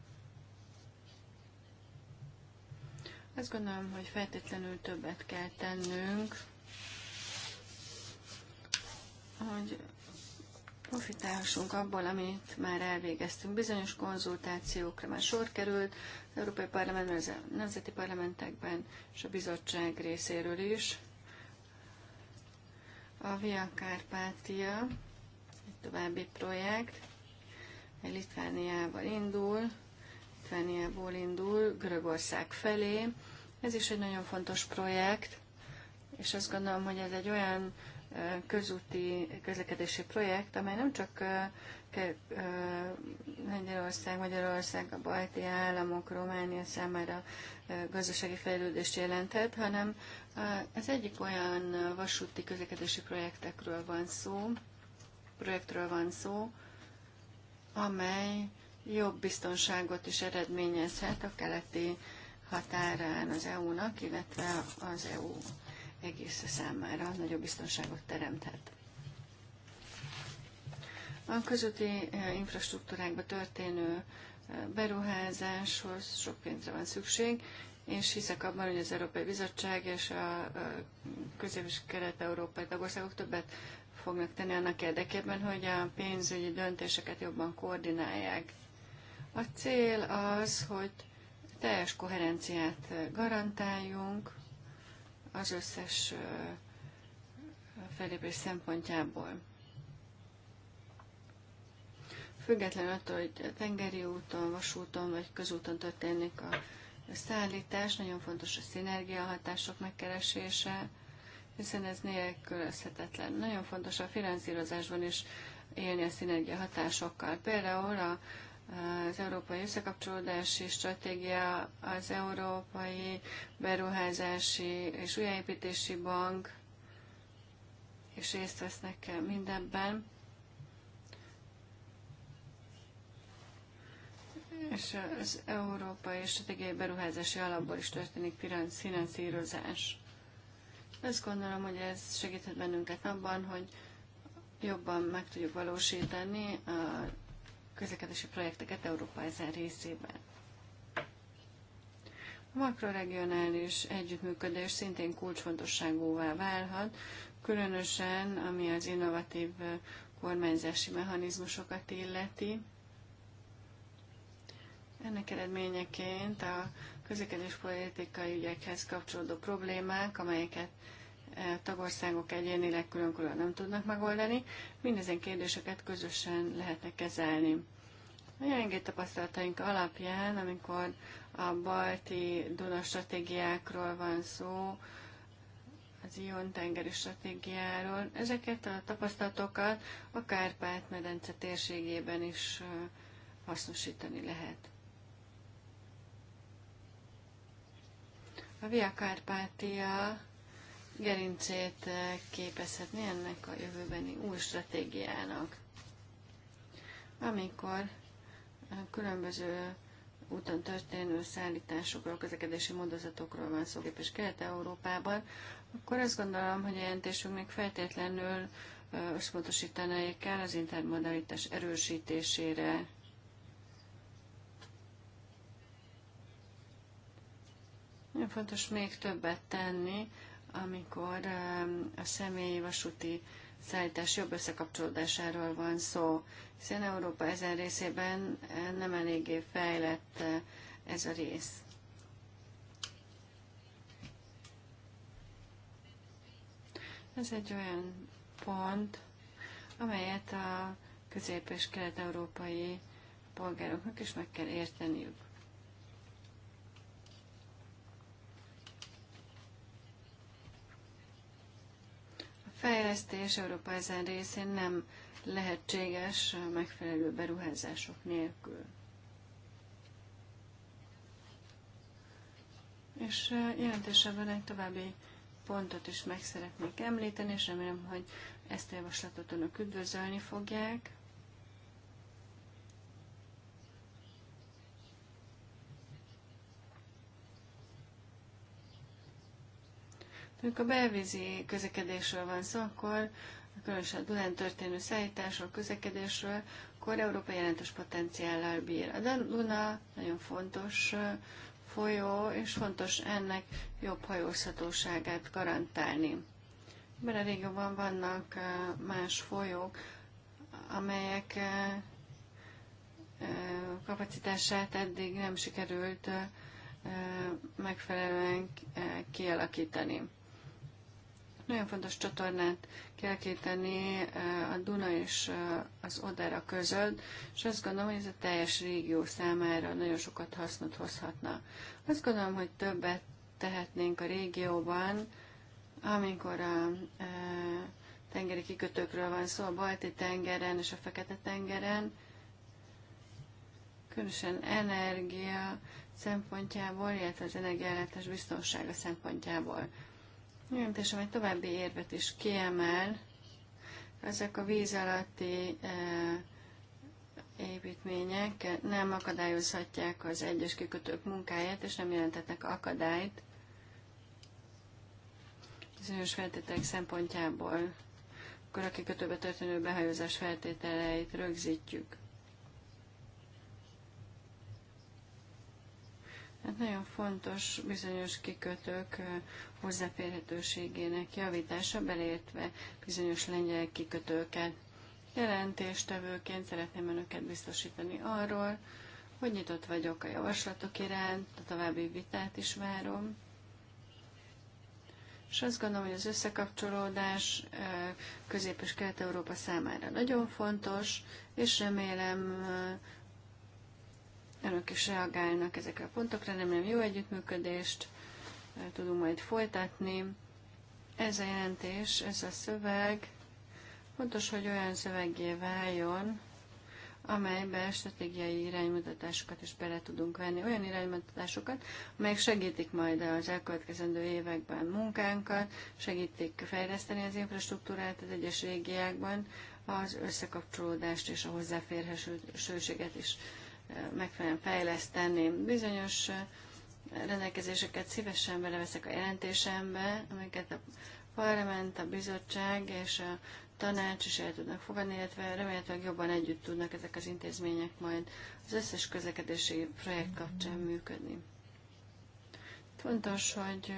Azt gondolom, hogy feltétlenül többet kell tennünk, hogy profitálhassunk abból, amit már elvégeztünk. Bizonyos konzultációkra már sor került az Európai Parlamentben, az a nemzeti parlamentekben és a bizottság részéről is. A Via Kárpátia, egy további projekt, egy Litvániával indul, Litvániából indul Görögország felé, ez is egy nagyon fontos projekt, és azt gondolom, hogy ez egy olyan közúti közlekedési projekt, amely nem csak Lengyelország, Magyarország, a balti államok, Románia számára gazdasági fejlődést jelentett, hanem ez egyik olyan vasúti közlekedési projektekről van szó, projektről van szó, amely jobb biztonságot is eredményezhet a keleti határán az EU-nak, illetve az EU egész számára nagyobb biztonságot teremthet. A közúti e, infrastruktúrákba történő e, beruházáshoz sok pénzre van szükség, és hiszek abban, hogy az Európai Bizottság és a e, közép- és kelet-európai tagországok többet fognak tenni annak érdekében, hogy a pénzügyi döntéseket jobban koordinálják. A cél az, hogy teljes koherenciát garantáljunk az összes felépés szempontjából. Függetlenül attól, hogy tengeri úton, vasúton vagy közúton történik a szállítás, nagyon fontos a szinergiahatások megkeresése, hiszen ez nélkülözhetetlen. Nagyon fontos a finanszírozásban is élni a szinergiahatásokkal. Például a az európai összekapcsolódási stratégia, az Európai Beruházási és Újjáépítési Bank, és részt vesznek mindebben. És az Európai Stratégiai Beruházási Alapból is történik finanszírozás. Azt gondolom, hogy ez segíthet bennünket abban, hogy jobban meg tudjuk valósítani a közlekedési projekteket Európa ezen részében. A makroregionális együttműködés szintén kulcsfontosságúvá válhat, különösen ami az innovatív kormányzási mechanizmusokat illeti. Ennek eredményeként a politikai ügyekhez kapcsolódó problémák, amelyeket E, tagországok egyénileg külön nem tudnak megoldani. Mindezen kérdéseket közösen lehetne kezelni. A jelenlegi tapasztalataink alapján, amikor a balti Duna stratégiákról van szó, az Ion-tengeri stratégiáról, ezeket a tapasztalatokat a Kárpát-medence térségében is e, hasznosítani lehet. A Via Carpatia gerincét eh, képezhetni ennek a jövőbeni új stratégiának. Amikor eh, különböző úton történő szállításokról, közlekedési módozatokról van szó, és Kelet-Európában, akkor azt gondolom, hogy a jelentésünknek feltétlenül eh, összpontosítanája kell az intermodalitás erősítésére. Nagyon fontos még többet tenni amikor a személy vasúti szállítás jobb összekapcsolódásáról van szó, hiszen Európa ezen részében eh, nem eléggé fejlett eh, ez a rész. Ez egy olyan pont, amelyet a közép- és kelet-európai polgároknak is meg kell érteniük. fejlesztés Európa ezen részén nem lehetséges megfelelő beruházások nélkül. És jelentősebben egy további pontot is meg szeretnék említeni, és remélem, hogy ezt a javaslatot önök üdvözölni fogják. Amikor a belvízi közlekedésről van szó, akkor különösen Dunán történő szállításról, közlekedésről, akkor Európa jelentős potenciállal bír. A Duna nagyon fontos folyó, és fontos ennek jobb hajózhatóságát garantálni. Ebben a régióban vannak más folyók, amelyek kapacitását eddig nem sikerült megfelelően kialakítani. Nagyon fontos csatornát kell kéteni a Duna és az Odera között, és azt gondolom, hogy ez a teljes régió számára nagyon sokat hasznot hozhatna. Azt gondolom, hogy többet tehetnénk a régióban, amikor a tengeri kikötőkről van szó, a Balti tengeren és a Fekete tengeren, különösen energia szempontjából, illetve az energiállátás biztonsága szempontjából. Jelentésem egy további érvet is kiemel. Ezek a víz alatti e, építmények nem akadályozhatják az egyes kikötők munkáját, és nem jelentetnek akadályt bizonyos feltételek szempontjából. Akkor a kikötőbe történő behajózás feltételeit rögzítjük. Hát nagyon fontos bizonyos kikötők hozzáférhetőségének javítása, beleértve bizonyos lengyel kikötőket. Jelentéstevőként szeretném önöket biztosítani arról, hogy nyitott vagyok a javaslatok iránt, a további vitát is várom. És azt gondolom, hogy az összekapcsolódás Közép- és Kelet-Európa számára nagyon fontos, és remélem önök is reagálnak ezekre a pontokra, nem nem jó együttműködést eh, tudunk majd folytatni. Ez a jelentés, ez a szöveg, fontos, hogy olyan szövegé váljon, amelybe stratégiai iránymutatásokat is bele tudunk venni, olyan iránymutatásokat, amelyek segítik majd az elkövetkezendő években munkánkat, segítik fejleszteni az infrastruktúrát az egyes régiákban, az összekapcsolódást és a hozzáférhetőséget is megfelelően fejleszteni. Bizonyos rendelkezéseket szívesen beleveszek a jelentésembe, amiket a parlament, a bizottság és a tanács is el tudnak fogadni, illetve remélhetőleg jobban együtt tudnak ezek az intézmények majd az összes közlekedési projekt kapcsán működni. Fontos, hogy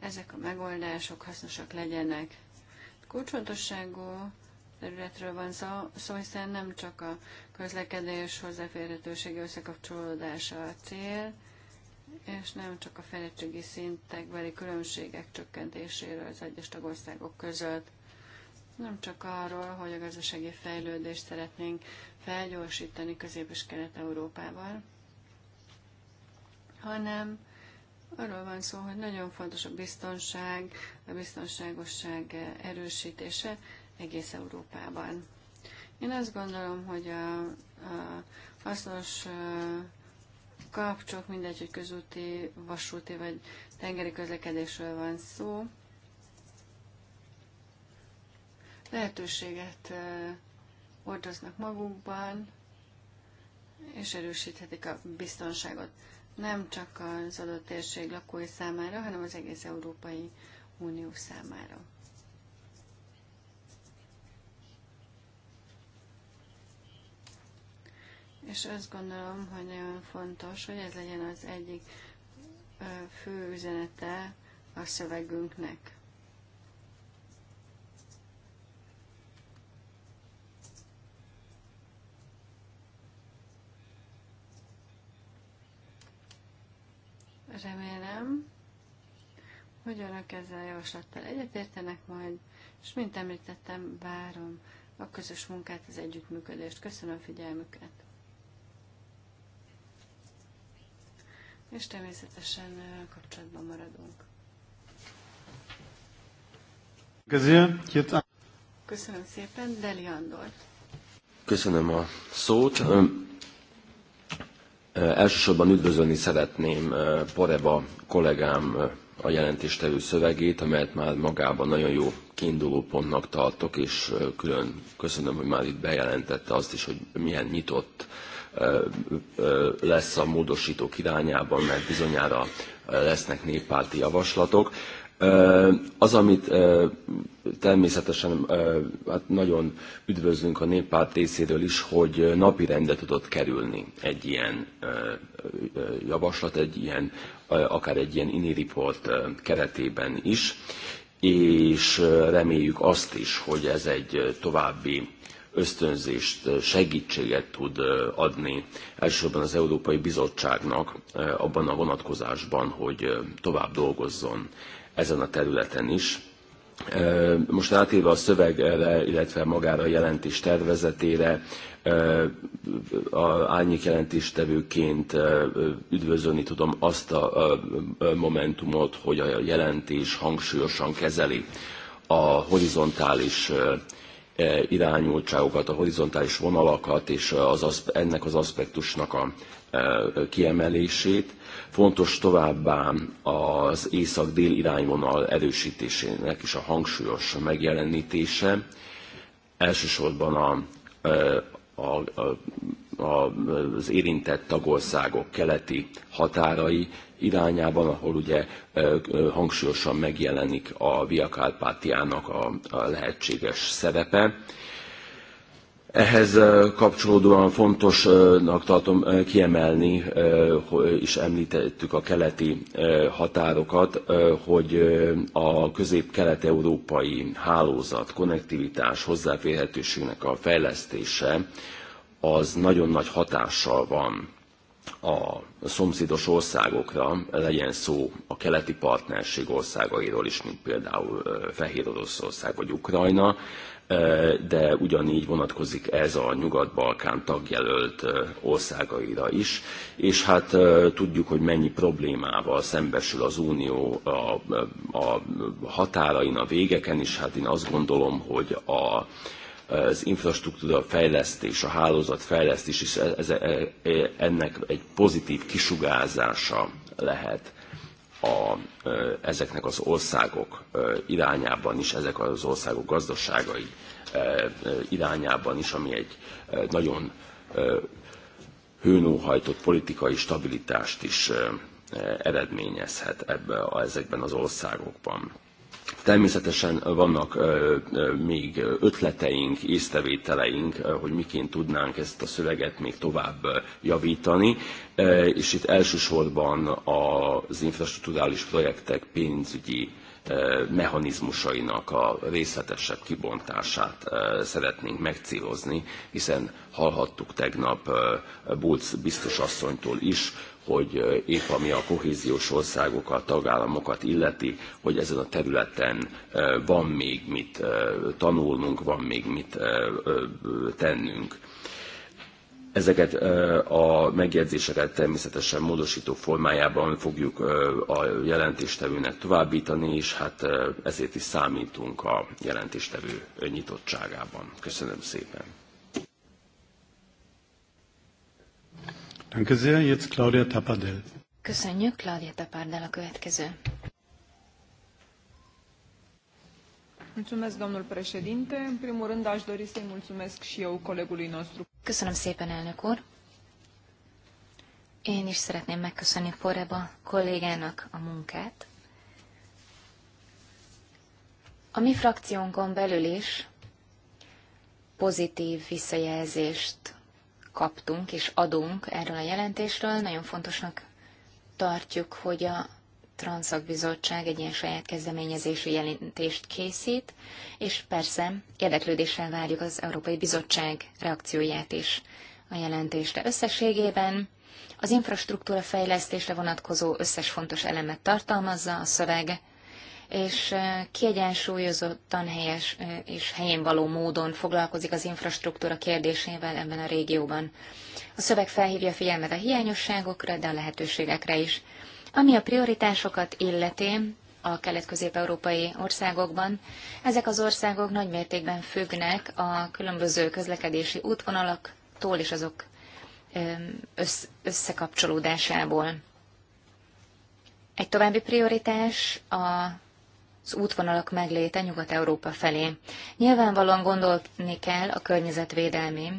ezek a megoldások hasznosak legyenek. Kulcsfontosságú területről van szó, szó, hiszen nem csak a közlekedés hozzáférhetősége összekapcsolódása a cél, és nem csak a fejlettségi szintekbeli különbségek csökkentéséről az egyes tagországok között, nem csak arról, hogy a gazdasági fejlődést szeretnénk felgyorsítani Közép- és Kelet-Európával, hanem arról van szó, hogy nagyon fontos a biztonság, a biztonságosság erősítése, egész Európában. Én azt gondolom, hogy a, a hasznos kapcsok, mindegy, hogy közúti, vasúti vagy tengeri közlekedésről van szó, lehetőséget hordoznak magukban, és erősíthetik a biztonságot. Nem csak az adott térség lakói számára, hanem az egész Európai Unió számára. és azt gondolom, hogy nagyon fontos, hogy ez legyen az egyik fő üzenete a szövegünknek. Remélem, hogy önök ezzel a javaslattal egyetértenek majd, és mint említettem, várom a közös munkát, az együttműködést. Köszönöm figyelmüket! és természetesen kapcsolatban maradunk. Köszönöm szépen, Deli Andort. Köszönöm a szót. Elsősorban üdvözölni szeretném Poreba kollégám a jelentéstevő szövegét, amelyet már magában nagyon jó kiinduló pontnak tartok, és külön köszönöm, hogy már itt bejelentette azt is, hogy milyen nyitott lesz a módosítók irányában, mert bizonyára lesznek néppárti javaslatok. Az, amit természetesen hát nagyon üdvözlünk a néppárt részéről is, hogy napi rendet tudott kerülni egy ilyen javaslat, egy ilyen, akár egy ilyen INI report keretében is, és reméljük azt is, hogy ez egy további ösztönzést, segítséget tud adni elsősorban az Európai Bizottságnak abban a vonatkozásban, hogy tovább dolgozzon ezen a területen is. Most átérve a szövegre, illetve magára a jelentés tervezetére, a árnyék jelentéstevőként üdvözölni tudom azt a momentumot, hogy a jelentés hangsúlyosan kezeli a horizontális E, irányultságokat, a horizontális vonalakat és az, ennek az aspektusnak a e, kiemelését. Fontos továbbá az észak-dél irányvonal erősítésének is a hangsúlyos megjelenítése. Elsősorban a, e, a, a az érintett tagországok keleti határai irányában, ahol ugye hangsúlyosan megjelenik a Via Kárpátiának a, a lehetséges szerepe. Ehhez kapcsolódóan fontosnak tartom kiemelni, és említettük a keleti határokat, hogy a közép-kelet-európai hálózat, konnektivitás, hozzáférhetőségnek a fejlesztése az nagyon nagy hatással van a szomszédos országokra, legyen szó a keleti partnerség országairól is, mint például Fehér Oroszország vagy Ukrajna, de ugyanígy vonatkozik ez a Nyugat-Balkán tagjelölt országaira is, és hát tudjuk, hogy mennyi problémával szembesül az Unió a, a határain, a végeken is, hát én azt gondolom, hogy a az infrastruktúra fejlesztés, a hálózat fejlesztés is e- e- e- ennek egy pozitív kisugárzása lehet a, ezeknek az országok irányában is, ezek az országok gazdaságai irányában is, ami egy nagyon hőnóhajtott politikai stabilitást is eredményezhet ebbe, ezekben az országokban. Természetesen vannak még ötleteink, észrevételeink, hogy miként tudnánk ezt a szöveget még tovább javítani, és itt elsősorban az infrastruktúrális projektek pénzügyi mechanizmusainak a részletesebb kibontását szeretnénk megcélozni, hiszen hallhattuk tegnap Bulc biztos asszonytól is, hogy épp ami a kohéziós országokat, tagállamokat illeti, hogy ezen a területen van még mit tanulnunk, van még mit tennünk. Ezeket a megjegyzéseket természetesen módosító formájában fogjuk a jelentéstevőnek továbbítani, és hát ezért is számítunk a jelentéstevő nyitottságában. Köszönöm szépen! Danke sehr, jetzt Claudia Tapadel. Köszönjük, Claudia Tapadel a következő. Mulțumesc, domnul președinte. În primul rând, aș dori să-i mulțumesc și eu colegului nostru. Köszönöm szépen, elnök úr. Én is szeretném megköszönni Poreba kollégának a munkát. A mi frakciónkon belül is pozitív visszajelzést kaptunk és adunk erről a jelentésről. Nagyon fontosnak tartjuk, hogy a Bizottság egy ilyen saját kezdeményezésű jelentést készít, és persze érdeklődéssel várjuk az Európai Bizottság reakcióját is a jelentésre. Összességében az infrastruktúra fejlesztésre vonatkozó összes fontos elemet tartalmazza a szöveg, és kiegyensúlyozottan helyes és helyén való módon foglalkozik az infrastruktúra kérdésével ebben a régióban. A szöveg felhívja figyelmet a hiányosságokra, de a lehetőségekre is. Ami a prioritásokat illeti, a kelet-közép-európai országokban. Ezek az országok nagy mértékben függnek a különböző közlekedési útvonalaktól és azok összekapcsolódásából. Egy további prioritás a az útvonalak megléte Nyugat-Európa felé. Nyilvánvalóan gondolni kell a környezetvédelmi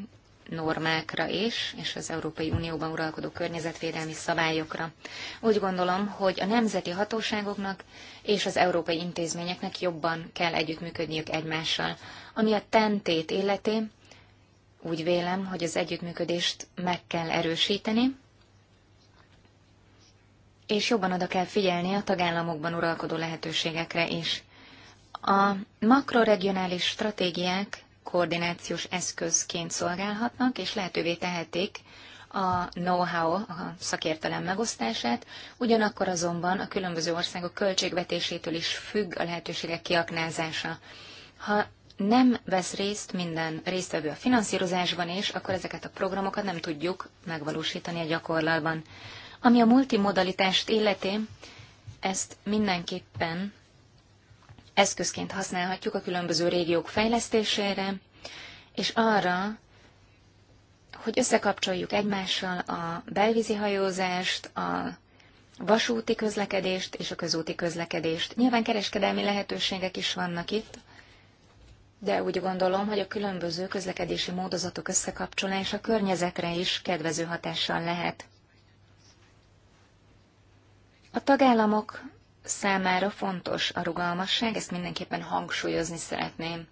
normákra is, és az Európai Unióban uralkodó környezetvédelmi szabályokra. Úgy gondolom, hogy a nemzeti hatóságoknak és az európai intézményeknek jobban kell együttműködniük egymással. Ami a tentét illeti, úgy vélem, hogy az együttműködést meg kell erősíteni, és jobban oda kell figyelni a tagállamokban uralkodó lehetőségekre is. A makroregionális stratégiák koordinációs eszközként szolgálhatnak, és lehetővé tehetik a know-how, a szakértelem megosztását, ugyanakkor azonban a különböző országok költségvetésétől is függ a lehetőségek kiaknázása. Ha nem vesz részt minden résztvevő a finanszírozásban is, akkor ezeket a programokat nem tudjuk megvalósítani a gyakorlatban. Ami a multimodalitást illeti, ezt mindenképpen eszközként használhatjuk a különböző régiók fejlesztésére, és arra, hogy összekapcsoljuk egymással a belvízi hajózást, a vasúti közlekedést és a közúti közlekedést. Nyilván kereskedelmi lehetőségek is vannak itt, de úgy gondolom, hogy a különböző közlekedési módozatok összekapcsolása környezetre is kedvező hatással lehet. A tagállamok számára fontos a rugalmasság, ezt mindenképpen hangsúlyozni szeretném.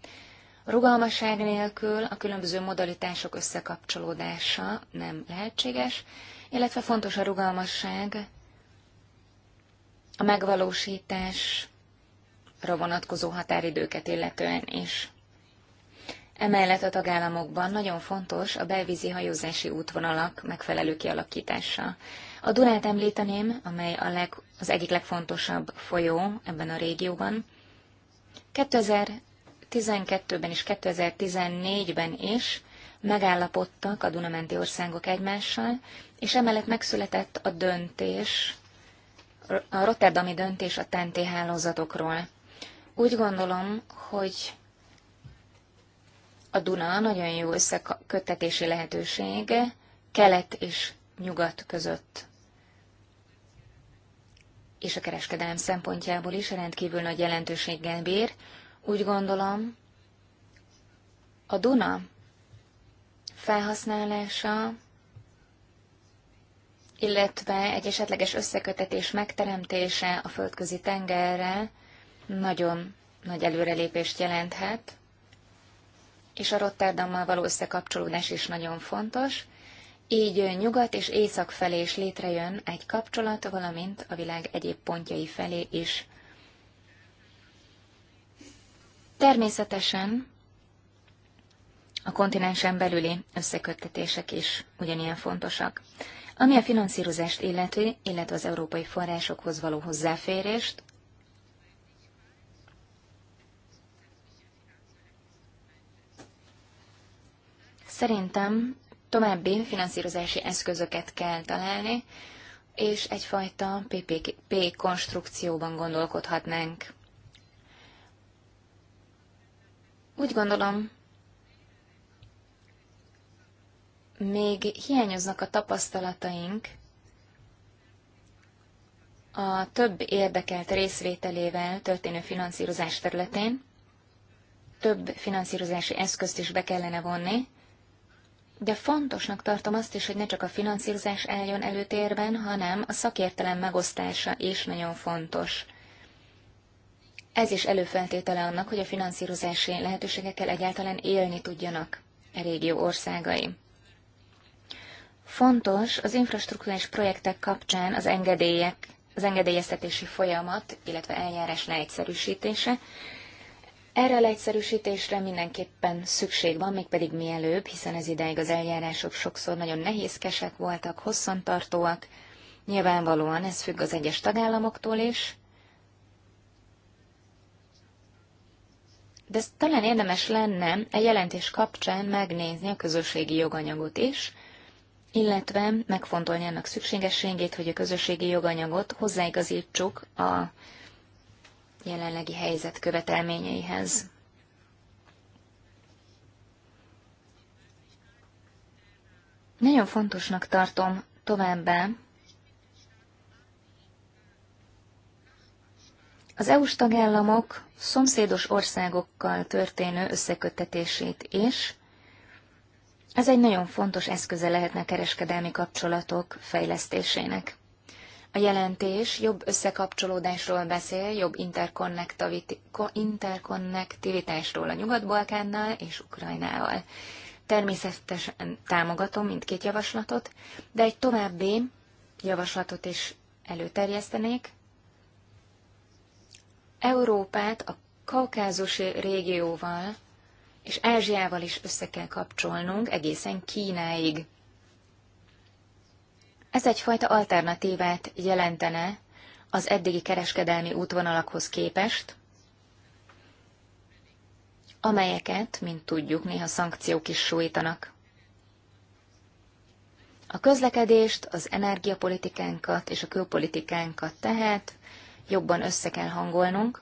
A rugalmasság nélkül a különböző modalitások összekapcsolódása nem lehetséges, illetve fontos a rugalmasság a megvalósításra vonatkozó határidőket illetően is. Emellett a tagállamokban nagyon fontos a belvízi hajózási útvonalak megfelelő kialakítása. A Dunát említeném, amely a leg, az egyik legfontosabb folyó ebben a régióban. 2012-ben és 2014-ben is megállapodtak a Dunamenti országok egymással, és emellett megszületett a döntés, a Rotterdami döntés a TNT hálózatokról. Úgy gondolom, hogy a Duna nagyon jó összeköttetési lehetőség kelet és nyugat között. És a kereskedelem szempontjából is rendkívül nagy jelentőséggel bír. Úgy gondolom, a Duna felhasználása, illetve egy esetleges összekötetés megteremtése a földközi tengerrel nagyon nagy előrelépést jelenthet, és a Rotterdammal való összekapcsolódás is nagyon fontos, így nyugat és észak felé is létrejön egy kapcsolat, valamint a világ egyéb pontjai felé is. Természetesen a kontinensen belüli összeköttetések is ugyanilyen fontosak. Ami a finanszírozást illeti, illetve az európai forrásokhoz való hozzáférést, Szerintem további finanszírozási eszközöket kell találni, és egyfajta PPP konstrukcióban gondolkodhatnánk. Úgy gondolom, még hiányoznak a tapasztalataink a több érdekelt részvételével történő finanszírozás területén. Több finanszírozási eszközt is be kellene vonni, de fontosnak tartom azt is, hogy ne csak a finanszírozás álljon előtérben, hanem a szakértelem megosztása is nagyon fontos. Ez is előfeltétele annak, hogy a finanszírozási lehetőségekkel egyáltalán élni tudjanak a e régió országai. Fontos az infrastruktúrás projektek kapcsán az engedélyek, az engedélyeztetési folyamat, illetve eljárás leegyszerűsítése, erre a leegyszerűsítésre mindenképpen szükség van, mégpedig mielőbb, hiszen ez ideig az eljárások sokszor nagyon nehézkesek voltak, hosszantartóak. Nyilvánvalóan ez függ az egyes tagállamoktól is. De ez talán érdemes lenne egy jelentés kapcsán megnézni a közösségi joganyagot is, illetve megfontolni annak szükségességét, hogy a közösségi joganyagot hozzáigazítsuk a jelenlegi helyzet követelményeihez. Nagyon fontosnak tartom továbbá az EU-s tagállamok szomszédos országokkal történő összeköttetését is. Ez egy nagyon fontos eszköze lehetne a kereskedelmi kapcsolatok fejlesztésének. A jelentés jobb összekapcsolódásról beszél, jobb interkonnektivitásról a Nyugat-Balkánnal és Ukrajnával. Természetesen támogatom mindkét javaslatot, de egy további javaslatot is előterjesztenék. Európát a kaukázusi régióval és Ázsiával is össze kell kapcsolnunk egészen Kínáig. Ez egyfajta alternatívát jelentene az eddigi kereskedelmi útvonalakhoz képest, amelyeket, mint tudjuk, néha szankciók is sújtanak. A közlekedést, az energiapolitikánkat és a külpolitikánkat tehát jobban össze kell hangolnunk.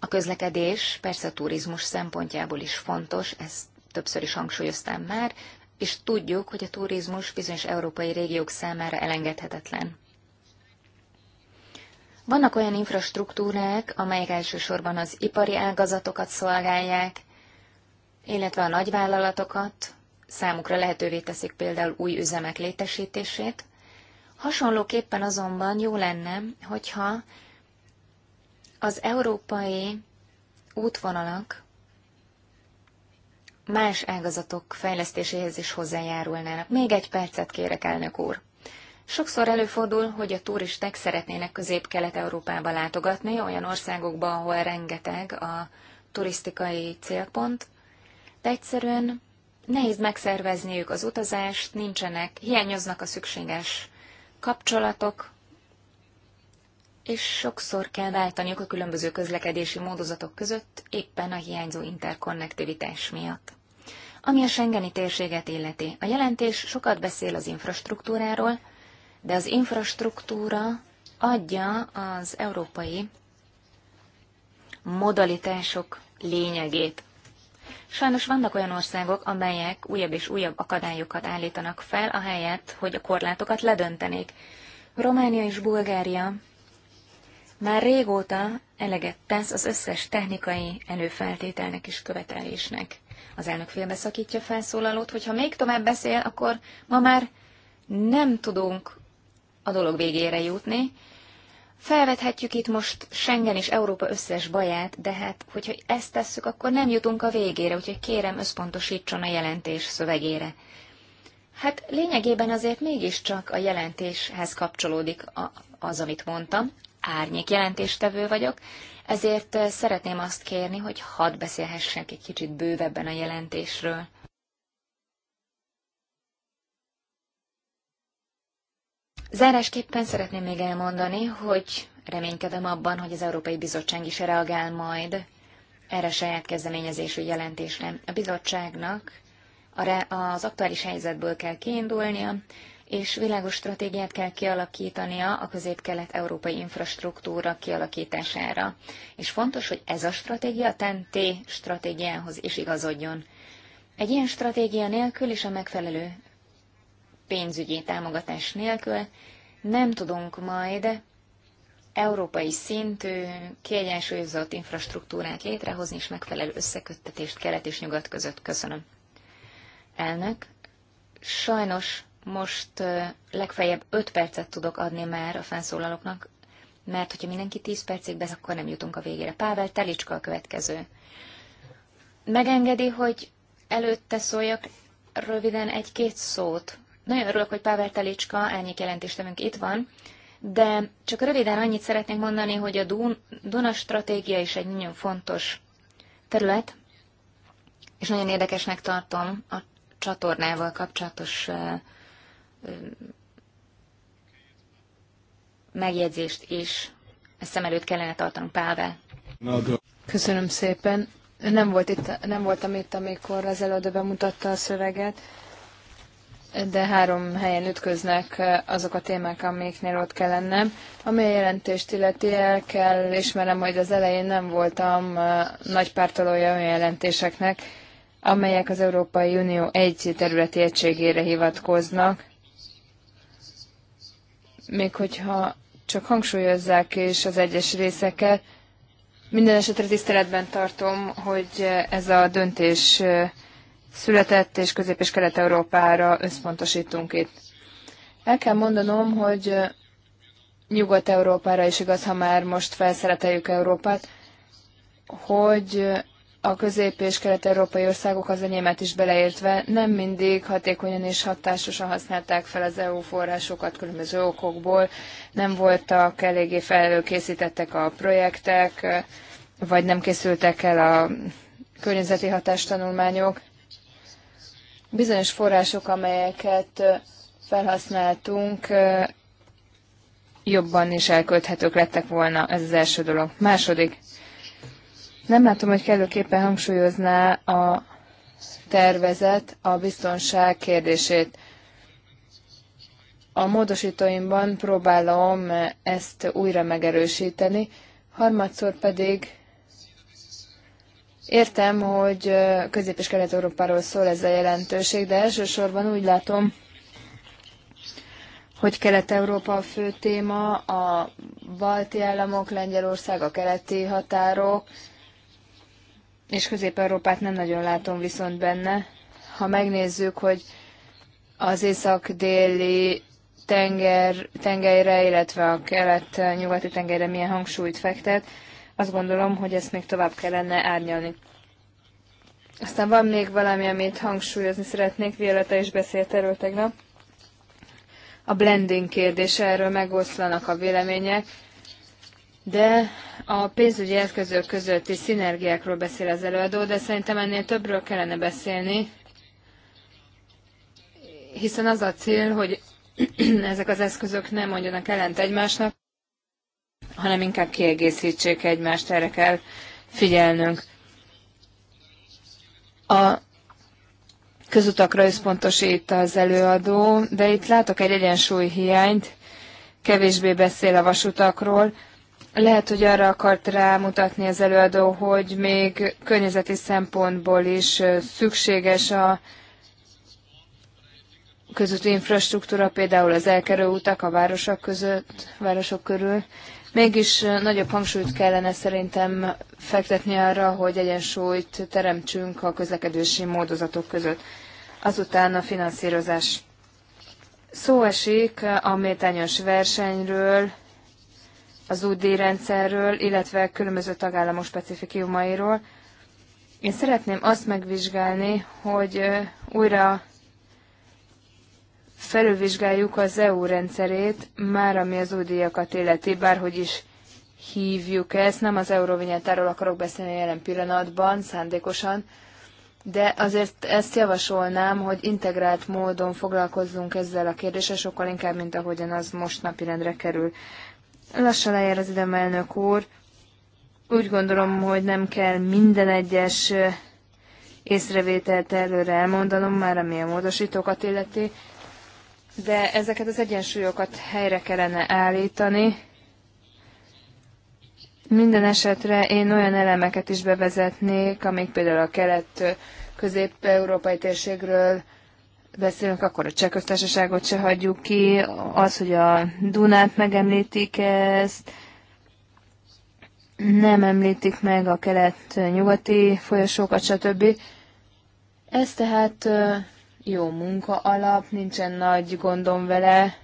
A közlekedés persze a turizmus szempontjából is fontos, ezt többször is hangsúlyoztam már, és tudjuk, hogy a turizmus bizonyos európai régiók számára elengedhetetlen. Vannak olyan infrastruktúrák, amelyek elsősorban az ipari ágazatokat szolgálják, illetve a nagyvállalatokat, számukra lehetővé teszik például új üzemek létesítését. Hasonlóképpen azonban jó lenne, hogyha az európai útvonalak más ágazatok fejlesztéséhez is hozzájárulnának. Még egy percet kérek, elnök úr. Sokszor előfordul, hogy a turisták szeretnének Közép-Kelet-Európába látogatni, olyan országokba, ahol rengeteg a turisztikai célpont, de egyszerűen nehéz megszervezniük az utazást, nincsenek, hiányoznak a szükséges kapcsolatok, és sokszor kell váltaniuk a különböző közlekedési módozatok között éppen a hiányzó interkonnektivitás miatt. Ami a Schengeni térséget illeti, a jelentés sokat beszél az infrastruktúráról, de az infrastruktúra adja az európai modalitások lényegét. Sajnos vannak olyan országok, amelyek újabb és újabb akadályokat állítanak fel, ahelyett, hogy a korlátokat ledöntenék. Románia és Bulgária már régóta eleget tesz az összes technikai előfeltételnek és követelésnek. Az elnök félbeszakítja felszólalót, ha még tovább beszél, akkor ma már nem tudunk a dolog végére jutni. Felvethetjük itt most Schengen és Európa összes baját, de hát, hogyha ezt tesszük, akkor nem jutunk a végére, úgyhogy kérem összpontosítson a jelentés szövegére. Hát lényegében azért mégiscsak a jelentéshez kapcsolódik a, az, amit mondtam árnyék jelentéstevő vagyok, ezért szeretném azt kérni, hogy hadd beszélhessek egy kicsit bővebben a jelentésről. Zárásképpen szeretném még elmondani, hogy reménykedem abban, hogy az Európai Bizottság is reagál majd erre a saját kezdeményezésű jelentésre. A bizottságnak az aktuális helyzetből kell kiindulnia, és világos stratégiát kell kialakítania a közép-kelet-európai infrastruktúra kialakítására. És fontos, hogy ez a stratégia a TEN-T stratégiához is igazodjon. Egy ilyen stratégia nélkül és a megfelelő pénzügyi támogatás nélkül nem tudunk majd európai szintű kiegyensúlyozott infrastruktúrát létrehozni és megfelelő összeköttetést kelet és nyugat között. Köszönöm. Elnök, sajnos most legfeljebb 5 percet tudok adni már a felszólalóknak, mert hogyha mindenki 10 percig beszél, akkor nem jutunk a végére. Pável Telicska a következő. Megengedi, hogy előtte szóljak röviden egy-két szót. Nagyon örülök, hogy Pável Telicska, ennyi jelentéstevünk itt van, de csak röviden annyit szeretnék mondani, hogy a Duna stratégia is egy nagyon fontos terület, és nagyon érdekesnek tartom a csatornával kapcsolatos megjegyzést is ezt szem előtt kellene tartanunk Pável. Köszönöm szépen. Nem, volt itt, nem voltam itt, amikor az előadó bemutatta a szöveget, de három helyen ütköznek azok a témák, amiknél ott kell lennem. Ami a jelentést illeti, el kell ismerem, hogy az elején nem voltam nagy pártolója olyan jelentéseknek, amelyek az Európai Unió egy területi egységére hivatkoznak, még hogyha csak hangsúlyozzák is az egyes részeket, minden esetre tiszteletben tartom, hogy ez a döntés született, és Közép- és Kelet-Európára összpontosítunk itt. El kell mondanom, hogy Nyugat-Európára is igaz, ha már most felszereteljük Európát, hogy a közép- és kelet-európai országok, az enyémet is beleértve, nem mindig hatékonyan és hatásosan használták fel az EU forrásokat különböző okokból, nem voltak eléggé felelőkészítettek a projektek, vagy nem készültek el a környezeti hatástanulmányok. Bizonyos források, amelyeket felhasználtunk, jobban is elkölthetők lettek volna, ez az első dolog. Második, nem látom, hogy kellőképpen hangsúlyozná a tervezet a biztonság kérdését. A módosítóimban próbálom ezt újra megerősíteni, harmadszor pedig értem, hogy Közép- és Kelet-Európáról szól ez a jelentőség, de elsősorban úgy látom, hogy Kelet-Európa a fő téma, a balti államok, Lengyelország, a keleti határok, és Közép-Európát nem nagyon látom viszont benne. Ha megnézzük, hogy az észak-déli tenger, tengelyre, illetve a kelet-nyugati tengelyre milyen hangsúlyt fektet, azt gondolom, hogy ezt még tovább kellene árnyalni. Aztán van még valami, amit hangsúlyozni szeretnék, Violeta is beszélt erről tegnap. A blending kérdése, erről megoszlanak a vélemények de a pénzügyi eszközök közötti szinergiákról beszél az előadó, de szerintem ennél többről kellene beszélni, hiszen az a cél, hogy [clears throat] ezek az eszközök nem mondjanak ellent egymásnak, hanem inkább kiegészítsék egymást, erre kell figyelnünk. A közutakra összpontosít az előadó, de itt látok egy hiányt, kevésbé beszél a vasutakról, lehet, hogy arra akart rámutatni az előadó, hogy még környezeti szempontból is szükséges a közúti infrastruktúra, például az elkerő utak a városok között, városok körül. Mégis nagyobb hangsúlyt kellene szerintem fektetni arra, hogy egyensúlyt teremtsünk a közlekedési módozatok között. Azután a finanszírozás. Szó esik a méltányos versenyről, az UD rendszerről, illetve különböző tagállamok specifikumairól. Én szeretném azt megvizsgálni, hogy újra felülvizsgáljuk az EU rendszerét, már ami az UD-jakat illeti, bárhogy is hívjuk ezt, nem az euróvinyátáról akarok beszélni jelen pillanatban, szándékosan, de azért ezt javasolnám, hogy integrált módon foglalkozzunk ezzel a kérdéssel, sokkal inkább, mint ahogyan az most napirendre kerül. Lassan lejár az időm, elnök úr. Úgy gondolom, hogy nem kell minden egyes észrevételt előre elmondanom már, ami a módosítókat illeti, de ezeket az egyensúlyokat helyre kellene állítani. Minden esetre én olyan elemeket is bevezetnék, amik például a kelet-közép-európai térségről beszélünk, akkor a Csehköztársaságot se hagyjuk ki, az, hogy a Dunát megemlítik ezt, nem említik meg a kelet-nyugati folyosókat, stb. Ez tehát jó munka alap, nincsen nagy gondom vele.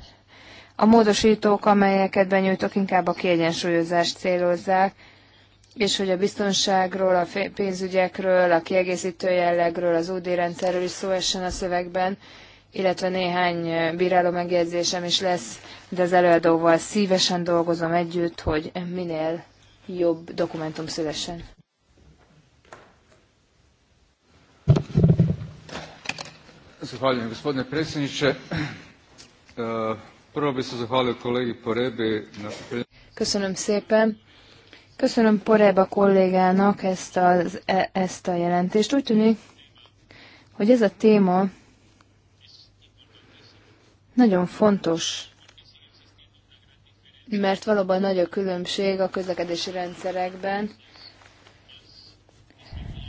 A módosítók, amelyeket benyújtok, inkább a kiegyensúlyozást célozzák, és hogy a biztonságról, a pénzügyekről, a kiegészítő jellegről, az UD rendszerről is szó essen a szövegben, illetve néhány bíráló megjegyzésem is lesz, de az előadóval szívesen dolgozom együtt, hogy minél jobb dokumentum szülessen. Zahvaljujem, gospodine predsjedniče. [clears throat] E, prvo bi se zahvalio kolegi Porebi na... Köszönöm szépen. Köszönöm Poréba kollégának ezt, az, e, ezt a jelentést. Úgy tűnik, hogy ez a téma nagyon fontos, mert valóban nagy a különbség a közlekedési rendszerekben.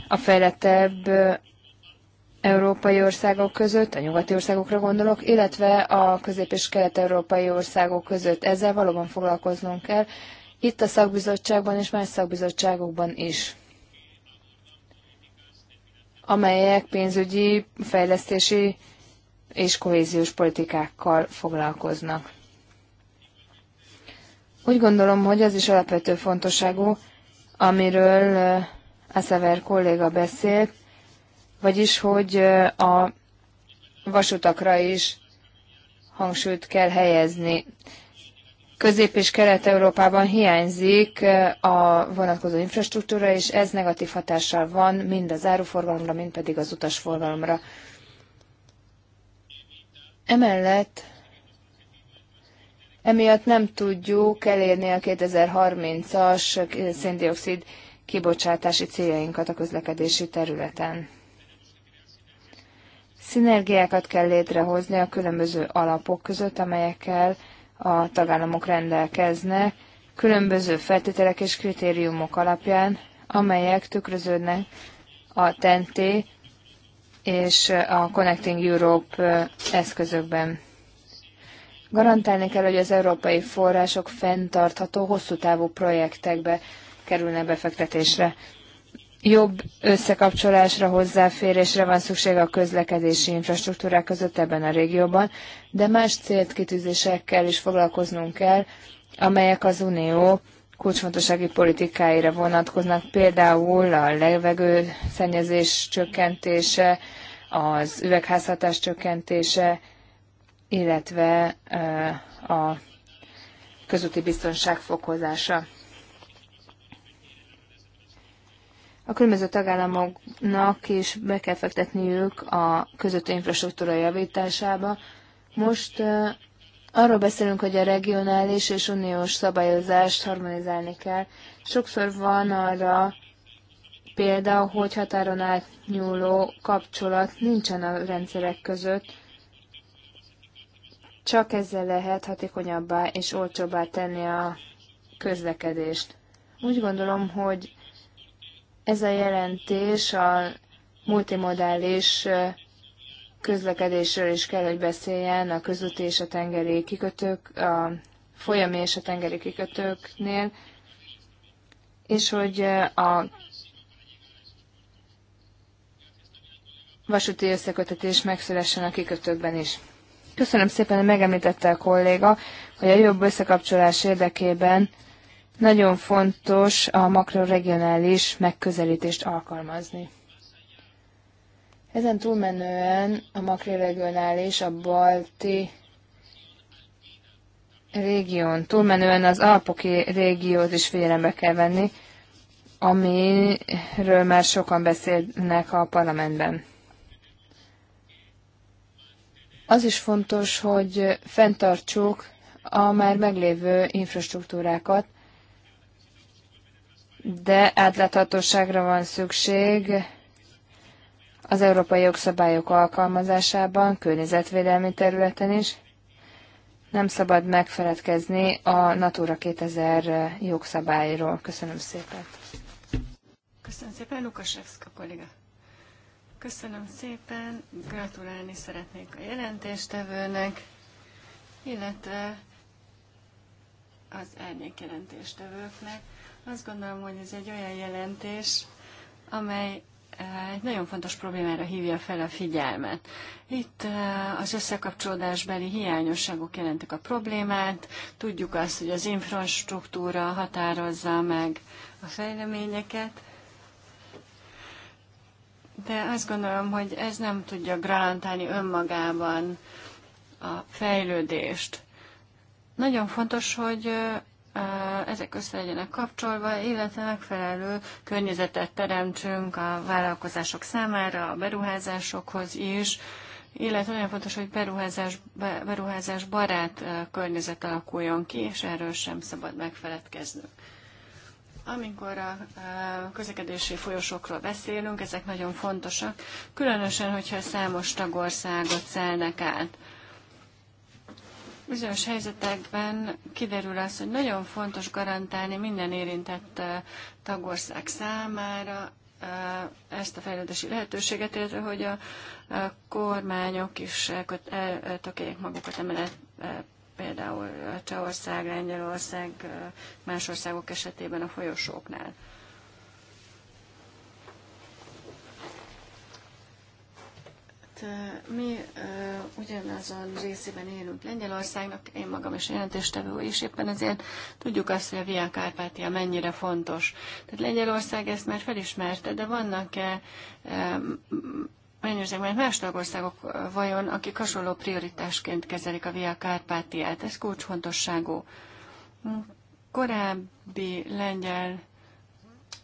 A fejlettebb európai országok között, a nyugati országokra gondolok, illetve a közép- és kelet-európai országok között. Ezzel valóban foglalkoznunk kell itt a szakbizottságban és más szakbizottságokban is, amelyek pénzügyi, fejlesztési és kohéziós politikákkal foglalkoznak. Úgy gondolom, hogy az is alapvető fontosságú, amiről Szever kolléga beszélt, vagyis, hogy a vasutakra is hangsúlyt kell helyezni. Közép- és Kelet-Európában hiányzik eh, a vonatkozó infrastruktúra, és ez negatív hatással van mind az áruforgalomra, mind pedig az utasforgalomra. Emellett emiatt nem tudjuk elérni a 2030-as széndiokszid kibocsátási céljainkat a közlekedési területen. Szinergiákat kell létrehozni a különböző alapok között, amelyekkel a tagállamok rendelkeznek, különböző feltételek és kritériumok alapján, amelyek tükröződnek a TNT és a Connecting Europe eszközökben. Garantálni kell, hogy az európai források fenntartható, hosszú távú projektekbe kerülne befektetésre jobb összekapcsolásra, hozzáférésre van szükség a közlekedési infrastruktúrák között ebben a régióban, de más célt kitűzésekkel is foglalkoznunk kell, amelyek az Unió kulcsfontossági politikáira vonatkoznak, például a levegő szennyezés csökkentése, az üvegházhatás csökkentése, illetve a közúti biztonság fokozása. a különböző tagállamoknak is be kell fektetniük a közötti infrastruktúra javításába. Most arról beszélünk, hogy a regionális és uniós szabályozást harmonizálni kell. Sokszor van arra példa, hogy határon átnyúló kapcsolat nincsen a rendszerek között, csak ezzel lehet hatékonyabbá és olcsóbbá tenni a közlekedést. Úgy gondolom, hogy ez a jelentés a multimodális közlekedésről is kell, hogy beszéljen a közúti és a tengeri kikötők, a folyami és a tengeri kikötőknél, és hogy a vasúti összekötetés megszülessen a kikötőkben is. Köszönöm szépen, hogy megemlítette a kolléga, hogy a jobb összekapcsolás érdekében nagyon fontos a makroregionális megközelítést alkalmazni. Ezen túlmenően a makroregionális a balti régión túlmenően az alpoki régiót is figyelembe kell venni, amiről már sokan beszélnek a parlamentben. Az is fontos, hogy fenntartsuk a már meglévő infrastruktúrákat, de átláthatóságra van szükség az európai jogszabályok alkalmazásában, környezetvédelmi területen is. Nem szabad megfeledkezni a Natura 2000 jogszabályról. Köszönöm szépen. Köszönöm szépen, Lukasevszka kolléga. Köszönöm szépen, gratulálni szeretnék a jelentéstevőnek, illetve az árnyék jelentéstevőknek. Azt gondolom, hogy ez egy olyan jelentés, amely eh, egy nagyon fontos problémára hívja fel a figyelmet. Itt eh, az összekapcsolódásbeli hiányosságok jelentik a problémát, tudjuk azt, hogy az infrastruktúra határozza meg a fejleményeket, de azt gondolom, hogy ez nem tudja garantálni önmagában a fejlődést. Nagyon fontos, hogy eh, ezek össze legyenek kapcsolva, illetve megfelelő környezetet teremtsünk a vállalkozások számára, a beruházásokhoz is, illetve olyan fontos, hogy beruházás, beruházás barát környezet alakuljon ki, és erről sem szabad megfeledkeznünk. Amikor a közlekedési folyosókról beszélünk, ezek nagyon fontosak, különösen, hogyha számos tagországot szelnek át. Bizonyos helyzetekben kiderül az, hogy nagyon fontos garantálni minden érintett tagország számára ezt a fejlődési lehetőséget, illetve hogy a kormányok is eltökéljék magukat emellett például Csehország, Lengyelország, más országok esetében a folyosóknál. mi ugyanazon részében élünk Lengyelországnak, én magam is jelentéstevő, és éppen ezért tudjuk azt, hogy a Via Kárpátia mennyire fontos. Tehát Lengyelország ezt már felismerte, de vannak-e Mennyországban más tagországok vajon, akik hasonló prioritásként kezelik a Via Kárpátiát? Ez kulcsfontosságú. Korábbi lengyel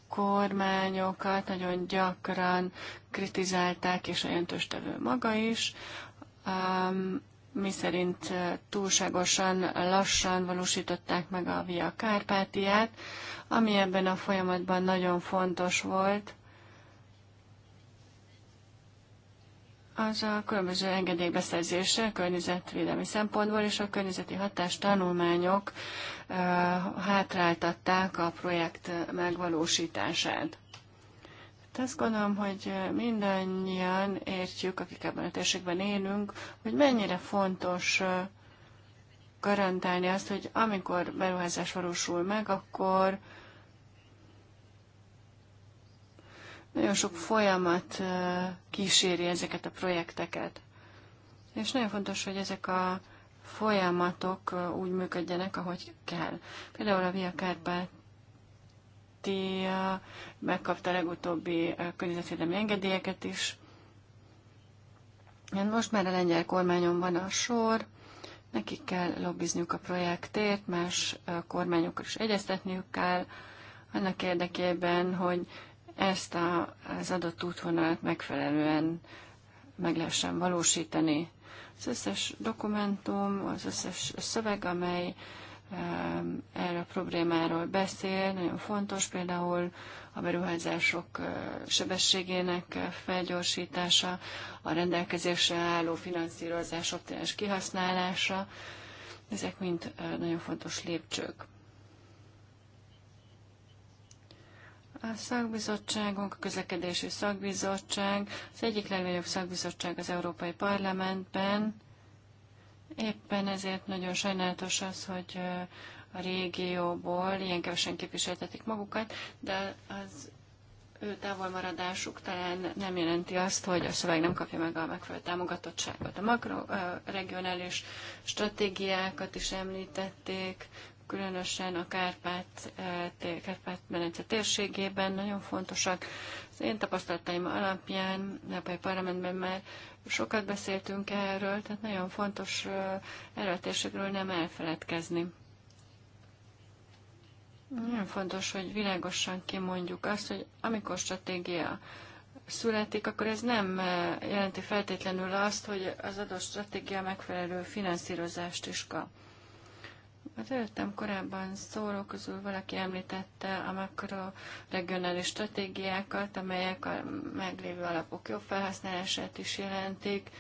kormányokat nagyon gyakran kritizálták, és a jöntőstevő maga is, um, mi szerint eh, túlságosan lassan valósították meg a Via Kárpátiát, ami ebben a folyamatban nagyon fontos volt, az a különböző engedélybeszerzése a környezetvédelmi szempontból, és a környezeti hatás tanulmányok hátráltatták a projekt megvalósítását. Hát azt gondolom, hogy mindannyian értjük, akik ebben a térségben élünk, hogy mennyire fontos garantálni azt, hogy amikor beruházás valósul meg, akkor Nagyon sok folyamat kíséri ezeket a projekteket. És nagyon fontos, hogy ezek a folyamatok úgy működjenek, ahogy kell. Például a Via Kárpátia megkapta a legutóbbi környezetvédelmi engedélyeket is. Most már a lengyel kormányon van a sor, nekik kell lobbizniuk a projektért, más kormányokkal is egyeztetniük kell, annak érdekében, hogy ezt a, az adott útvonalat megfelelően meg lehessen valósítani. Az összes dokumentum, az összes szöveg, amely erre a problémáról beszél, nagyon fontos például a beruházások sebességének felgyorsítása, a rendelkezésre álló finanszírozás optimális kihasználása, ezek mind nagyon fontos lépcsők. A szakbizottságunk, a közlekedési szakbizottság, az egyik legnagyobb szakbizottság az Európai Parlamentben. Éppen ezért nagyon sajnálatos az, hogy a régióból ilyen kevesen képviseltetik magukat, de az ő távolmaradásuk talán nem jelenti azt, hogy a szöveg nem kapja meg a megfelelő támogatottságot. A makroregionális stratégiákat is említették, különösen a Kárpát, eh, kárpát medence térségében nagyon fontosak. Az én tapasztalataim alapján, a parlamentben már sokat beszéltünk erről, tehát nagyon fontos eh, erről a térségről nem elfeledkezni. Nagyon fontos, hogy világosan kimondjuk azt, hogy amikor stratégia születik, akkor ez nem eh, jelenti feltétlenül azt, hogy az adott stratégia megfelelő finanszírozást is kap. Az előttem korábban szóló közül valaki említette a regionális stratégiákat, amelyek a meglévő alapok jobb felhasználását is jelentik,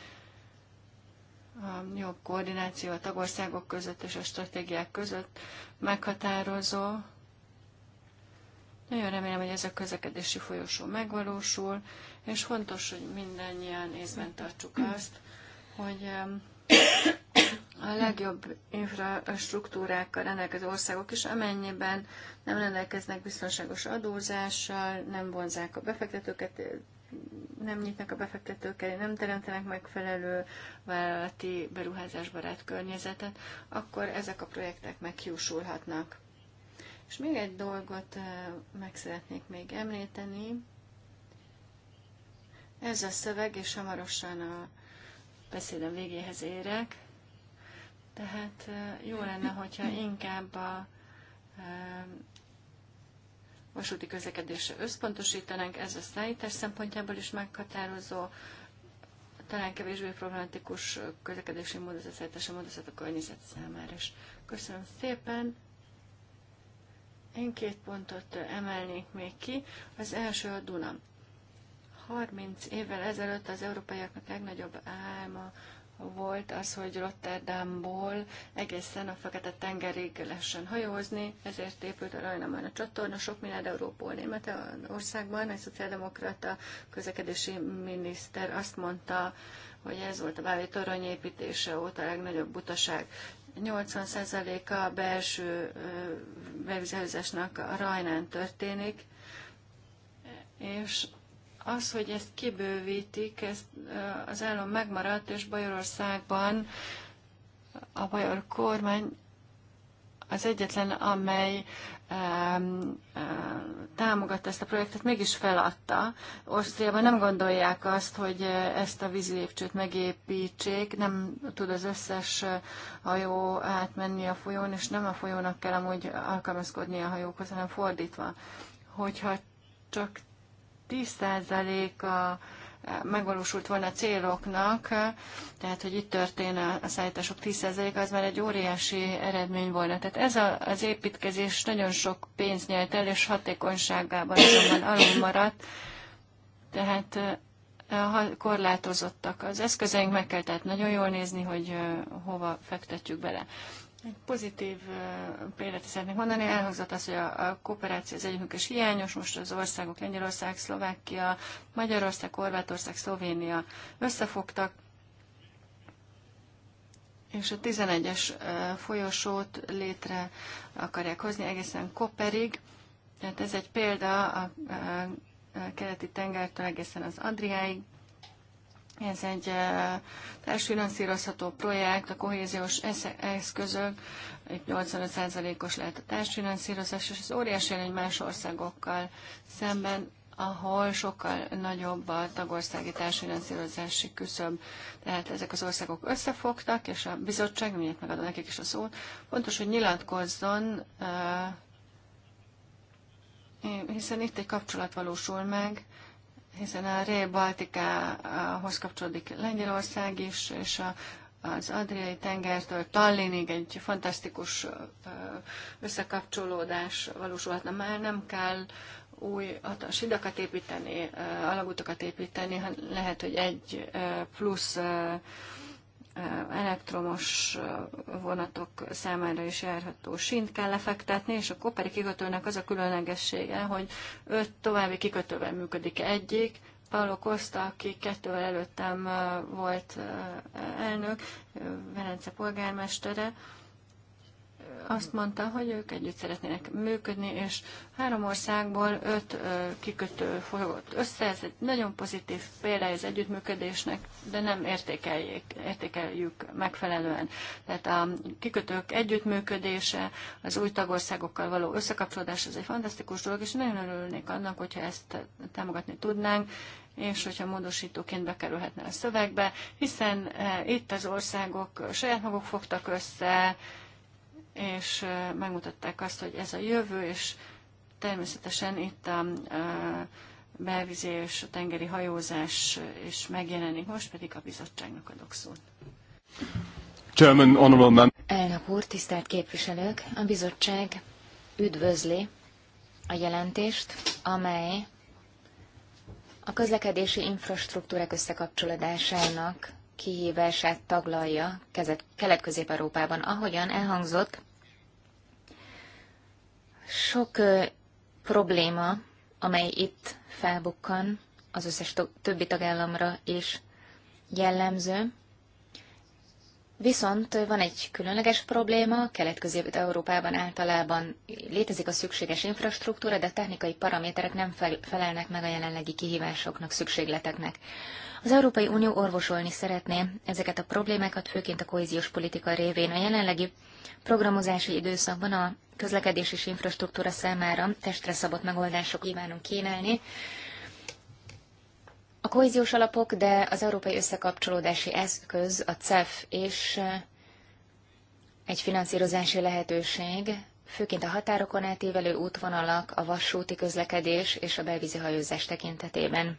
a jobb koordináció a tagországok között és a stratégiák között meghatározó. Nagyon remélem, hogy ez a közlekedési folyosó megvalósul, és fontos, hogy mindannyian észben tartsuk azt, hogy um, a legjobb infrastruktúrákkal rendelkező országok is, amennyiben nem rendelkeznek biztonságos adózással, nem vonzák a befektetőket, nem nyitnak a befektetők elé, nem teremtenek megfelelő vállalati beruházásbarát környezetet, akkor ezek a projektek meghiúsulhatnak. És még egy dolgot eh, meg szeretnék még említeni. Ez a szöveg, és hamarosan a beszédem végéhez érek. Tehát jó lenne, hogyha inkább a vasúti közlekedésre összpontosítanánk, ez a szállítás szempontjából is meghatározó, talán kevésbé problematikus közlekedési módozat, szállítási módozat a környezet számára is. Köszönöm szépen! Én két pontot emelnék még ki. Az első a Duna. 30 évvel ezelőtt az európaiaknak legnagyobb álma volt az, hogy Rotterdamból egészen a Fekete-tengerig lehessen hajózni, ezért épült a Rajnamán a csatorna. Sok milliárd német országban egy szociáldemokrata közlekedési miniszter azt mondta, hogy ez volt a Bávé torony építése óta a legnagyobb butaság. 80%-a a belső bevizelőzésnek a Rajnán történik, és az, hogy ezt kibővítik, ez az állam megmaradt, és Bajorországban a bajor kormány az egyetlen, amely um, um, támogatta ezt a projektet, mégis feladta. Osztriában nem gondolják azt, hogy ezt a lépcsőt megépítsék, nem tud az összes hajó átmenni a folyón, és nem a folyónak kell amúgy alkalmazkodni a hajókhoz, hanem fordítva. Hogyha csak 10%-a megvalósult volna a céloknak, tehát hogy itt történne a szállítások 10%-a, az már egy óriási eredmény volna. Tehát ez a, az építkezés nagyon sok pénzt nyert el, és hatékonyságában azonban alul maradt, tehát eh, korlátozottak az eszközeink, meg kell tehát nagyon jól nézni, hogy eh, hova fektetjük bele. Egy pozitív példát szeretnék mondani. Elhangzott az, hogy a kooperáció az együttműködés hiányos, most az országok Lengyelország, Szlovákia, Magyarország, Horvátország, Szlovénia összefogtak, és a 11-es folyosót létre akarják hozni egészen Koperig. Tehát ez egy példa a keleti tengertől egészen az Adriáig, ez egy társfinanszírozható projekt, a kohéziós eszközök, egy 85%-os lehet a társfinanszírozás, és ez óriási egy más országokkal szemben, ahol sokkal nagyobb a tagországi társfinanszírozási küszöb. Tehát ezek az országok összefogtak, és a bizottság, miért megadom nekik is a szót, fontos, hogy nyilatkozzon, hiszen itt egy kapcsolat valósul meg, hiszen a Ré Baltikához kapcsolódik Lengyelország is, és a, az Adriai tengertől Tallinig egy fantasztikus összekapcsolódás valósulhatna. Már nem kell új hatalmas hidakat építeni, alagutakat építeni, lehet, hogy egy plusz elektromos vonatok számára is járható sint kell lefektetni, és a koperi kikötőnek az a különlegessége, hogy öt további kikötővel működik egyik, Paulo Costa, aki kettővel előttem volt elnök, Velence polgármestere, azt mondta, hogy ők együtt szeretnének működni, és három országból öt kikötő fogott össze. Ez egy nagyon pozitív példa az együttműködésnek, de nem értékeljék, értékeljük megfelelően. Tehát a kikötők együttműködése, az új tagországokkal való összekapcsolódás, ez egy fantasztikus dolog, és nagyon örülnék annak, hogyha ezt támogatni tudnánk, és hogyha módosítóként bekerülhetne a szövegbe, hiszen eh, itt az országok saját maguk fogtak össze, és megmutatták azt, hogy ez a jövő, és természetesen itt a belvizé és a tengeri hajózás is megjelenik. Most pedig a bizottságnak adok szót. Chairman, honorable man. Elnök úr, tisztelt képviselők! A bizottság üdvözli a jelentést, amely a közlekedési infrastruktúrák összekapcsolódásának kihívását taglalja Kelet-Közép-Európában. Ahogyan elhangzott, sok probléma, amely itt felbukkan, az összes többi tagállamra is jellemző. Viszont van egy különleges probléma, Kelet-Közép-Európában általában létezik a szükséges infrastruktúra, de a technikai paraméterek nem felelnek meg a jelenlegi kihívásoknak, szükségleteknek. Az Európai Unió orvosolni szeretné ezeket a problémákat, főként a kohéziós politika révén. A jelenlegi programozási időszakban a közlekedés és infrastruktúra számára testre szabott megoldások kívánunk kínálni. A kohéziós alapok, de az európai összekapcsolódási eszköz, a CEF és eh, egy finanszírozási lehetőség, főként a határokon átívelő útvonalak, a vasúti közlekedés és a belvízi hajózás tekintetében.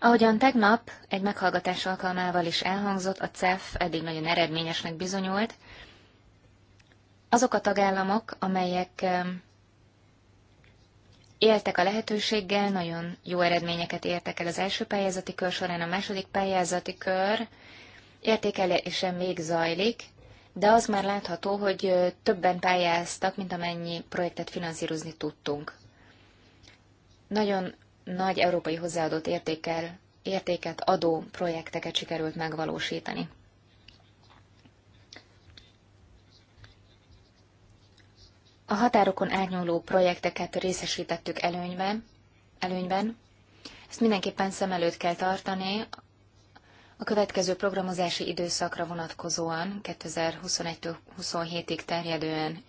Ahogyan tegnap egy meghallgatás alkalmával is elhangzott, a CEF eddig nagyon eredményesnek bizonyult. Azok a tagállamok, amelyek éltek a lehetőséggel, nagyon jó eredményeket értek el az első pályázati kör során, a második pályázati kör értékelése még zajlik, de az már látható, hogy többen pályáztak, mint amennyi projektet finanszírozni tudtunk. Nagyon nagy európai hozzáadott értékkel, értéket adó projekteket sikerült megvalósítani. A határokon átnyúló projekteket részesítettük előnyben, előnyben. Ezt mindenképpen szem előtt kell tartani a következő programozási időszakra vonatkozóan, 2021-27-ig terjedően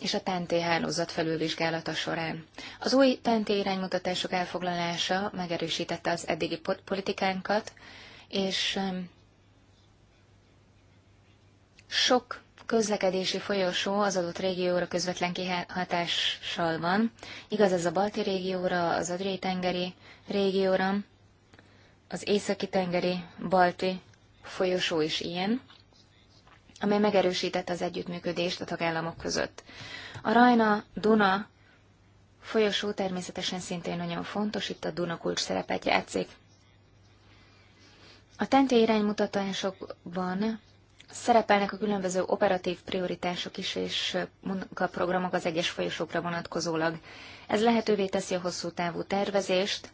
és a TNT hálózat felülvizsgálata során. Az új TNT iránymutatások elfoglalása megerősítette az eddigi politikánkat, és um, sok közlekedési folyosó az adott régióra közvetlen kihatással van. Igaz ez a balti régióra, az adriai tengeri régióra, az északi tengeri balti folyosó is ilyen amely megerősítette az együttműködést a tagállamok között. A Rajna-Duna folyosó természetesen szintén nagyon fontos, itt a Duna kulcs szerepet játszik. A tenté iránymutatásokban szerepelnek a különböző operatív prioritások is és munkaprogramok az egyes folyosókra vonatkozólag. Ez lehetővé teszi a hosszú távú tervezést,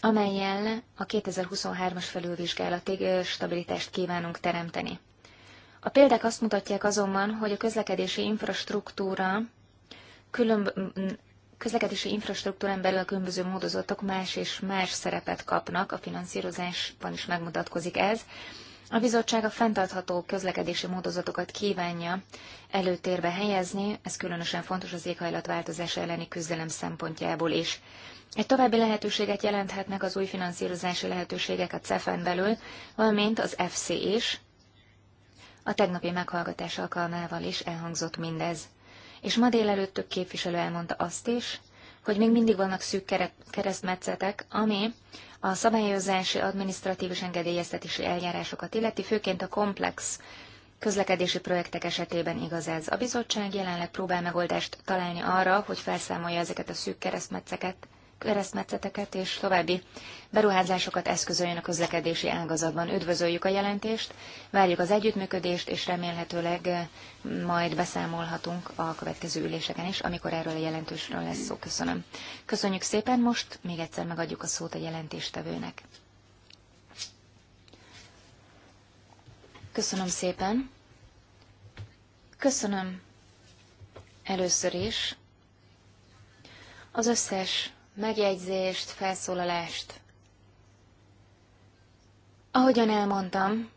amelyel a 2023-as felülvizsgálatig stabilitást kívánunk teremteni. A példák azt mutatják azonban, hogy a közlekedési infrastruktúra különb- közlekedési infrastruktúrán belül a különböző módozatok más és más szerepet kapnak, a finanszírozásban is megmutatkozik ez. A bizottság a fenntartható közlekedési módozatokat kívánja előtérbe helyezni, ez különösen fontos az éghajlatváltozás elleni küzdelem szempontjából is. Egy további lehetőséget jelenthetnek az új finanszírozási lehetőségek a CEFEN belül, valamint az FC is, a tegnapi meghallgatás alkalmával is elhangzott mindez. És ma délelőtt több képviselő elmondta azt is, hogy még mindig vannak szűk keresztmetszetek, ami a szabályozási, adminisztratív és engedélyeztetési eljárásokat illeti, főként a komplex közlekedési projektek esetében igaz ez. A bizottság jelenleg próbál megoldást találni arra, hogy felszámolja ezeket a szűk keresztmetszeket, keresztmetszeteket és további beruházásokat eszközöljön a közlekedési ágazatban. Üdvözöljük a jelentést, várjuk az együttműködést, és remélhetőleg eh, majd beszámolhatunk a következő üléseken is, amikor erről a jelentősről lesz szó. Köszönöm. Köszönjük szépen, most még egyszer megadjuk a szót a jelentéstevőnek. Köszönöm szépen. Köszönöm először is az összes megjegyzést, felszólalást. Ahogyan elmondtam,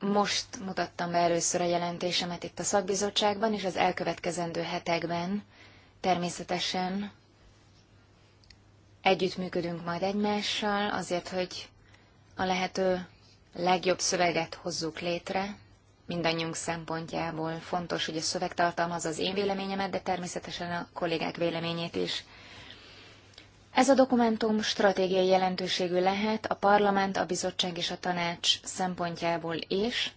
most mutattam be először a jelentésemet itt a szakbizottságban, és az elkövetkezendő hetekben természetesen együttműködünk majd egymással, azért, hogy a lehető legjobb szöveget hozzuk létre. Mindannyiunk szempontjából fontos, hogy a szöveg tartalmaz az én véleményemet, de természetesen a kollégák véleményét is. Ez a dokumentum stratégiai jelentőségű lehet a parlament, a bizottság és a tanács szempontjából is.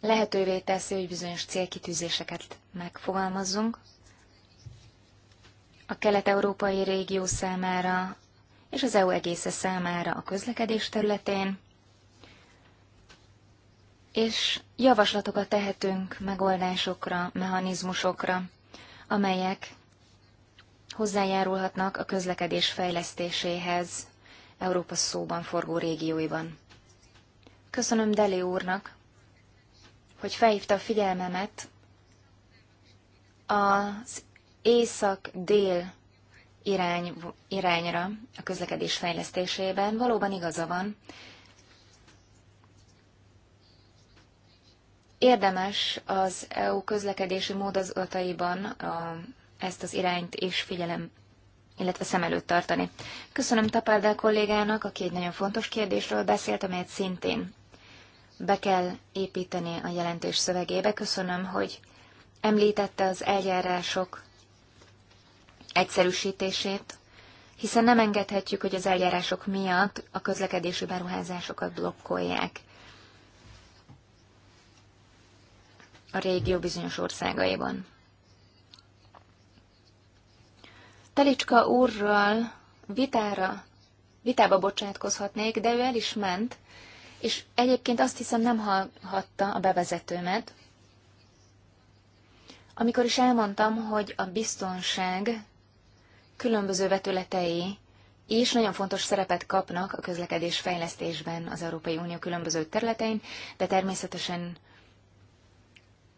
Lehetővé teszi, hogy bizonyos célkitűzéseket megfogalmazzunk. A kelet-európai régió számára és az EU egésze számára a közlekedés területén, és javaslatokat tehetünk megoldásokra, mechanizmusokra, amelyek hozzájárulhatnak a közlekedés fejlesztéséhez Európa szóban forgó régióiban. Köszönöm Deli úrnak, hogy felhívta a figyelmemet az észak-dél irány, irányra a közlekedés fejlesztésében. Valóban igaza van. Érdemes az EU közlekedési módozataiban a ezt az irányt és figyelem, illetve szem előtt tartani. Köszönöm Tapárdel kollégának, aki egy nagyon fontos kérdésről beszélt, amelyet szintén be kell építeni a jelentés szövegébe. Köszönöm, hogy említette az eljárások egyszerűsítését, hiszen nem engedhetjük, hogy az eljárások miatt a közlekedési beruházásokat blokkolják a régió bizonyos országaiban. Telicska úrral vitára, vitába bocsátkozhatnék, de ő el is ment, és egyébként azt hiszem nem hallhatta a bevezetőmet, amikor is elmondtam, hogy a biztonság különböző vetületei és nagyon fontos szerepet kapnak a közlekedés fejlesztésben az Európai Unió különböző területein, de természetesen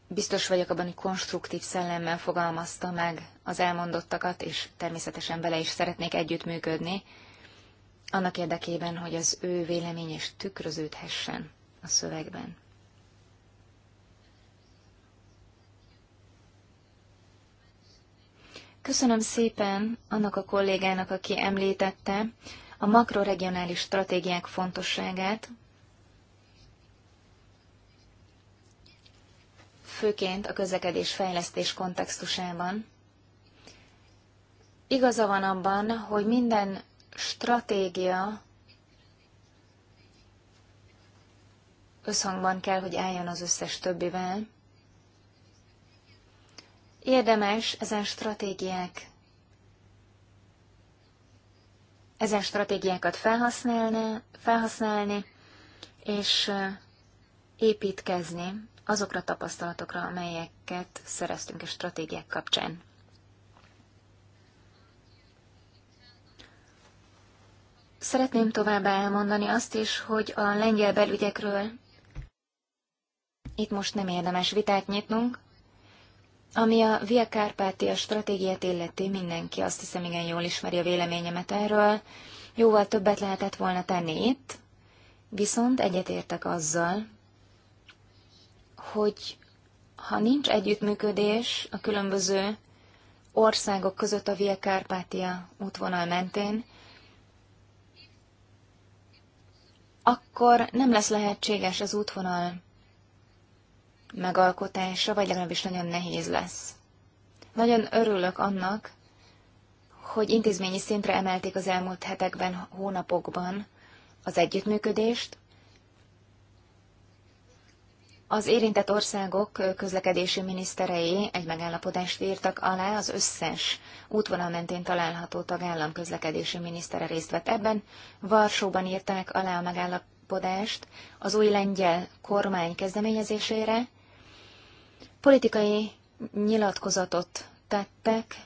Biztos vagyok abban, hogy konstruktív szellemmel fogalmazta meg az elmondottakat, és természetesen vele is szeretnék együttműködni, annak érdekében, hogy az ő véleménye is tükröződhessen a szövegben. Köszönöm szépen annak a kollégának, aki említette a makroregionális stratégiák fontosságát, főként a közlekedés fejlesztés kontextusában. Igaza van abban, hogy minden stratégia összhangban kell, hogy álljon az összes többivel. Érdemes ezen stratégiák ezen stratégiákat felhasználni, felhasználni és építkezni azokra a tapasztalatokra, amelyeket szereztünk a stratégiák kapcsán. Szeretném továbbá elmondani azt is, hogy a lengyel belügyekről itt most nem érdemes vitát nyitnunk. Ami a Via Kárpátia stratégiát illeti, mindenki azt hiszem igen jól ismeri a véleményemet erről. Jóval többet lehetett volna tenni itt, viszont egyetértek azzal, hogy ha nincs együttműködés a különböző országok között a Via Kárpátia útvonal mentén, akkor nem lesz lehetséges az útvonal megalkotása, vagy legalábbis nagyon nehéz lesz. Nagyon örülök annak, hogy intézményi szintre emelték az elmúlt hetekben, hónapokban az együttműködést, az érintett országok közlekedési miniszterei egy megállapodást írtak alá, az összes útvonal mentén található tagállam közlekedési minisztere részt vett ebben. Varsóban írták alá a megállapodást az új lengyel kormány kezdeményezésére. Politikai nyilatkozatot tettek,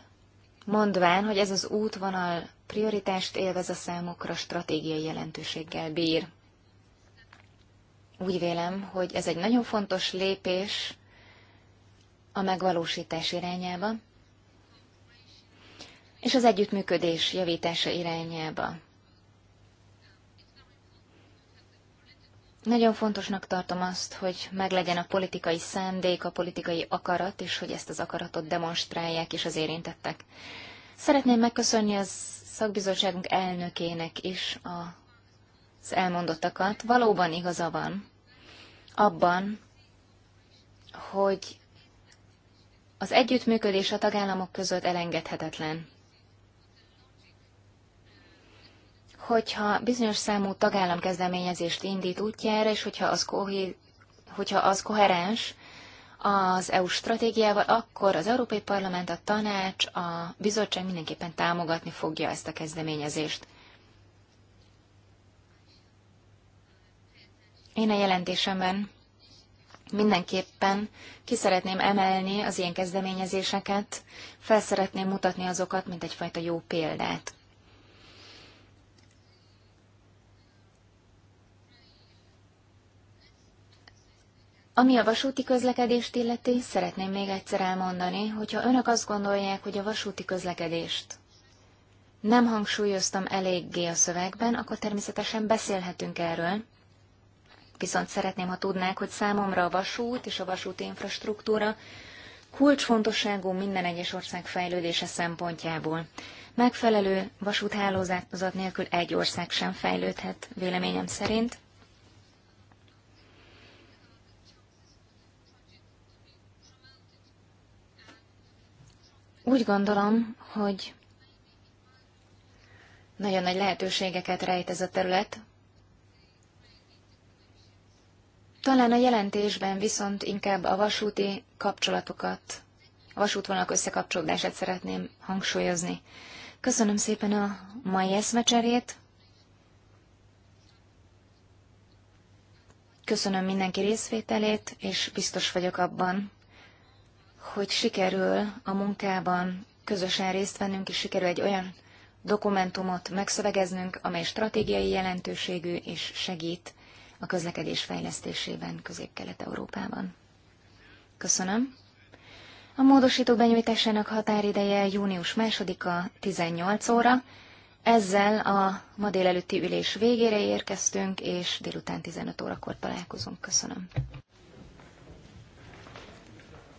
mondván, hogy ez az útvonal prioritást élvez a számukra stratégiai jelentőséggel bír úgy vélem, hogy ez egy nagyon fontos lépés a megvalósítás irányába, és az együttműködés javítása irányába. Nagyon fontosnak tartom azt, hogy meglegyen a politikai szándék, a politikai akarat, és hogy ezt az akaratot demonstrálják is az érintettek. Szeretném megköszönni az szakbizottságunk elnökének is a az elmondottakat. Valóban igaza van abban, hogy az együttműködés a tagállamok között elengedhetetlen. Hogyha bizonyos számú tagállam kezdeményezést indít útjára, és hogyha az, kohé, hogyha az koherens az EU stratégiával, akkor az Európai Parlament, a tanács, a bizottság mindenképpen támogatni fogja ezt a kezdeményezést. Én a jelentésemben mindenképpen ki szeretném emelni az ilyen kezdeményezéseket, fel szeretném mutatni azokat, mint egyfajta jó példát. Ami a vasúti közlekedést illeti, szeretném még egyszer elmondani, hogyha önök azt gondolják, hogy a vasúti közlekedést nem hangsúlyoztam eléggé a szövegben, akkor természetesen beszélhetünk erről, viszont szeretném, ha tudnák, hogy számomra a vasút és a vasúti infrastruktúra kulcsfontosságú minden egyes ország fejlődése szempontjából. Megfelelő vasúthálózat nélkül egy ország sem fejlődhet, véleményem szerint. Úgy gondolom, hogy nagyon nagy lehetőségeket rejt ez a terület, Talán a jelentésben viszont inkább a vasúti kapcsolatokat, a vasútvonalak összekapcsolódását szeretném hangsúlyozni. Köszönöm szépen a mai eszmecserét. Köszönöm mindenki részvételét, és biztos vagyok abban, hogy sikerül a munkában közösen részt vennünk, és sikerül egy olyan dokumentumot megszövegeznünk, amely stratégiai jelentőségű és segít a közlekedés fejlesztésében Közép-Kelet-Európában. Köszönöm. A módosító benyújtásának határideje június 2-a 18 óra. Ezzel a ma délelőtti ülés végére érkeztünk, és délután 15 órakor találkozunk. Köszönöm.